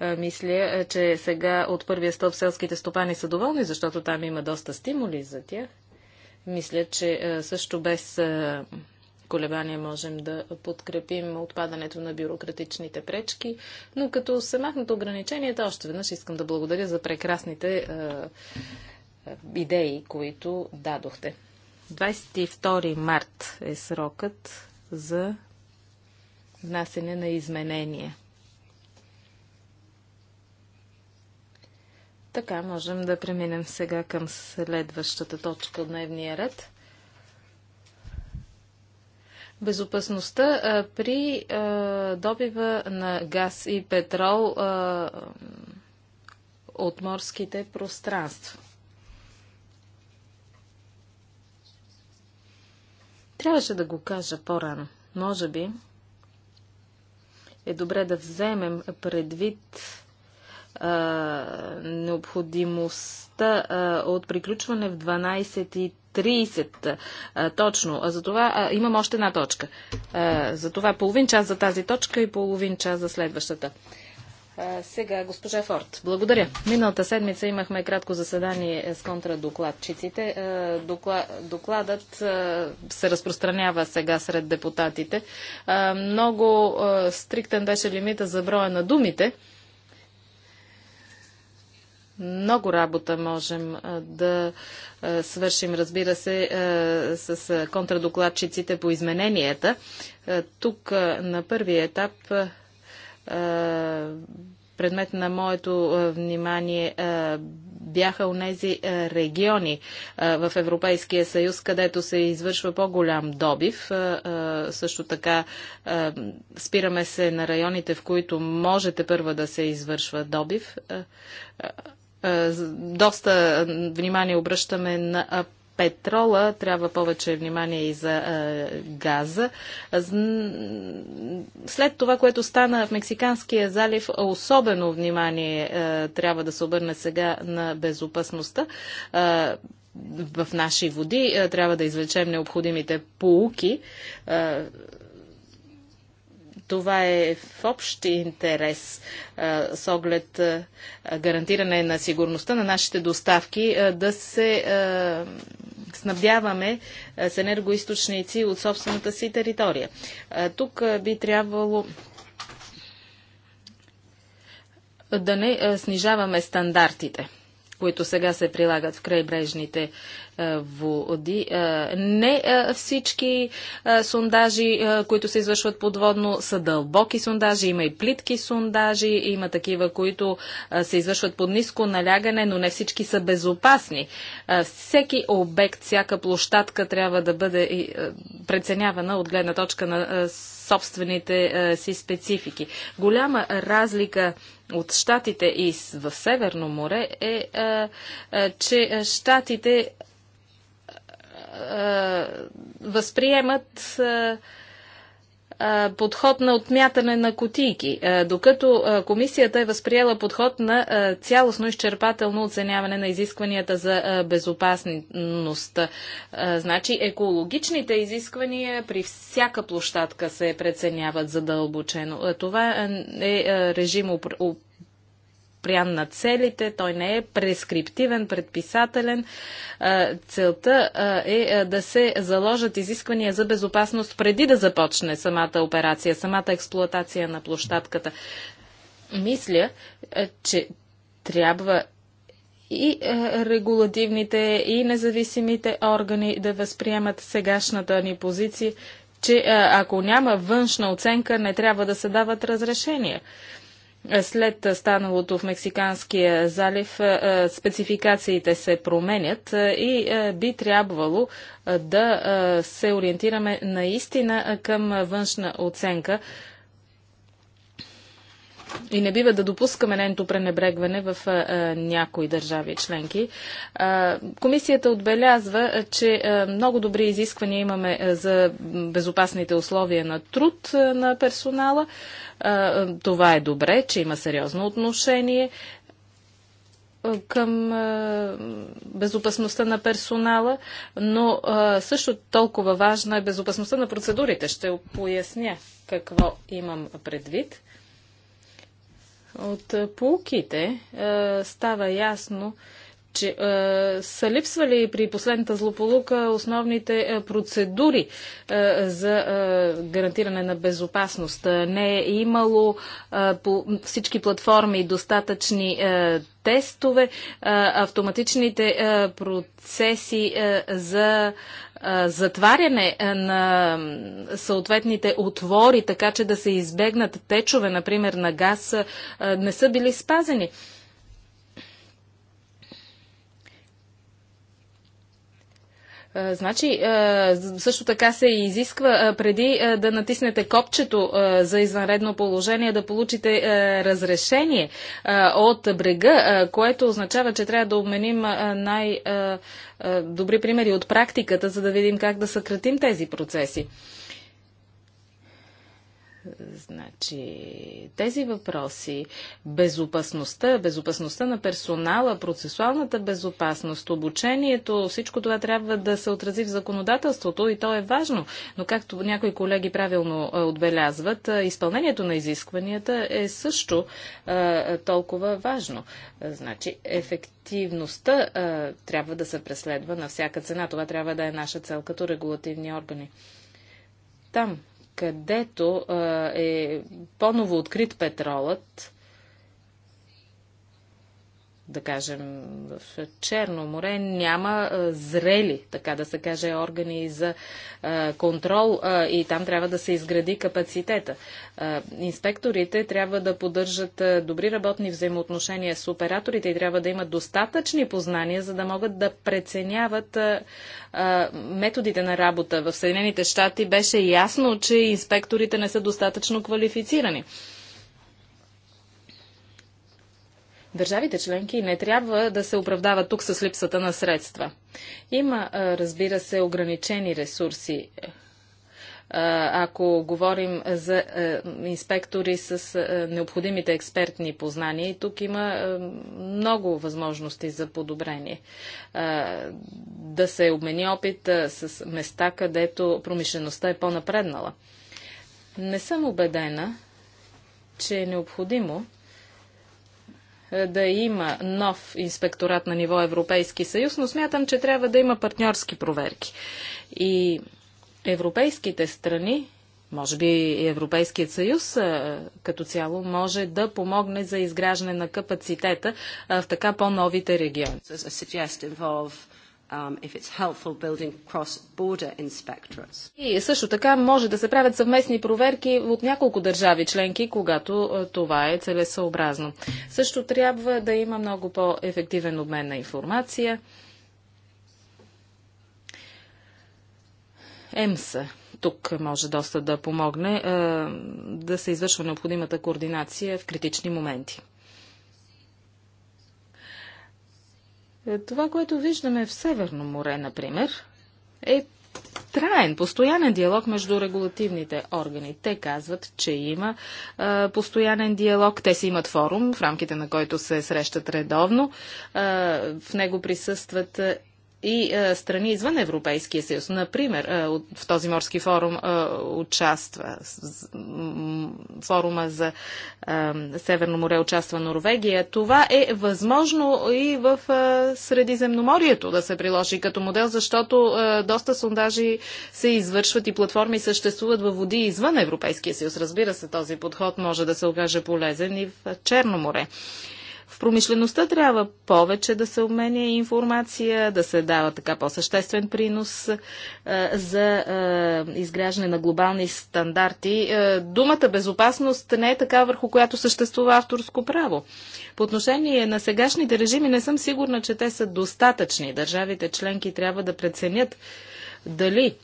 Е, мисля, е, че сега от първия стоп селските стопани са доволни, защото там има доста стимули за тях. Мисля, че е, също без колебания можем да подкрепим отпадането на бюрократичните пречки, но като се махнат ограниченията, още веднъж искам да благодаря за прекрасните идеи, които дадохте. 22 март е срокът за внасене на изменения. Така можем да преминем сега към следващата точка от дневния ред. Безопасността при добива на газ и петрол от морските пространства. Трябваше да го кажа по-рано. Може би е добре да вземем предвид необходимостта от приключване в 12.30 точно. За това имам още една точка. За това половин час за тази точка и половин час за следващата. Сега, госпожа Форд, благодаря. Миналата седмица имахме кратко заседание с контрадокладчиците. Докладът се разпространява сега сред депутатите. Много стриктен беше лимита за броя на думите. Много работа можем да свършим, разбира се, с контрадокладчиците по измененията. Тук на първи етап предмет на моето внимание бяха унези региони в Европейския съюз, където се извършва по-голям добив. Също така спираме се на районите, в които можете първа да се извършва добив. Е, доста внимание обръщаме на петрола, трябва повече внимание и за газа. След това, което стана в Мексиканския залив, особено внимание е, трябва да се обърне сега на безопасността. Е, в наши води трябва да извлечем необходимите поуки. Това е в общ интерес с оглед гарантиране на сигурността на нашите доставки да се снабдяваме с енергоисточници от собствената си територия. Тук би трябвало да не снижаваме стандартите които сега се прилагат в крайбрежните е, води. Е, не е, всички сондажи, които се извършват подводно, са дълбоки сондажи. Има и плитки сондажи, има такива, които се извършват под ниско налягане, но не всички са безопасни. Всеки обект, всяка площадка трябва да бъде преценявана от гледна точка на собствените си специфики. Голяма разлика от Штатите и в Северно море е, е, е че Штатите е, възприемат подход на отмятане на котийки, докато комисията е възприела подход на цялостно изчерпателно оценяване на изискванията за безопасност. Значи екологичните изисквания при всяка площадка се преценяват задълбочено. Това е режим спрян на целите, той не е прескриптивен, предписателен. Целта е да се заложат изисквания за безопасност преди да започне самата операция, самата експлуатация на площадката. Мисля, че трябва и регулативните, и независимите органи да възприемат сегашната ни позиция, че ако няма външна оценка, не трябва да се дават разрешения след станалото в Мексиканския залив е, е, спецификациите се променят е, и би трябвало да се ориентираме наистина към външна оценка и не бива да допускаме нейното пренебрегване в а, някои държави членки. А, комисията отбелязва, че а, много добри изисквания имаме за безопасните условия на труд на персонала. това е добре, че има сериозно отношение към безопасността на персонала, но също толкова важна е безопасността на процедурите. Ще поясня какво имам предвид. От полуките става ясно, че е, са липсвали при последната злополука основните е, процедури е, за е, гарантиране на безопасност. Е, не е имало е, по всички платформи достатъчни е, тестове, е, автоматичните е, процеси за затваряне на съответните отвори, така че да се избегнат течове, например на газ, не са били спазени. Значи, също така се изисква преди да натиснете копчето за извънредно положение да получите разрешение от брега, което означава, че трябва да обменим най-добри примери от практиката, за да видим как да съкратим тези процеси. Значи, тези въпроси, безопасността, безопасността на персонала, процесуалната безопасност, обучението, всичко това трябва да се отрази в законодателството и то е важно. Но както някои колеги правилно отбелязват, изпълнението на изискванията е също а, толкова важно. Значи, ефективността а, трябва да се преследва на всяка цена. Това трябва да е наша цел като регулативни органи. Там където е по-ново открит петролът, да кажем, в Черно море няма а, зрели, така да се каже, органи за а, контрол а, и там трябва да се изгради капацитета. Инспекторите трябва да поддържат добри работни взаимоотношения с операторите и трябва да имат достатъчни познания, за да могат да преценяват методите на работа. В Съединените щати беше ясно, че инспекторите не са достатъчно квалифицирани. Държавите членки не трябва да се оправдават тук с липсата на средства. Има, разбира се, ограничени ресурси ако говорим за инспектори с необходимите експертни познания. тук има много възможности за подобрение. Да се обмени опит с места, където промишлеността е по-напреднала. Не съм убедена, че е необходимо е, да има нов инспекторат на ниво Европейски съюз, но смятам, че трябва да има партньорски проверки. И европейските страни, може би Европейският съюз е, като цяло, може да помогне за изграждане на капацитета е, в така по-новите региони. Um, if it's helpful building cross-border inspectorates. И също така може да се правят съвместни проверки от няколко държави членки, когато е, това е целесъобразно. Също трябва да има много по-ефективен обмен на информация. ЕМСА тук може доста да помогне е, да се извършва необходимата координация в критични моменти. Е, това, което виждаме в Северно море, например, е траен, постоянен диалог между регулативните органи. Те казват, че има е, постоянен диалог. Те си имат форум, в рамките на който се срещат редовно. Е, в него присъстват и а, е, страни извън Европейския съюз. Например, а, е, от, в този морски форум а, е, участва с, форума за Северно море участва Норвегия. Това е възможно и в Средиземноморието да се приложи като модел, защото доста сондажи се извършват и платформи съществуват във води извън Европейския съюз. Разбира се, този подход може да се окаже полезен и в Черно море промишлеността трябва повече да се обменя информация, да се дава така по-съществен принос за изграждане на глобални стандарти. думата безопасност не е така, върху която съществува авторско право. По отношение на сегашните режими не съм сигурна, че те са достатъчни. Държавите членки трябва да преценят дали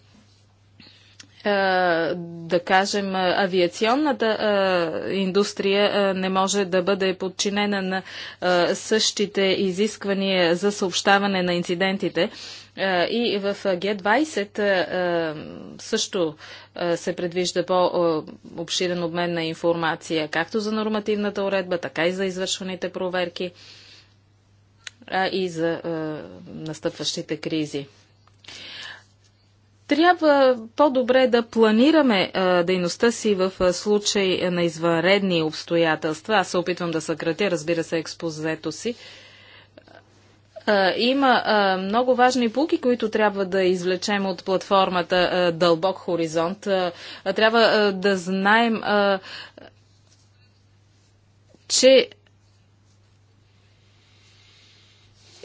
да кажем, авиационната индустрия не може да бъде подчинена на същите изисквания за съобщаване на инцидентите. И в Г-20 също се предвижда по-обширен обмен на информация, както за нормативната уредба, така и за извършваните проверки и за настъпващите кризи. Трябва по-добре да планираме а, дейността си в а, случай на извънредни обстоятелства. Аз се опитвам да съкратя, разбира се, експозето си. А, има а, много важни пулки, които трябва да извлечем от платформата а, Дълбок хоризонт. А, трябва а, да знаем, а, че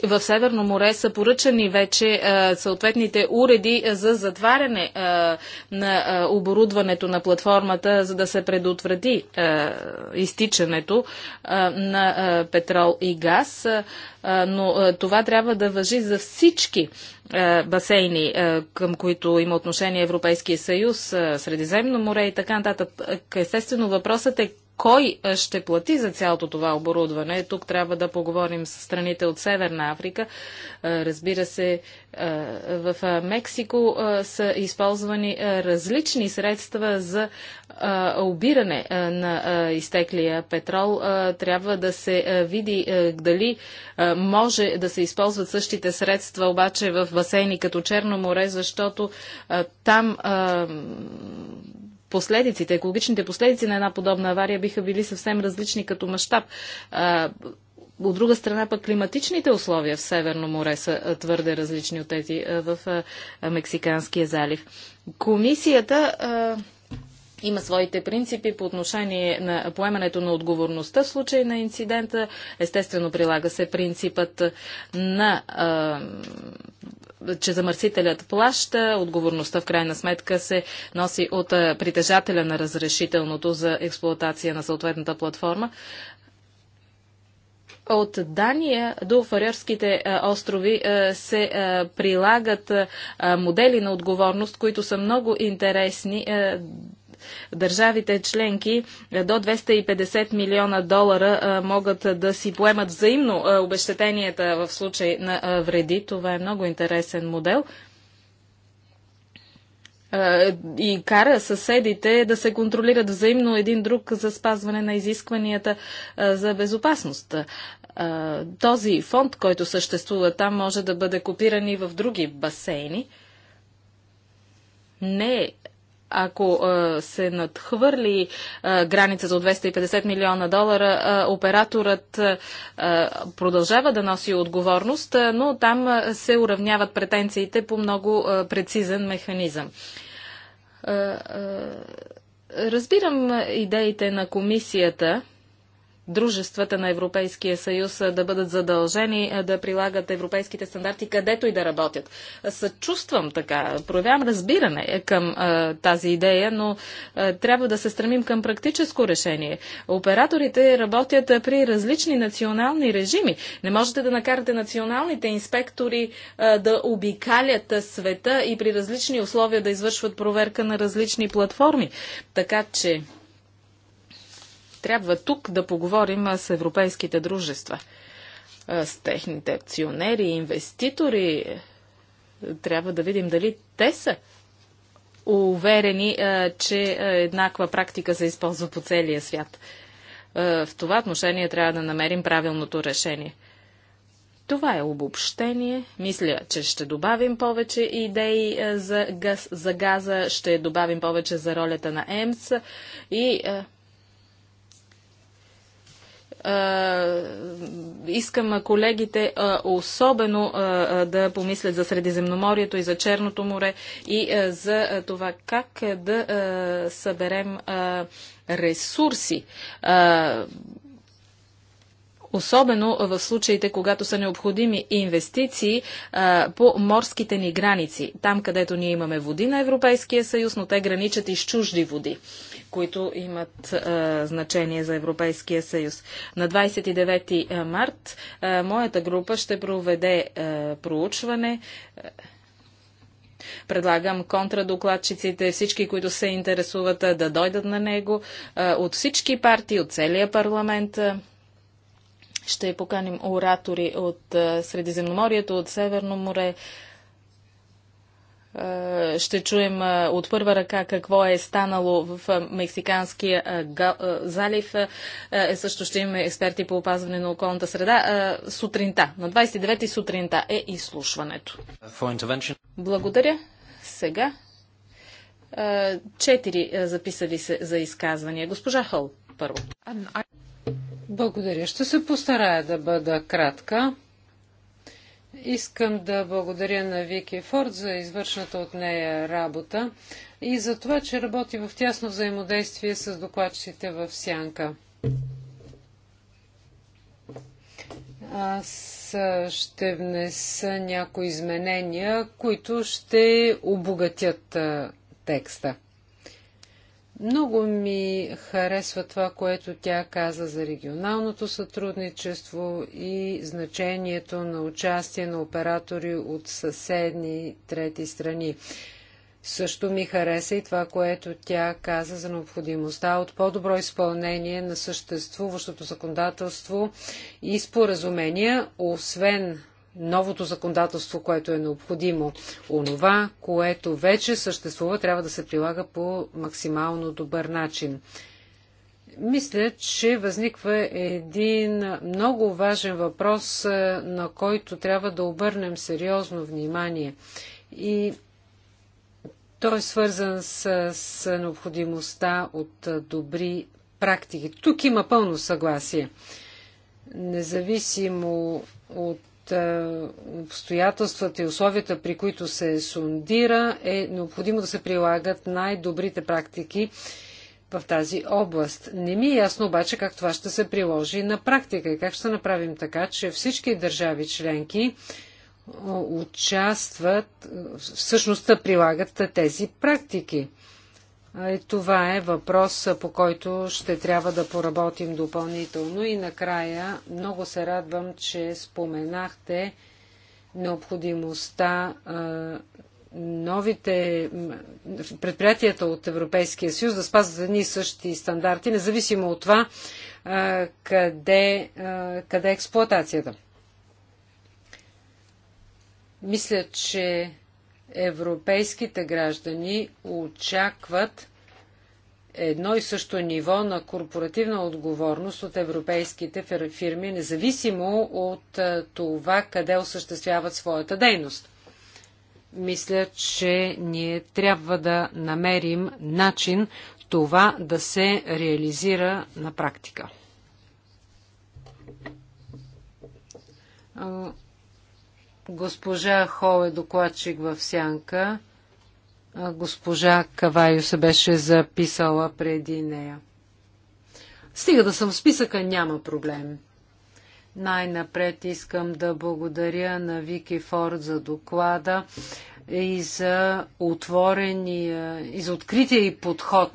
в Северно море са поръчани вече е, съответните уреди е, за затваряне е, на оборудването на платформата, за да се предотврати изтичането на петрол и газ. Но това трябва да въжи за всички басейни, към които има отношение Европейския съюз, Средиземно море и така нататък. Естествено, въпросът е кой е, ще плати за цялото това оборудване? Тук трябва да поговорим с страните от Северна Африка. Е, разбира се, е, в Мексико са използвани различни средства за обиране на изтеклия петрол. Трябва да се види дали може да се използват същите средства, обаче в басейни като Черно море, защото там последиците, екологичните последици на една подобна авария биха били съвсем различни като мащаб. От друга страна пък климатичните условия в Северно море са твърде различни от тези в Мексиканския залив. Комисията има своите принципи по отношение на поемането на отговорността в случай на инцидента. Естествено прилага се принципът на че замърсителят плаща, отговорността в крайна сметка се носи от притежателя на разрешителното за експлуатация на съответната платформа. От Дания до Фарерските острови се прилагат модели на отговорност, които са много интересни държавите членки е, до 250 милиона долара е, могат е, да си поемат взаимно обещетенията в случай на вреди. Това е много интересен модел и кара съседите да се контролират взаимно един друг за спазване на изискванията за безопасност. Този фонд, който съществува там, може да бъде копиран и в други басейни. Не е ако се надхвърли граница за 250 милиона долара, операторът продължава да носи отговорност, но там се уравняват претенциите по много прецизен механизъм. Разбирам идеите на комисията дружествата на Европейския съюз да бъдат задължени да прилагат европейските стандарти където и да работят. Съчувствам така, проявявам разбиране към а, тази идея, но а, трябва да се стремим към практическо решение. Операторите работят при различни национални режими. Не можете да накарате националните инспектори а, да обикалят света и при различни условия да извършват проверка на различни платформи. Така че трябва тук да поговорим с европейските дружества, с техните акционери, инвеститори. Трябва да видим дали те са уверени, че еднаква практика се използва по целия свят. В това отношение трябва да намерим правилното решение. Това е обобщение. Мисля, че ще добавим повече идеи за, газ, за газа, ще добавим повече за ролята на ЕМС и е, е, искам колегите е, особено е, да помислят за Средиземноморието и за Черното море и за това как да съберем ресурси особено в случаите, когато са необходими инвестиции а, по морските ни граници, там където ние имаме води на Европейския съюз, но те граничат и с чужди води които имат а, значение за Европейския съюз. На 29 март а, моята група ще проведе а, проучване. Предлагам контрадокладчиците, всички, които се интересуват, да дойдат на него от всички партии, от целия парламент. Ще поканим оратори от Средиземноморието, от Северно море, е, ще чуем е, от първа ръка какво е станало в е, Мексиканския залив. Също ще имаме експерти по опазване на околната среда. Сутринта, на 29 сутринта е изслушването. Благодаря. Сега четири записали се за изказвания. Госпожа Хъл, първо. Благодаря. Ще се постарая да бъда кратка. Искам да благодаря на Вики Форд за извършната от нея работа и за това, че работи в тясно взаимодействие с докладчиците в Сянка. Аз ще внеса някои изменения, които ще обогатят текста. Много ми харесва това, което тя каза за регионалното сътрудничество и значението на участие на оператори от съседни трети страни. Също ми хареса и това, което тя каза за необходимостта от по-добро изпълнение на съществуващото законодателство и споразумения, освен новото законодателство, което е необходимо. Онова, което вече съществува, трябва да се прилага по максимално добър начин. Мисля, че възниква един много важен въпрос, е, на който трябва да обърнем сериозно внимание. И той е свързан с, с необходимостта от добри практики. Тук има пълно съгласие. Независимо от е, обстоятелствата и условията, при които се сундира, е необходимо да се прилагат най-добрите практики в тази област. Не ми е ясно обаче как това ще се приложи на практика и как ще направим така, че всички държави членки е, участват, е, всъщност прилагат тези практики. Това е въпрос, по който ще трябва да поработим допълнително. И накрая много се радвам, че споменахте необходимостта новите предприятията от Европейския съюз да спазват едни и същи стандарти, независимо от това къде, къде е експлуатацията. Мисля, че европейските граждани очакват едно и също ниво на корпоративна отговорност от европейските фирми, независимо от това къде осъществяват своята дейност. Мисля, че ние трябва да намерим начин това да се реализира на практика. Госпожа Хол е докладчик в Сянка. Госпожа Кавайо се беше записала преди нея. Стига да съм в списъка, няма проблем. Най-напред искам да благодаря на Вики Форд за доклада и за отворения, и за открития и подход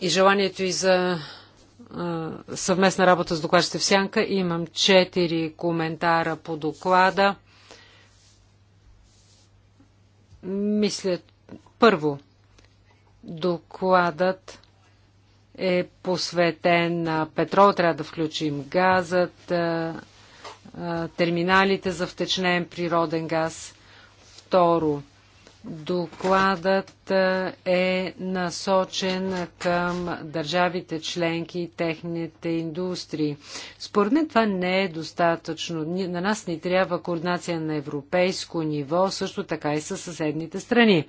и желанието и за е, съвместна работа с докладчите в Сянка. Имам четири коментара по доклада. Мисля, първо, докладът е посветен на петрол, трябва да включим газът, е, е, терминалите за втечнен природен газ. Второ, Докладът е насочен към държавите членки и техните индустрии. Според мен това не е достатъчно. На нас ни трябва координация на европейско ниво, също така и със съседните страни.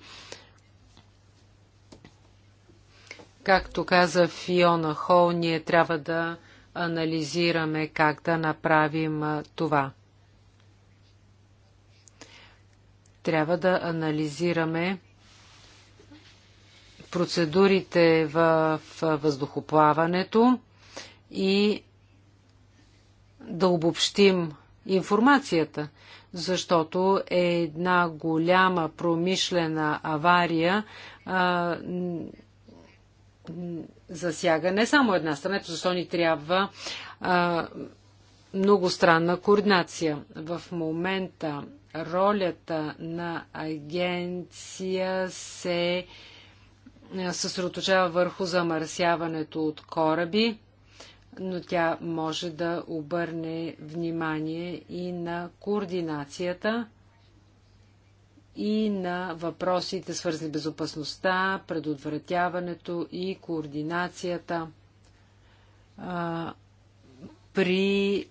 Както каза Фиона Хол, ние трябва да анализираме как да направим това. Трябва да анализираме процедурите в въздухоплаването и да обобщим информацията, защото е една голяма промишлена авария а, засяга не само една страна, защото ни трябва а, многостранна координация. В момента ролята на агенция се е, съсредоточава върху замърсяването от кораби, но тя може да обърне внимание и на координацията и на въпросите свързани с безопасността, предотвратяването и координацията а, при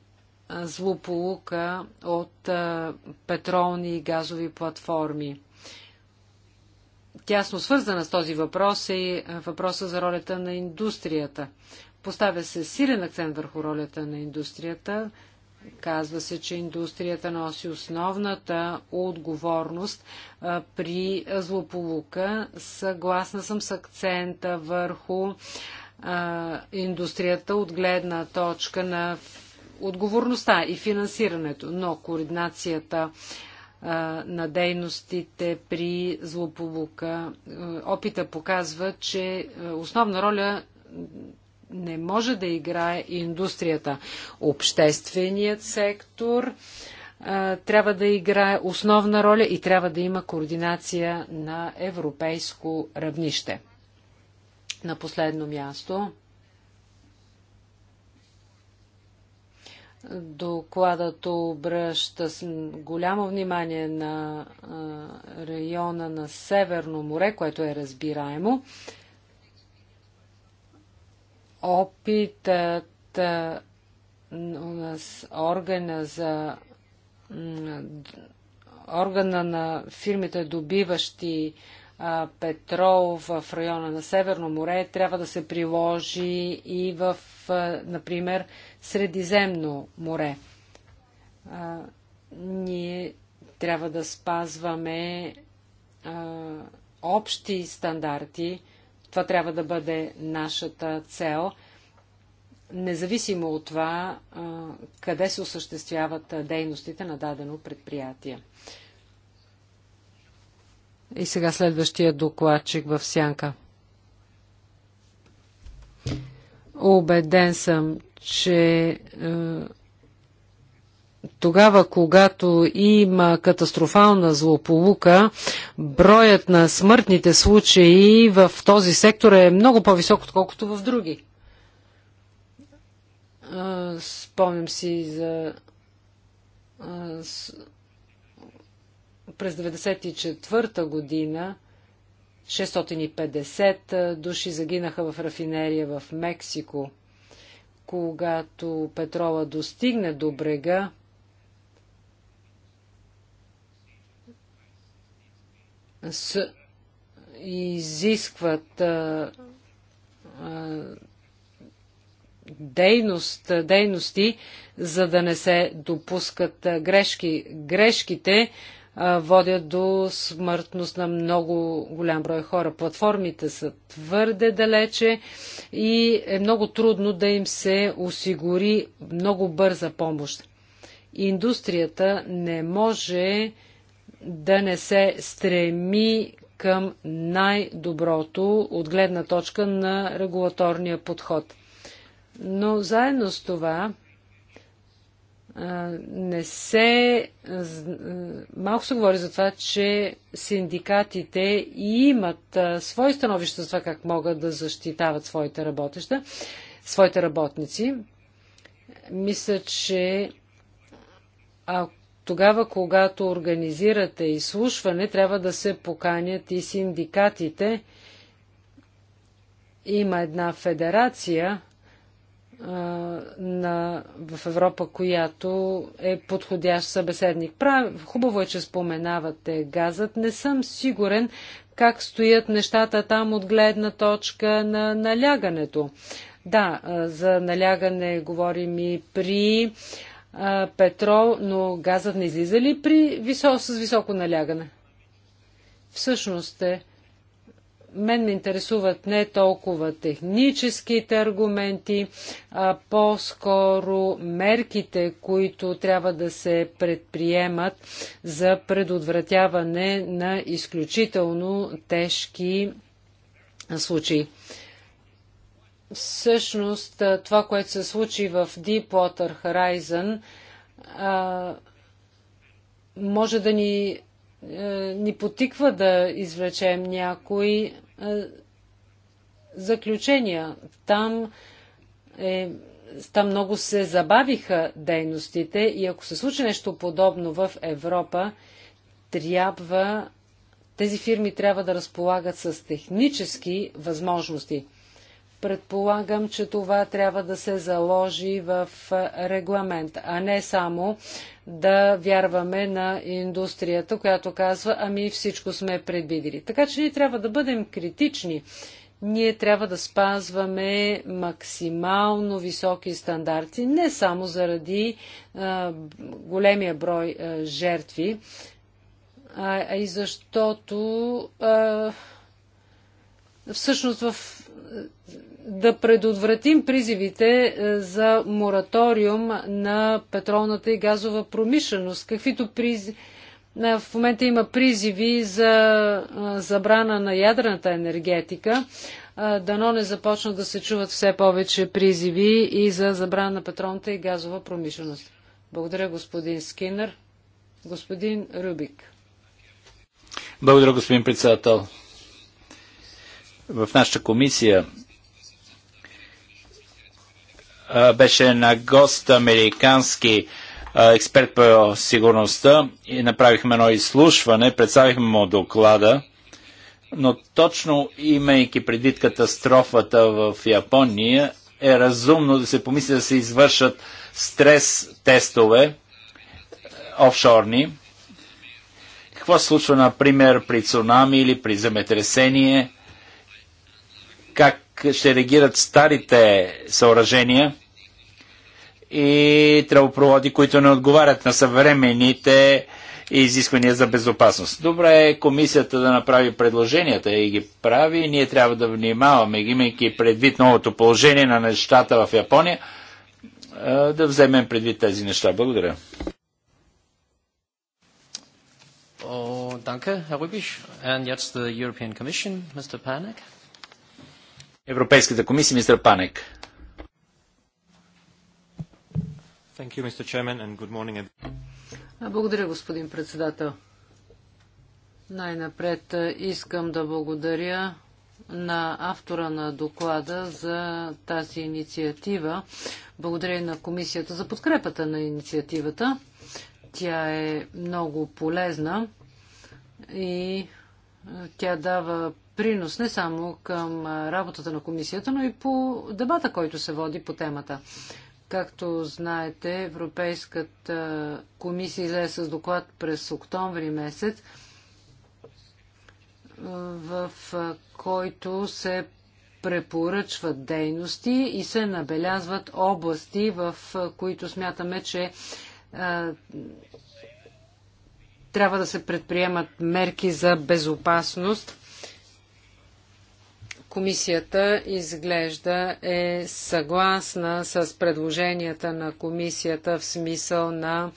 злополука от петролни и газови платформи. Тясно свързана с този въпрос е въпроса за ролята на индустрията. Поставя се силен акцент върху ролята на индустрията. Казва се, че индустрията носи основната отговорност при злополука. Съгласна съм с акцента върху индустрията от гледна точка на отговорността и финансирането, но координацията на дейностите при злополука. Опита показва, че основна роля не може да играе индустрията. Общественият сектор трябва да играе основна роля и трябва да има координация на европейско равнище. На последно място Докладът обръща голямо внимание на района на Северно море, което е разбираемо. Опитът на органа за органа на фирмите, добиващи петрол в района на Северно море, трябва да се приложи и в, например, Средиземно море. А, ние трябва да спазваме а, общи стандарти. Това трябва да бъде нашата цел, независимо от това а, къде се осъществяват дейностите на дадено предприятие. И сега следващия докладчик в сянка. Обеден съм, че е, тогава, когато има катастрофална злополука, броят на смъртните случаи в този сектор е много по-висок, отколкото в други. Е, спомням си за е, през 1994 година 650 души загинаха в рафинерия в Мексико когато петрола достигне до брега, с, изискват а, дейност, дейности, за да не се допускат грешки. Грешките водят до смъртност на много голям брой хора. Платформите са твърде далече и е много трудно да им се осигури много бърза помощ. Индустрията не може да не се стреми към най-доброто от гледна точка на регулаторния подход. Но заедно с това не се. Малко се говори за това, че синдикатите имат свои становища за това как могат да защитават своите работеща, своите работници. Мисля, че а тогава, когато организирате изслушване, трябва да се поканят и синдикатите. Има една федерация, на, в Европа, която е подходящ събеседник. Прав, хубаво е, че споменавате газът. Не съм сигурен как стоят нещата там от гледна точка на налягането. Да, за налягане говорим и при а, петрол, но газът не излиза ли при висо, с високо налягане? Всъщност е мен ме интересуват не толкова техническите аргументи, а по-скоро мерките, които трябва да се предприемат за предотвратяване на изключително тежки случаи. Всъщност, това, което се случи в Deepwater Horizon, може да ни е, ни потиква да извлечем някои заключения. Там, е, там много се забавиха дейностите и ако се случи нещо подобно в Европа, трябва тези фирми трябва да разполагат с технически възможности. Предполагам, че това трябва да се заложи в регламент, а не само да вярваме на индустрията, която казва, ами всичко сме предвидили. Така че ние трябва да бъдем критични. Ние трябва да спазваме максимално високи стандарти, не само заради а, големия брой а, жертви, а, а и защото а, всъщност в да предотвратим призивите е, за мораториум на петролната и газова промишленост. Каквито призи... Е, в момента има призиви за е, забрана на ядрената енергетика. Дано не започнат да се чуват все повече призиви и за забрана на петролната и газова промишленост. Благодаря, господин Скинер. Господин Рюбик. Благодаря, господин председател в нашата комисия беше на гост американски експерт по сигурността и направихме едно изслушване, представихме му доклада, но точно имайки предвид катастрофата в Япония, е разумно да се помисли да се извършат стрес тестове офшорни. Какво се случва, например, при цунами или при земетресение – как ще реагират старите съоръжения и тръбопроводи, които не отговарят на съвременните изисквания за безопасност. Добре е комисията да направи предложенията и ги прави. Ние трябва да внимаваме, имайки предвид новото положение на нещата в Япония, да вземем предвид тези неща. Благодаря. Oh, danke, Herr Rübisch. And jetzt the European Commission, Mr. Panek. Европейската комисия, мистер Панек. You, благодаря, господин председател. Най-напред искам да благодаря на автора на доклада за тази инициатива. Благодаря на комисията за подкрепата на инициативата. Тя е много полезна и тя дава принос не само към работата на комисията, но и по дебата, който се води по темата. Както знаете, Европейската комисия излезе с доклад през октомври месец, в който се препоръчват дейности и се набелязват области, в които смятаме, че трябва да се предприемат мерки за безопасност Комисията изглежда е съгласна с предложенията на комисията в смисъл на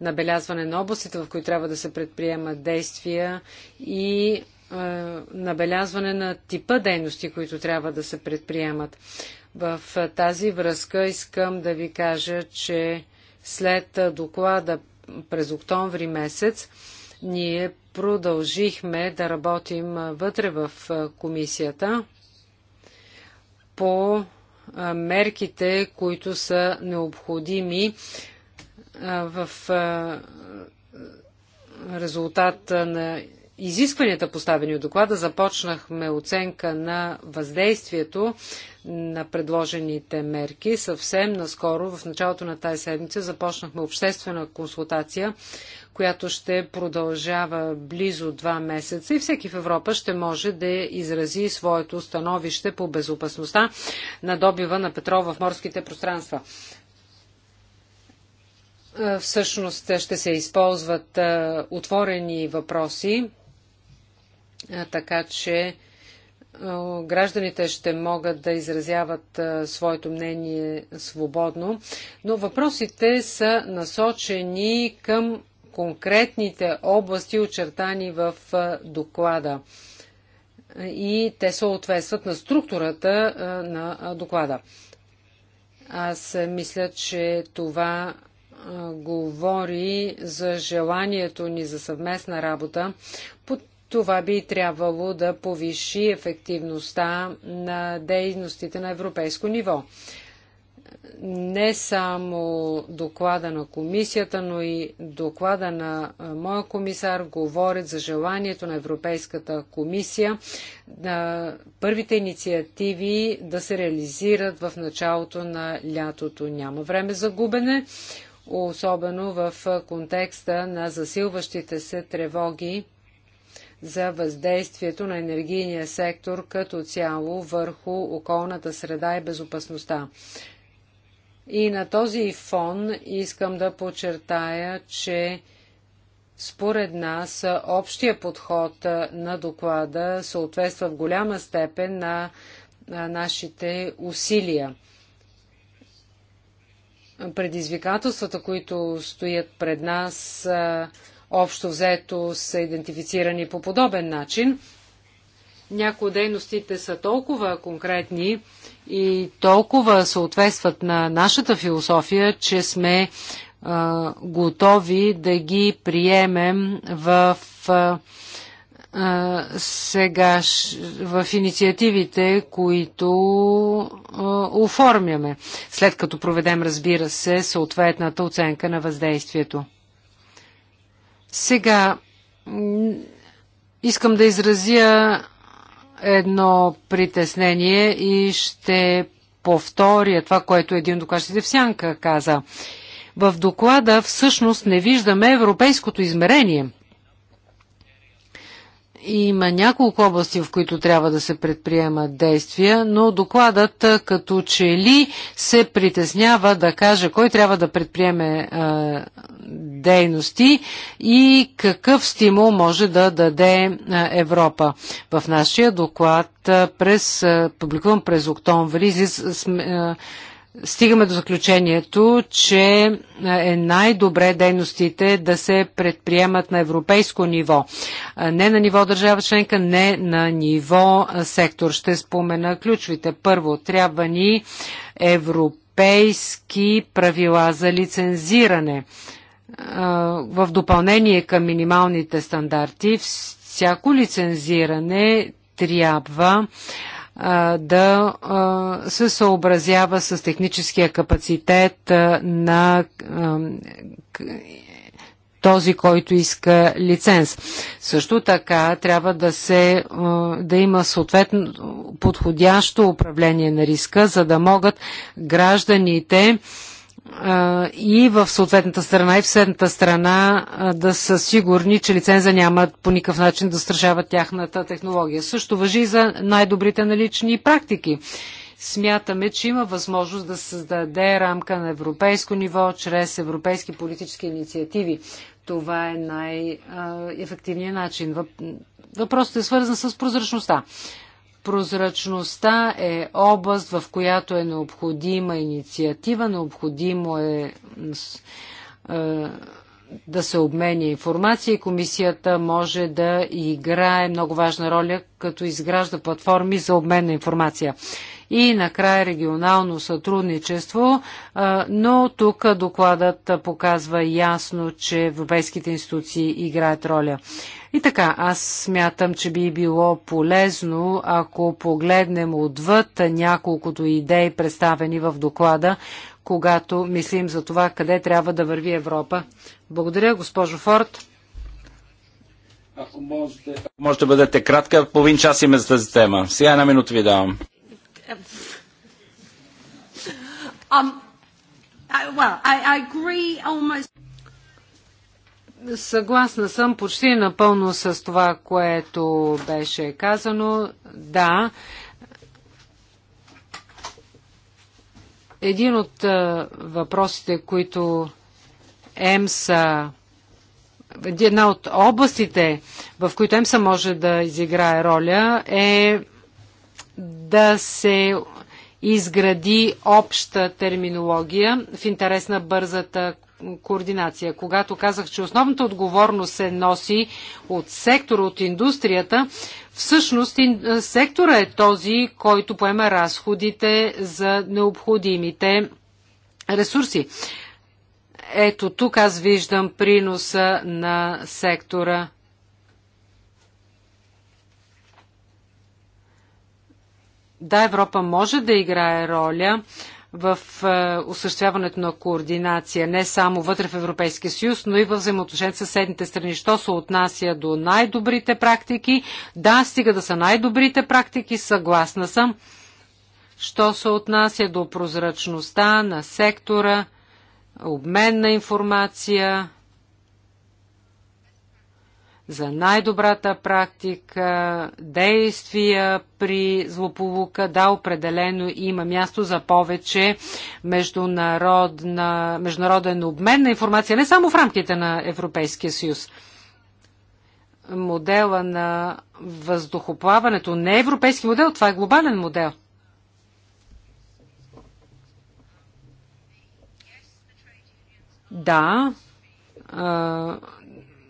набелязване на областите, в които трябва да се предприемат действия и е, набелязване на типа дейности, които трябва да се предприемат. В е, тази връзка искам да ви кажа, че след е, доклада през октомври месец ние продължихме да работим е, вътре в комисията по мерките, които са необходими в резултат на изискванията поставени от доклада. Започнахме оценка на въздействието на предложените мерки. Съвсем наскоро, в началото на тази седмица, започнахме обществена консултация, която ще продължава близо два месеца и всеки в Европа ще може да изрази своето становище по безопасността на добива на петрол в морските пространства всъщност ще се използват отворени въпроси така че гражданите ще могат да изразяват своето мнение свободно, но въпросите са насочени към конкретните области, очертани в доклада. И те съответстват на структурата на доклада. Аз мисля, че това говори за желанието ни за съвместна работа, това би трябвало да повиши ефективността на дейностите на европейско ниво. Не само доклада на комисията, но и доклада на моя комисар говорят за желанието на Европейската комисия на първите инициативи да се реализират в началото на лятото. Няма време за губене, особено в контекста на засилващите се тревоги за въздействието на енергийния сектор като цяло върху околната среда и безопасността. И на този фон искам да подчертая, че според нас общия подход на доклада съответства в голяма степен на нашите усилия. Предизвикателствата, които стоят пред нас, общо взето са идентифицирани по подобен начин. Някои дейностите са толкова конкретни и толкова съответстват на нашата философия, че сме а, готови да ги приемем в а, сега в инициативите, които а, оформяме, след като проведем, разбира се, съответната оценка на въздействието. Сега искам да изразя едно притеснение и ще повторя това, което един докладчик в Сянка каза. В доклада всъщност не виждаме европейското измерение – има няколко области, в които трябва да се предприемат действия, но докладът като че ли се притеснява да каже кой трябва да предприеме а, дейности и какъв стимул може да даде Европа. В нашия доклад, през, публикуван през октомври, стигаме до заключението, че е най-добре дейностите да се предприемат на европейско ниво. Не на ниво държава членка, не на ниво сектор. Ще спомена ключовите. Първо, трябва ни европейски правила за лицензиране. В допълнение към минималните стандарти, всяко лицензиране трябва да се съобразява с техническия капацитет на този, който иска лиценз. Също така трябва да, се, да има съответно подходящо управление на риска, за да могат гражданите и в съответната страна и в съседната страна да са сигурни, че лиценза няма по никакъв начин да стражава тяхната технология. Също въжи и за най-добрите налични практики. Смятаме, че има възможност да създаде рамка на европейско ниво чрез европейски политически инициативи. Това е най-ефективният начин. Въпросът е свързан с прозрачността. Прозрачността е област, в която е необходима инициатива, необходимо е, е да се обменя информация и комисията може да играе много важна роля, като изгражда платформи за обмен на информация и накрая регионално сътрудничество, но тук докладът показва ясно, че европейските институции играят роля. И така, аз смятам, че би било полезно, ако погледнем отвъд няколкото идеи, представени в доклада, когато мислим за това къде трябва да върви Европа. Благодаря, госпожо Форд. Ако можете, можете да бъдете кратка, половин час има за тази тема. Сега една минута ви давам. Um, um, I, well, I, I agree almost... Съгласна съм почти напълно с това, което беше казано. Да, един от въпросите, които ЕМСА една от областите, в които ЕМСА може да изиграе роля, е да се изгради обща терминология в интерес на бързата координация. Когато казах, че основната отговорност се носи от сектора, от индустрията, всъщност сектора е този, който поема разходите за необходимите ресурси. Ето тук аз виждам приноса на сектора. Да, Европа може да играе роля в е, осъществяването на координация, не само вътре в Европейския съюз, но и в взаимоотношението с съседните страни. Що се отнася до най-добрите практики? Да, стига да са най-добрите практики, съгласна съм. Що се отнася до прозрачността на сектора, обмен на информация, за най-добрата практика, действия при злополука. Да, определено има място за повече международна, международен обмен на информация, не само в рамките на Европейския съюз. Модела на въздухоплаването не е европейски модел, това е глобален модел. Да,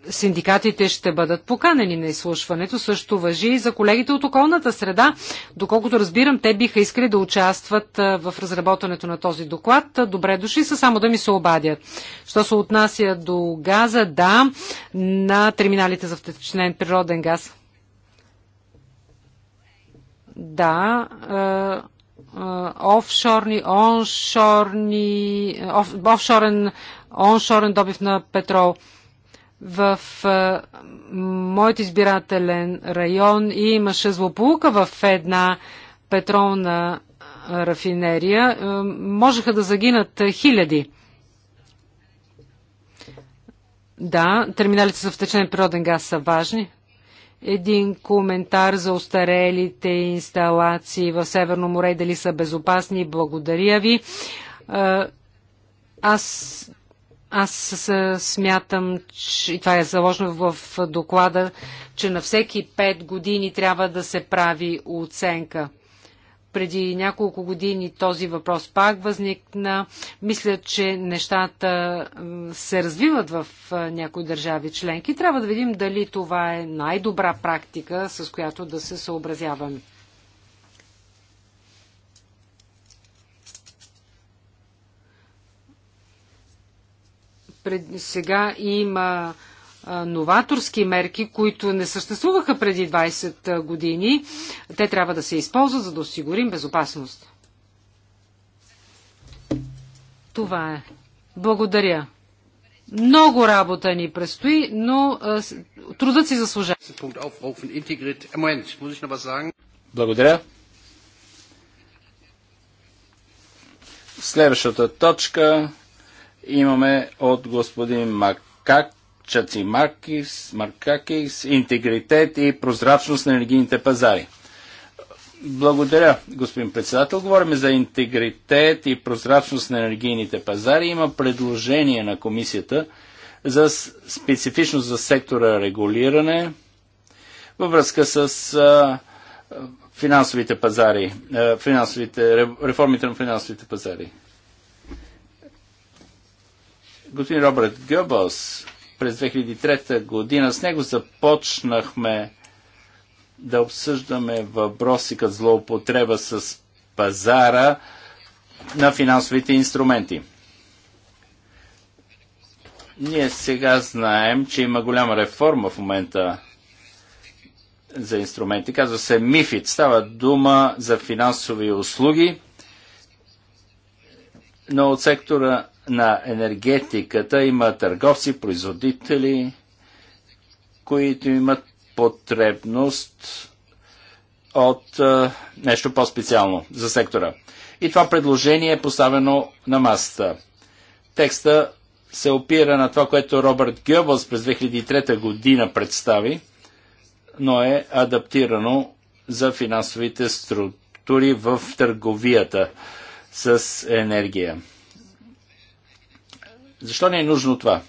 синдикатите ще бъдат поканени на изслушването. Също въжи и за колегите от околната среда. Доколкото разбирам, те биха искали да участват в разработването на този доклад. Добре дошли са, само да ми се обадят. Що се отнася до газа, да, на терминалите за втечнен природен газ. Да, офшорни, оншорни, офшорен, оншорен добив на петрол – в а, моят избирателен район и имаше злополука в една петролна рафинерия. А, е, можеха да загинат хиляди. Да, терминалите за втечен природен газ са важни. Един коментар за устарелите инсталации в Северно море, дали са безопасни. Благодаря ви. А, е, аз аз смятам, че, и това е заложено в доклада, че на всеки 5 години трябва да се прави оценка. Преди няколко години този въпрос пак възникна. Мисля, че нещата се развиват в някои държави членки. Трябва да видим дали това е най-добра практика, с която да се съобразяваме. пред, сега има новаторски мерки, които не съществуваха преди 20 години. Те трябва да се използват, за да осигурим безопасност. Това е. Благодаря. Много работа ни предстои, но а, трудът си заслужава. Е, Благодаря. Следващата точка имаме от господин Макак, Маркис, Маркакис, интегритет и прозрачност на енергийните пазари. Благодаря, господин председател. Говорим за интегритет и прозрачност на енергийните пазари. Има предложение на комисията за специфично за сектора регулиране във връзка с а, финансовите пазари, а, финансовите, реформите на финансовите пазари господин Робърт Гъбълс през 2003 година. С него започнахме да обсъждаме въпроси като злоупотреба с пазара на финансовите инструменти. Ние сега знаем, че има голяма реформа в момента за инструменти. Казва се Мифит Става дума за финансови услуги, но от сектора на енергетиката има търговци, производители, които имат потребност от а, нещо по-специално за сектора. И това предложение е поставено на масата. Текста се опира на това, което Робърт Гъбълс през 2003 година представи, но е адаптирано за финансовите структури в търговията с енергия. Защо не е нужно това?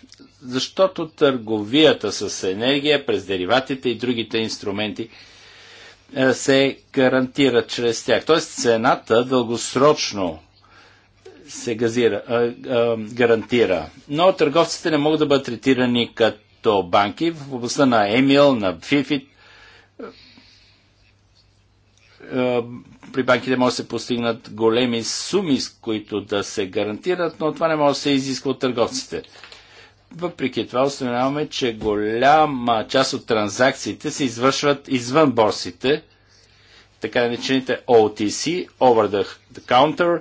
Защото търговията с енергия през дериватите и другите инструменти е, се гарантира чрез тях. Тоест цената дългосрочно се газира, а, е, а, е, гарантира. Но търговците не могат да бъдат третирани като банки в областта на Емил, на Фифит е, при банките може да се постигнат големи суми, с които да се гарантират, но това не може да се изисква от търговците. Въпреки това установяваме, че голяма част от транзакциите се извършват извън борсите, така наречените OTC, Over the, the Counter,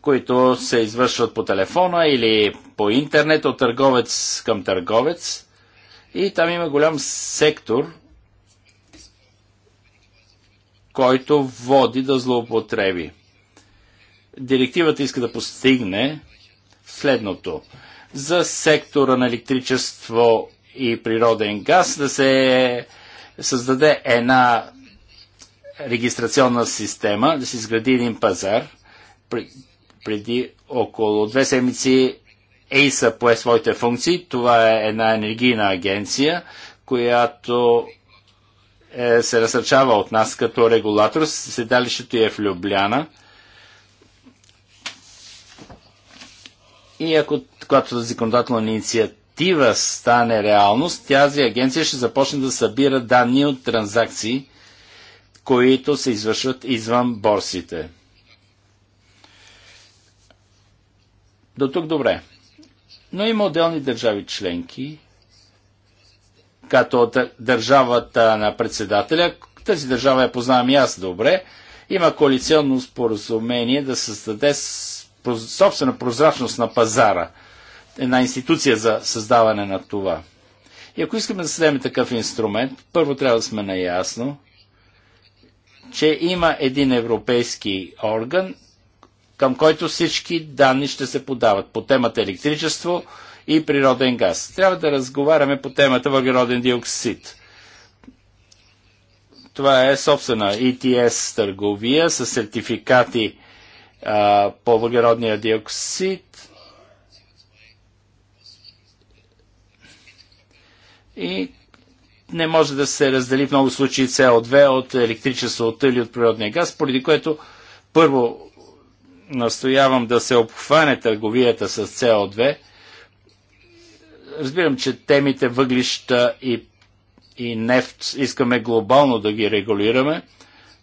които се извършват по телефона или по интернет от търговец към търговец. И там има голям сектор – който води до злоупотреби. Директивата иска да постигне следното. За сектора на електричество и природен газ да се създаде една регистрационна система, да се изгради един пазар. Преди около две седмици ЕИСА пое своите функции. Това е една енергийна агенция, която е, се разсърчава от нас като регулатор. Седалището е в Любляна. И ако когато законодателна инициатива стане реалност, тази агенция ще започне да събира данни от транзакции, които се извършват извън борсите. До тук добре. Но има отделни държави членки, като от държавата на председателя. Тази държава я познавам и аз добре. Има коалиционно споразумение да създаде собствена прозрачност на пазара. Една институция за създаване на това. И ако искаме да създадем такъв инструмент, първо трябва да сме наясно, че има един европейски орган, към който всички данни ще се подават по темата електричество, и природен газ. Трябва да разговаряме по темата въглероден диоксид. Това е собствена ETS търговия с сертификати а, по въглеродния диоксид. И не може да се раздели в много случаи CO2 от електричеството или от природния газ, поради което първо настоявам да се обхване търговията с CO2 разбирам, че темите въглища и, и нефт искаме глобално да ги регулираме,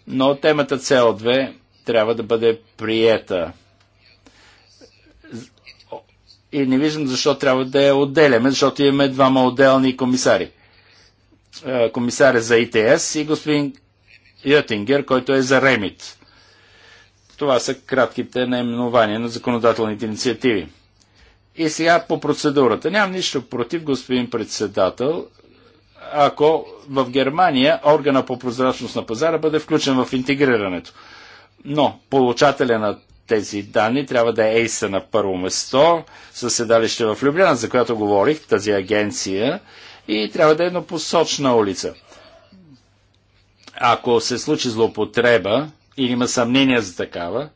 но темата CO2 трябва да бъде приета. И не виждам защо трябва да я отделяме, защото имаме двама отделни комисари. Е, комисаря за ИТС и господин Йотингер, който е за Ремит. Това са кратките наименования на законодателните инициативи. И сега по процедурата. Нямам нищо против, господин председател, ако в Германия органа по прозрачност на пазара бъде включен в интегрирането. Но получателя на тези данни трябва да е ЕЙСА на първо место, със седалище в Любляна, за която говорих, тази агенция, и трябва да е еднопосочна улица. Ако се случи злоупотреба или има съмнение за такава,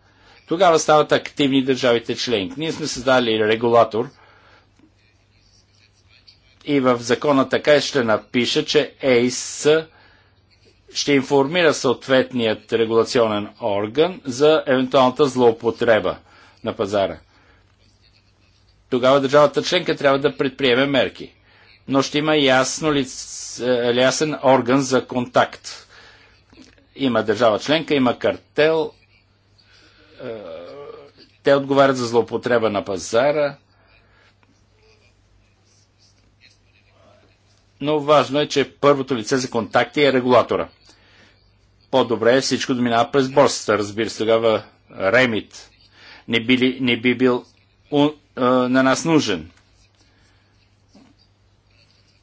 тогава стават активни държавите членки. Ние сме създали регулатор и в закона така ще напише, че ЕИС ще информира съответният регулационен орган за евентуалната злоупотреба на пазара. Тогава държавата членка трябва да предприеме мерки. Но ще има ясно ли, е, ясен орган за контакт. Има държава членка, има картел, е, те отговарят за злоупотреба на пазара, но важно е, че първото лице за контакти е регулатора. По-добре е всичко да минава през борсата, разбира се. Тогава Ремит не би, не би бил у, а, е, на нас нужен.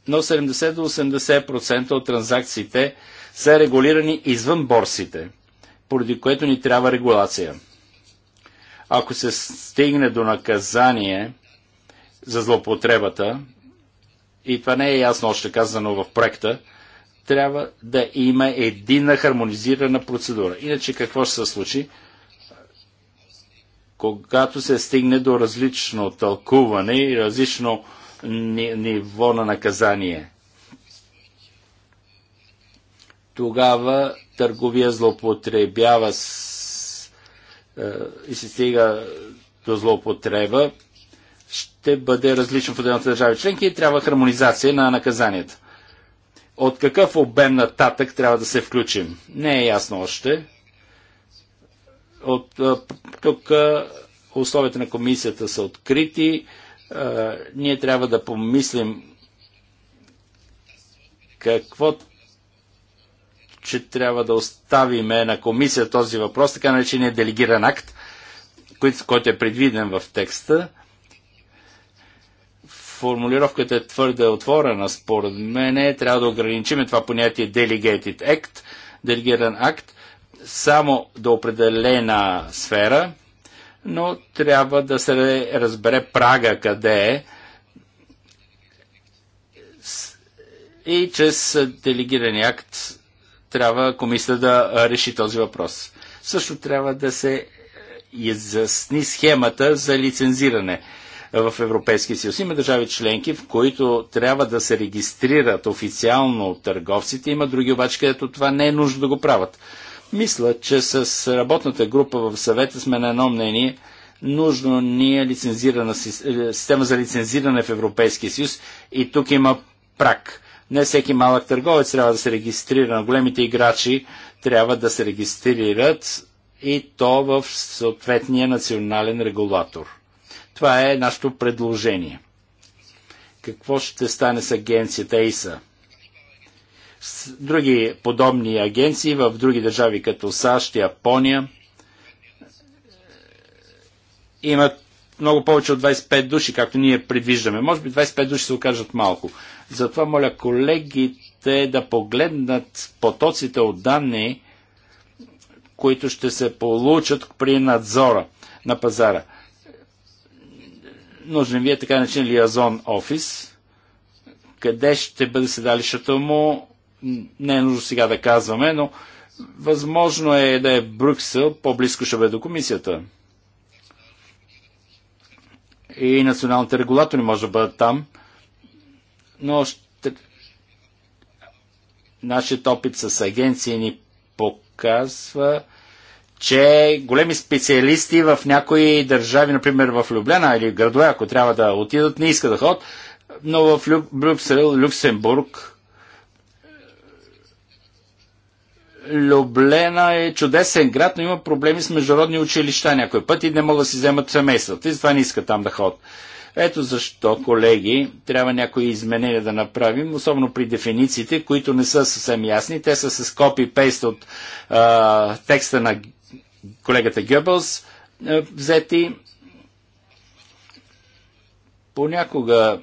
Но 70 до 80% от транзакциите са регулирани извън борсите, поради което ни трябва регулация ако се стигне до наказание за злопотребата, и това не е ясно още казано в проекта, трябва да има единна хармонизирана процедура. Иначе какво ще се случи? Когато се стигне до различно тълкуване и различно ниво на наказание, тогава търговия злоупотребява и се стига до злоупотреба, ще бъде различно в отделните държави членки и трябва хармонизация на наказанията. От какъв обем нататък трябва да се включим? Не е ясно още. От, тук условията на комисията са открити. Ние трябва да помислим какво че трябва да оставиме на комисия този въпрос, така наречения делегиран акт, който е предвиден в текста. Формулировката е твърде отворена, според мен. Трябва да ограничим това понятие Delegated Act, делегиран акт, само до определена сфера, но трябва да се разбере прага къде е. И чрез делегирания акт трябва комисията да реши този въпрос. Също трябва да се е, изясни схемата за лицензиране в Европейския съюз. Има държави членки, в които трябва да се регистрират официално търговците, има други обаче, където това не е нужно да го правят. Мисля, че с работната група в съвета сме на едно мнение. Нужно ни е лицензирана, е, система за лицензиране в Европейския съюз и тук има прак. Не всеки малък търговец трябва да се регистрира, но големите играчи трябва да се регистрират и то в съответния национален регулатор. Това е нашето предложение. Какво ще стане с агенцията ИСА? С други подобни агенции в други държави като САЩ, Япония имат много повече от 25 души, както ние предвиждаме. Може би 25 души се окажат малко. Затова моля колегите да погледнат потоците от данни, които ще се получат при надзора на пазара. Нужен ви е така начин Лиазон офис, къде ще бъде седалището му, не е нужно сега да казваме, но възможно е да е Брюксел, по-близко ще бъде до комисията. И националните регулатори може да бъдат там – но ще... нашият опит с агенции ни показва, че големи специалисти в някои държави, например в Любляна или в градове, ако трябва да отидат, не искат да ход, но в Люб... Брюксел, Люксембург, Люблена е чудесен град, но има проблеми с международни училища някой път и не могат да си вземат семейството. и затова не искат там да ходят. Ето защо, колеги, трябва някои изменения да направим, особено при дефинициите, които не са съвсем ясни. Те са с копи-пейст от а, текста на колегата Гебълс взети. Понякога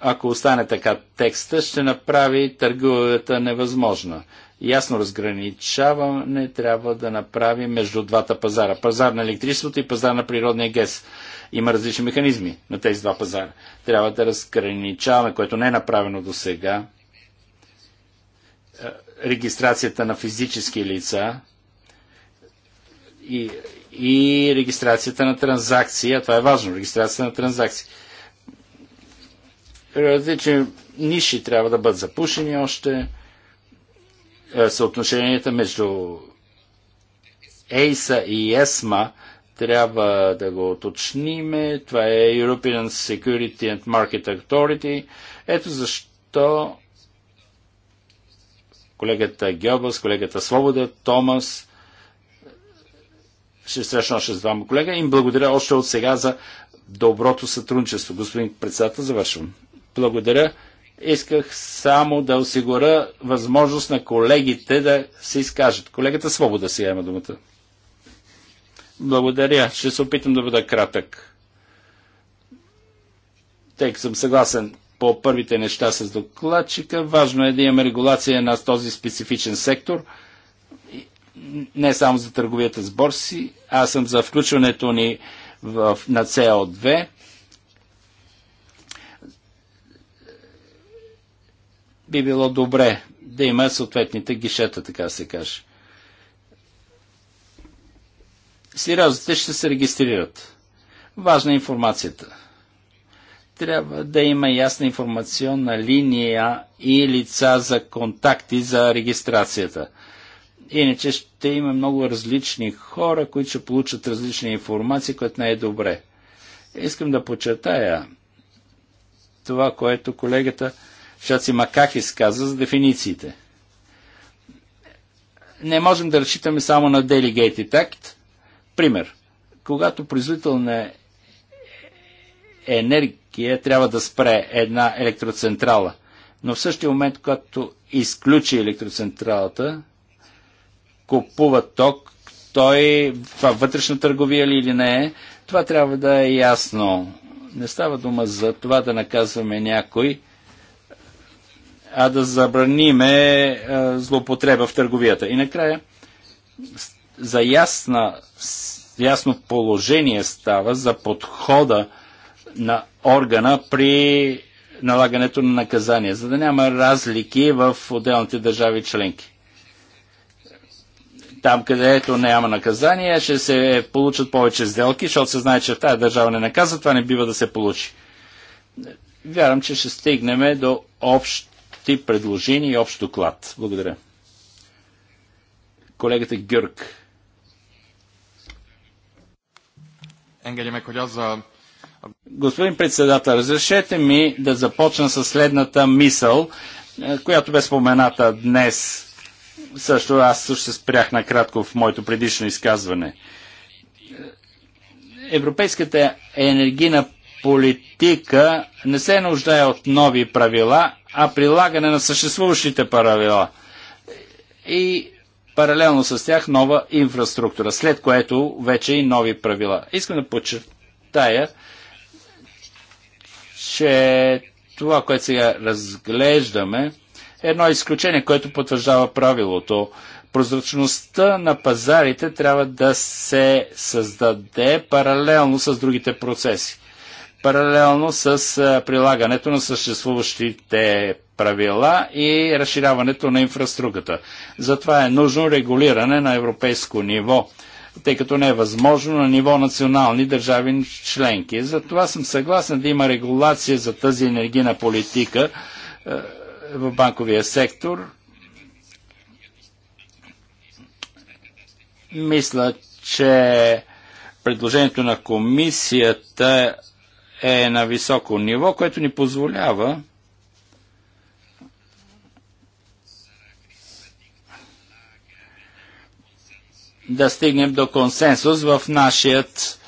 ако остане така текста, ще направи търговията невъзможна ясно разграничаване трябва да направим между двата пазара. Пазар на електричеството и пазар на природния гес. Има различни механизми на тези два пазара. Трябва да разграничаваме, което не е направено до сега, е, регистрацията на физически лица и, и регистрацията на транзакции, а това е важно, регистрацията на транзакции. Различни ниши трябва да бъдат запушени още е, съотношенията между ЕЙСА и ЕСМА трябва да го уточниме. Това е European Security and Market Authority. Ето защо колегата Геобас, колегата Свобода, Томас, ще срещна още с двама колега. Им благодаря още от сега за доброто сътрудничество. Господин председател, завършвам. Благодаря. Исках само да осигуря възможност на колегите да се изкажат. Колегата Свобода сега има думата. Благодаря. Ще се опитам да бъда кратък. Тъй съм съгласен по първите неща с докладчика. Важно е да имаме регулация на този специфичен сектор. Не само за търговията с борси. Аз съм за включването ни в, на CO2 би било добре да има съответните гишета, така се каже. Сериозите ще се регистрират. Важна е информацията. Трябва да има ясна информационна линия и лица за контакти за регистрацията. Иначе ще има много различни хора, които ще получат различни информации, което не е добре. Искам да подчертая това, което колегата Шаци Макахис каза за дефинициите. Не можем да разчитаме само на Delegated Act. Пример. Когато производител на енергия трябва да спре една електроцентрала, но в същия момент, когато изключи електроцентралата, купува ток, той това вътрешна търговия ли или не е, това трябва да е ясно. Не става дума за това да наказваме някой, а да забраниме е, злоупотреба в търговията. И накрая, за ясна, ясно положение става за подхода на органа при налагането на наказание, за да няма разлики в отделните държави членки. Там, където няма наказание, ще се получат повече сделки, защото се знае, че в тази държава не наказа, това не бива да се получи. Вярвам, че ще стигнем до общ общи предложения и общ доклад. Благодаря. Колегата Гюрк. Господин председател, разрешете ми да започна с следната мисъл, е, която бе спомената днес. Също аз също се спрях накратко в моето предишно изказване. Е, европейската енергийна политика не се нуждае от нови правила, а прилагане на съществуващите правила и паралелно с тях нова инфраструктура, след което вече и нови правила. Искам да подчертая, че това, което сега разглеждаме, е едно изключение, което потвърждава правилото. Прозрачността на пазарите трябва да се създаде паралелно с другите процеси паралелно с прилагането на съществуващите правила и разширяването на инфраструктурата. Затова е нужно регулиране на европейско ниво, тъй като не е възможно на ниво национални държави членки. Затова съм съгласен да има регулация за тази енергийна политика в банковия сектор. Мисля, че предложението на комисията е на високо ниво, което ни позволява да стигнем до консенсус в нашият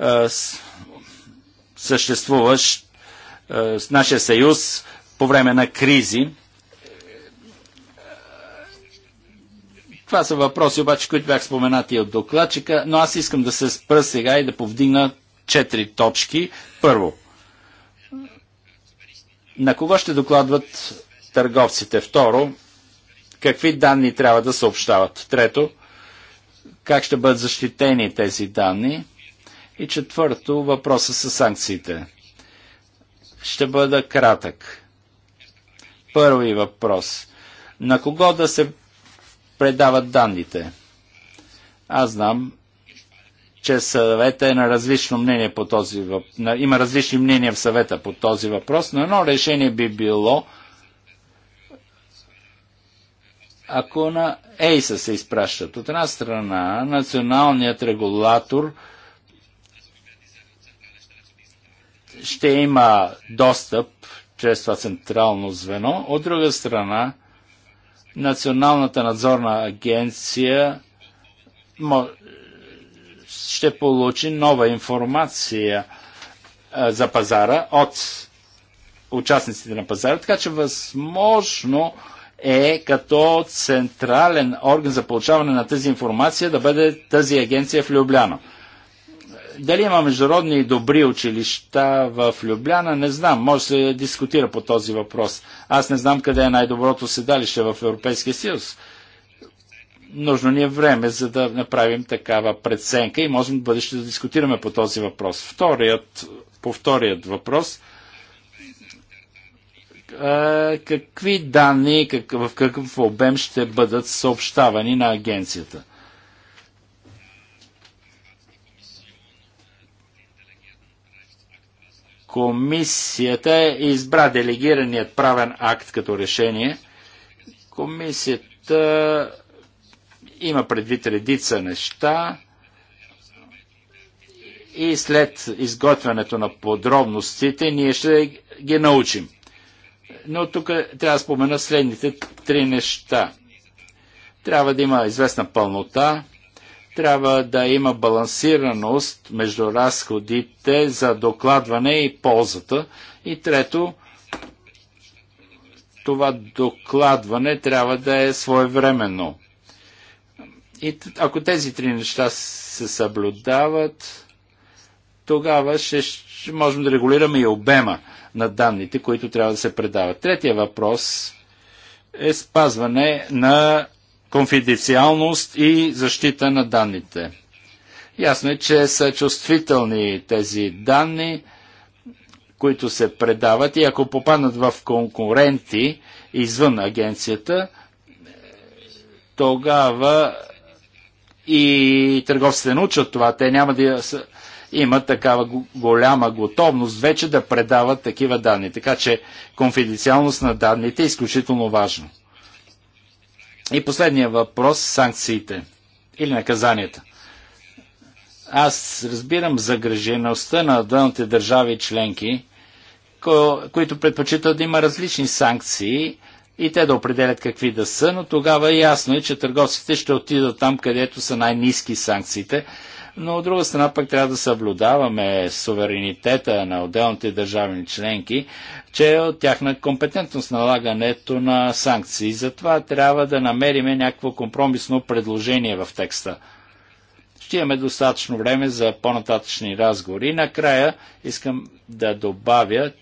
е, съществуващ е, с нашия съюз по време на кризи. Това са въпроси, обаче, които бях споменати от докладчика, но аз искам да се спра сега и да повдигна четири точки. Първо, на кого ще докладват търговците? Второ, какви данни трябва да съобщават? Трето, как ще бъдат защитени тези данни? И четвърто, въпроса с санкциите. Ще бъда кратък. Първи въпрос. На кого да се предават данните? Аз знам, че съвета е на различно мнение по този въпрос. Има различни мнения в съвета по този въпрос, но едно решение би било ако на ЕЙСа се изпращат. От една страна, националният регулатор ще има достъп чрез това централно звено. От друга страна, Националната надзорна агенция ще получи нова информация за пазара от участниците на пазара, така че възможно е като централен орган за получаване на тази информация да бъде тази агенция в Любляно. Дали има международни и добри училища в Любляна, не знам. Може да се дискутира по този въпрос. Аз не знам къде е най-доброто седалище в Европейския съюз нужно ни е време, за да направим такава преценка и можем в бъдеще да дискутираме по този въпрос. Вторият, по вторият въпрос – какви данни в какъв обем ще бъдат съобщавани на агенцията. Комисията избра делегираният правен акт като решение. Комисията има предвид редица неща и след изготвянето на подробностите ние ще ги научим. Но тук трябва да спомена следните три неща. Трябва да има известна пълнота, трябва да има балансираност между разходите за докладване и ползата. И трето, това докладване трябва да е своевременно. И ако тези три неща се съблюдават, тогава ще, ще можем да регулираме и обема на данните, които трябва да се предават. Третия въпрос е спазване на конфиденциалност и защита на данните. Ясно е, че са чувствителни тези данни, които се предават и ако попаднат в конкуренти извън агенцията, тогава и търговците научат това. Те няма да имат такава голяма готовност вече да предават такива данни. Така че конфиденциалност на данните е изключително важно. И последния въпрос санкциите или наказанията. Аз разбирам загрежеността на дълните държави членки, които предпочитат да има различни санкции и те да определят какви да са, но тогава е ясно е, че търговците ще отидат там, където са най-низки санкциите, но от друга страна пък трябва да съблюдаваме суверенитета на отделните държавни членки, че е от тяхна компетентност налагането на санкции. Затова трябва да намериме някакво компромисно предложение в текста. Ще имаме достатъчно време за по-нататъчни разговори. И накрая искам да добавя,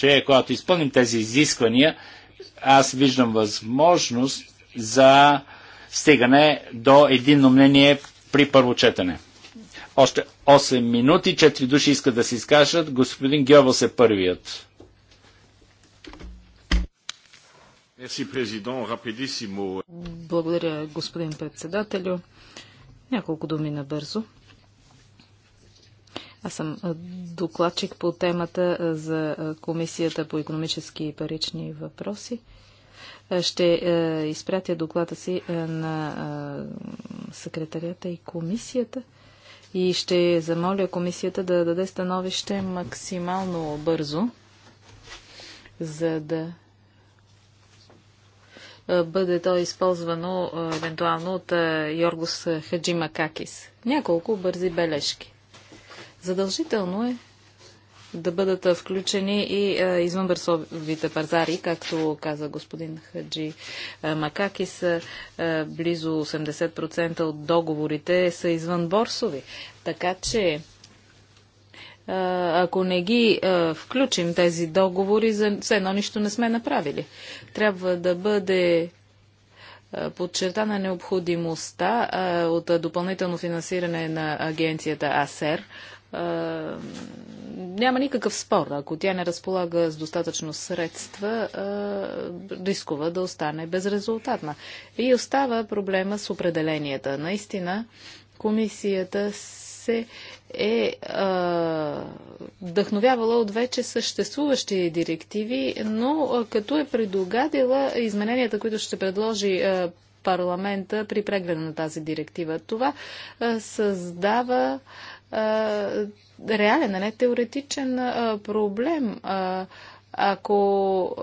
че когато изпълним тези изисквания, аз виждам възможност за стигане до единно мнение при първо четене. Още 8 минути, 4 души искат да се изкажат. Господин Геовос е първият. Благодаря, господин председателю. Няколко думи набързо. Аз съм докладчик по темата за Комисията по економически и парични въпроси. Ще изпратя доклада си на секретарията и комисията и ще замоля комисията да даде становище максимално бързо, за да бъде то използвано евентуално от Йоргос Какис. Няколко бързи бележки. Задължително е да бъдат включени и извънбърсовите пазари, както каза господин Хаджи Макакис, близо 80% от договорите са извънборсови. Така че ако не ги включим тези договори, все едно нищо не сме направили. Трябва да бъде подчертана необходимостта от допълнително финансиране на агенцията АСЕР, е, няма никакъв спор. Ако тя не разполага с достатъчно средства, е, рискува да остане безрезултатна. И остава проблема с определенията. Наистина, комисията се е, е вдъхновявала от вече съществуващи директиви, но като е предугадила измененията, които ще предложи парламента при прегледа на тази директива. Това създава е, реален, а не теоретичен е, проблем. Е, ако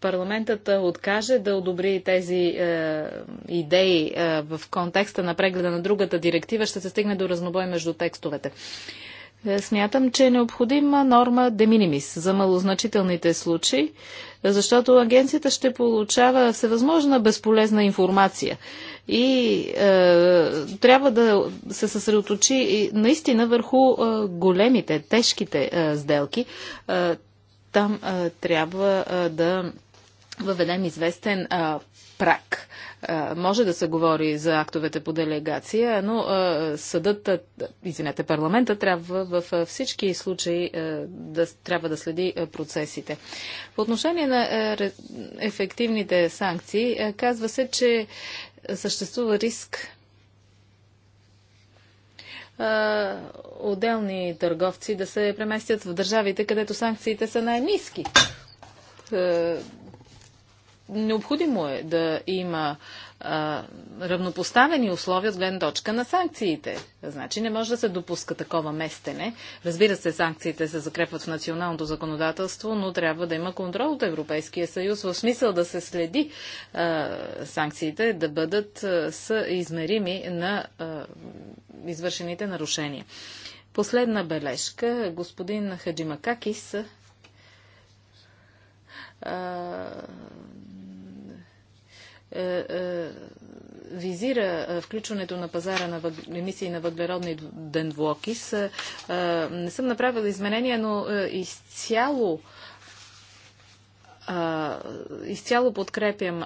парламентът откаже да одобри тези идеи в контекста на прегледа на другата директива, ще се стигне до разнобой между текстовете. Смятам, че е необходима норма de minimis за малозначителните случаи, защото агенцията ще получава всевъзможна безполезна информация и е, трябва да се съсредоточи наистина върху е, големите, тежките е, сделки. Е, там е, трябва е, да въведем известен е, прак. Е, може да се говори за актовете по делегация, но е, съдът, е, извинете, парламента трябва в всички случаи да, трябва да следи процесите. По отношение на ефективните санкции, казва се, че съществува риск отделни търговци да се преместят в държавите, където санкциите са най-низки. Е, необходимо е да има равнопоставени условия от гледна точка на санкциите. Значи не може да се допуска такова местене. Разбира се, санкциите се закрепват в националното законодателство, но трябва да има контрол от Европейския съюз, в смисъл да се следи а, санкциите да бъдат а, измерими на а, извършените нарушения. Последна бележка. Господин Хаджимакакис а, е, е, визира е, включването на пазара на емисии на въглеродни денвлоки, Не съм направила изменения, но изцяло изцяло подкрепям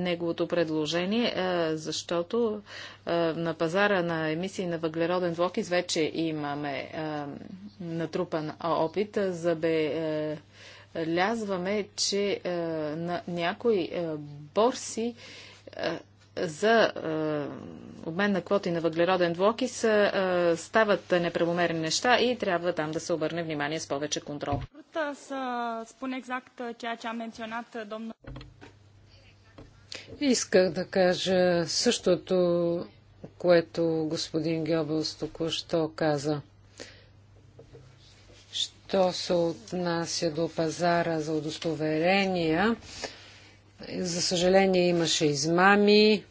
неговото предложение, защото на пазара на емисии на въглероден двокис вече имаме натрупан опит за бе Лязваме, че е, на някои е, борси е, за е, обмен на квоти на въглероден е, е, стават неправомерни неща и трябва там да се обърне внимание с повече контрол. Е, Исках да кажа същото, което господин Геобълс току-що каза. Що се отнася до пазара за удостоверения, за съжаление имаше измами,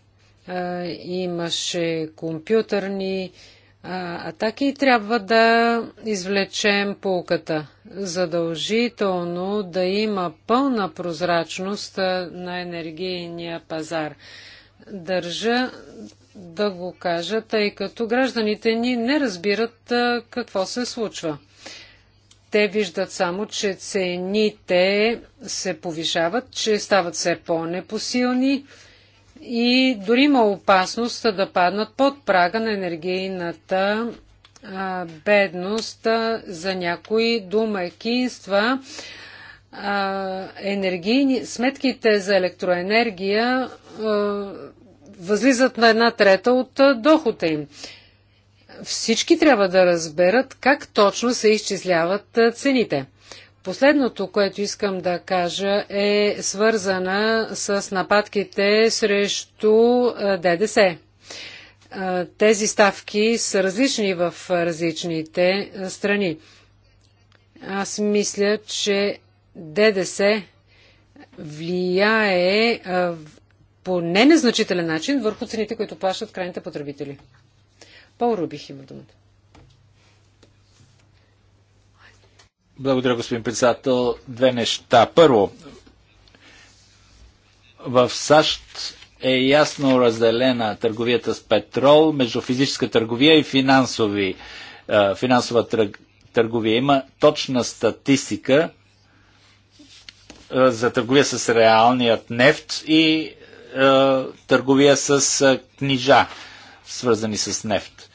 имаше компютърни атаки и трябва да извлечем полката. Задължително да има пълна прозрачност на енергийния пазар. Държа да го кажа, тъй като гражданите ни не разбират какво се случва те виждат само, че цените се повишават, че стават все по-непосилни и дори има опасност да паднат под прага на енергийната бедност за някои домакинства. енергийни, сметките за електроенергия възлизат на една трета от дохода им всички трябва да разберат как точно се изчисляват цените. Последното, което искам да кажа е свързана с нападките срещу ДДС. Тези ставки са различни в различните страни. Аз мисля, че ДДС влияе по ненезначителен начин върху цените, които плащат крайните потребители. Пол бих има думата. Благодаря, господин председател. Две неща. Първо, в САЩ е ясно разделена търговията с петрол между физическа търговия и финансови, финансова търговия. Има точна статистика за търговия с реалният нефт и търговия с книжа свързани с нефт.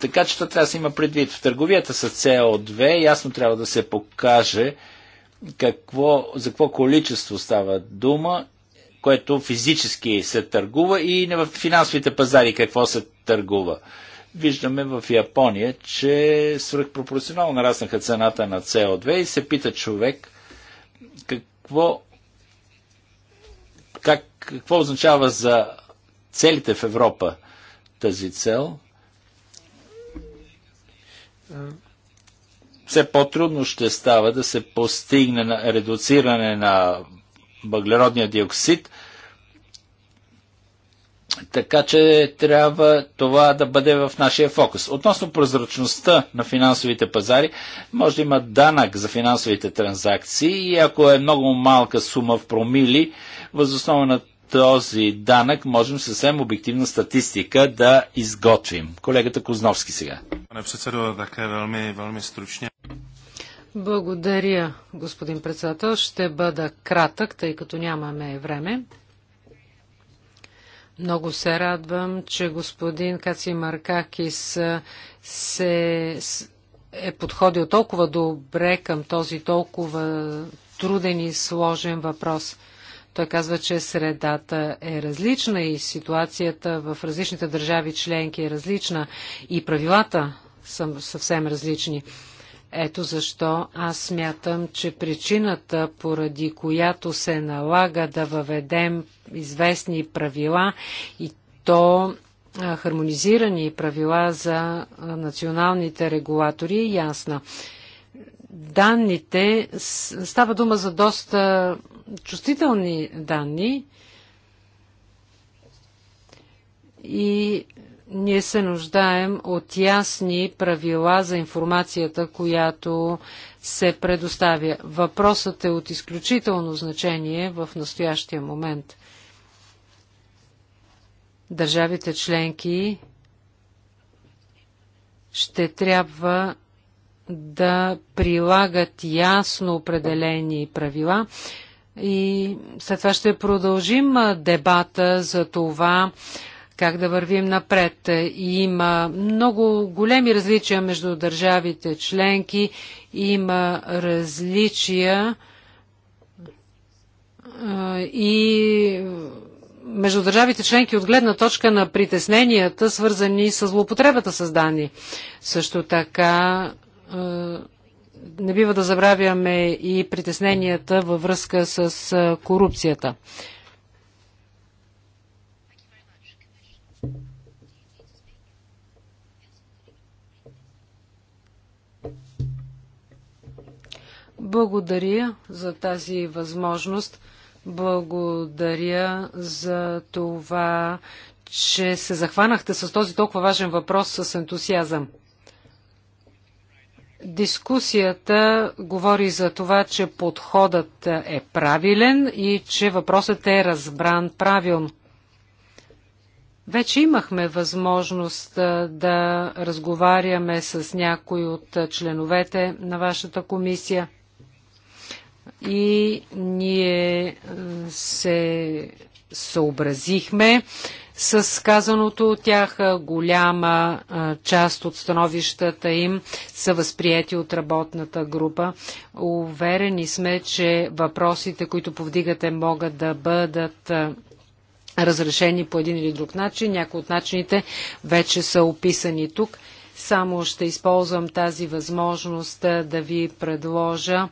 Така че това трябва да се има предвид. В търговията с CO2 ясно трябва да се покаже какво, за какво количество става дума, което физически се търгува и в финансовите пазари какво се търгува. Виждаме в Япония, че свръхпропорционално нараснаха цената на CO2 и се пита човек какво, как, какво означава за целите в Европа – тази цел, все по-трудно ще става да се постигне на редуциране на въглеродния диоксид, така че трябва това да бъде в нашия фокус. Относно прозрачността на финансовите пазари, може да има данък за финансовите транзакции и ако е много малка сума в промили, възоснова на този данък можем съвсем обективна статистика да изготвим. Колегата Козновски сега. Пане председател, така е велми, велми Благодаря, господин председател. Ще бъда кратък, тъй като нямаме време. Много се радвам, че господин Каци Маркакис се е подходил толкова добре към този толкова труден и сложен въпрос – той казва, че средата е различна и ситуацията в различните държави членки е различна и правилата са съвсем различни. Ето защо аз смятам, че причината, поради която се налага да въведем известни правила и то хармонизирани правила за националните регулатори е ясна. Данните, става дума за доста чувствителни данни и ние се нуждаем от ясни правила за информацията, която се предоставя. Въпросът е от изключително значение в настоящия момент. Държавите членки ще трябва да прилагат ясно определени правила, и след това ще продължим дебата за това как да вървим напред. И има много големи различия между държавите членки, има различия и между държавите членки от гледна точка на притесненията, свързани с злоупотребата с данни. Също така не бива да забравяме и притесненията във връзка с корупцията. Благодаря за тази възможност. Благодаря за това, че се захванахте с този толкова важен въпрос с ентусиазъм. Дискусията говори за това, че подходът е правилен и че въпросът е разбран правилно. Вече имахме възможност да разговаряме с някои от членовете на вашата комисия и ние се съобразихме с казаното от тях. Голяма част от становищата им са възприяти от работната група. Уверени сме, че въпросите, които повдигате, могат да бъдат разрешени по един или друг начин. Някои от начините вече са описани тук. Само ще използвам тази възможност да ви предложа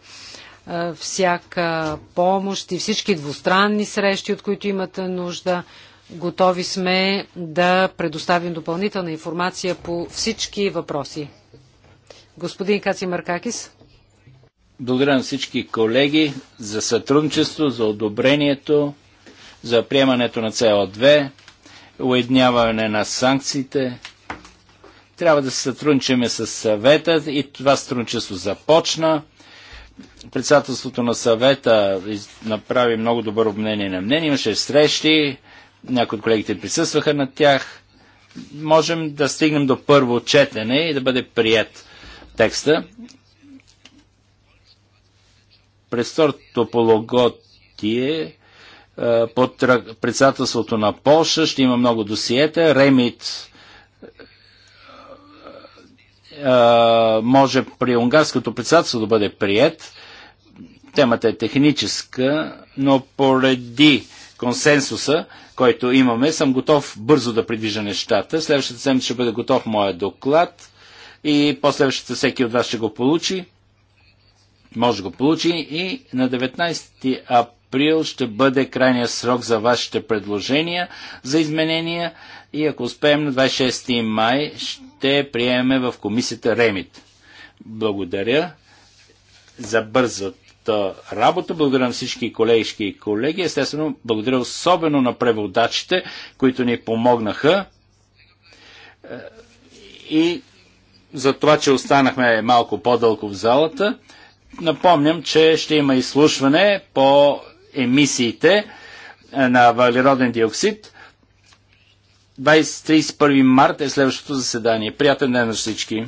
всяка помощ и всички двустранни срещи, от които имате нужда, Готови сме да предоставим допълнителна информация по всички въпроси. Господин Каци Маркакис. Благодаря на всички колеги за сътрудничество, за одобрението, за приемането на со 2 уедняване на санкциите. Трябва да се сътрудничаме с съвета и това сътрудничество започна. Председателството на съвета направи много добро мнение на мнение. Имаше срещи, някои от колегите присъстваха на тях. Можем да стигнем до първо четене и да бъде прият текста. През второто полуготие е, под председателството на Полша ще има много досиета. Ремит е, е, може при унгарското председателство да бъде прият. Темата е техническа, но поради консенсуса който имаме. Съм готов бързо да придвижа нещата. Следващата седмица ще бъде готов моят доклад и последващата всеки от вас ще го получи. Може да го получи и на 19 април ще бъде крайния срок за вашите предложения за изменения и ако успеем на 26 май ще приемем в комисията Ремит. Благодаря за бързата цялата работа. Благодаря на всички колежки и колеги. Естествено, благодаря особено на преводачите, които ни помогнаха. Е, и за това, че останахме малко по-дълго в залата, напомням, че ще има изслушване по емисиите е, на въглероден диоксид. 20, 31 марта е следващото заседание. Приятен ден на всички!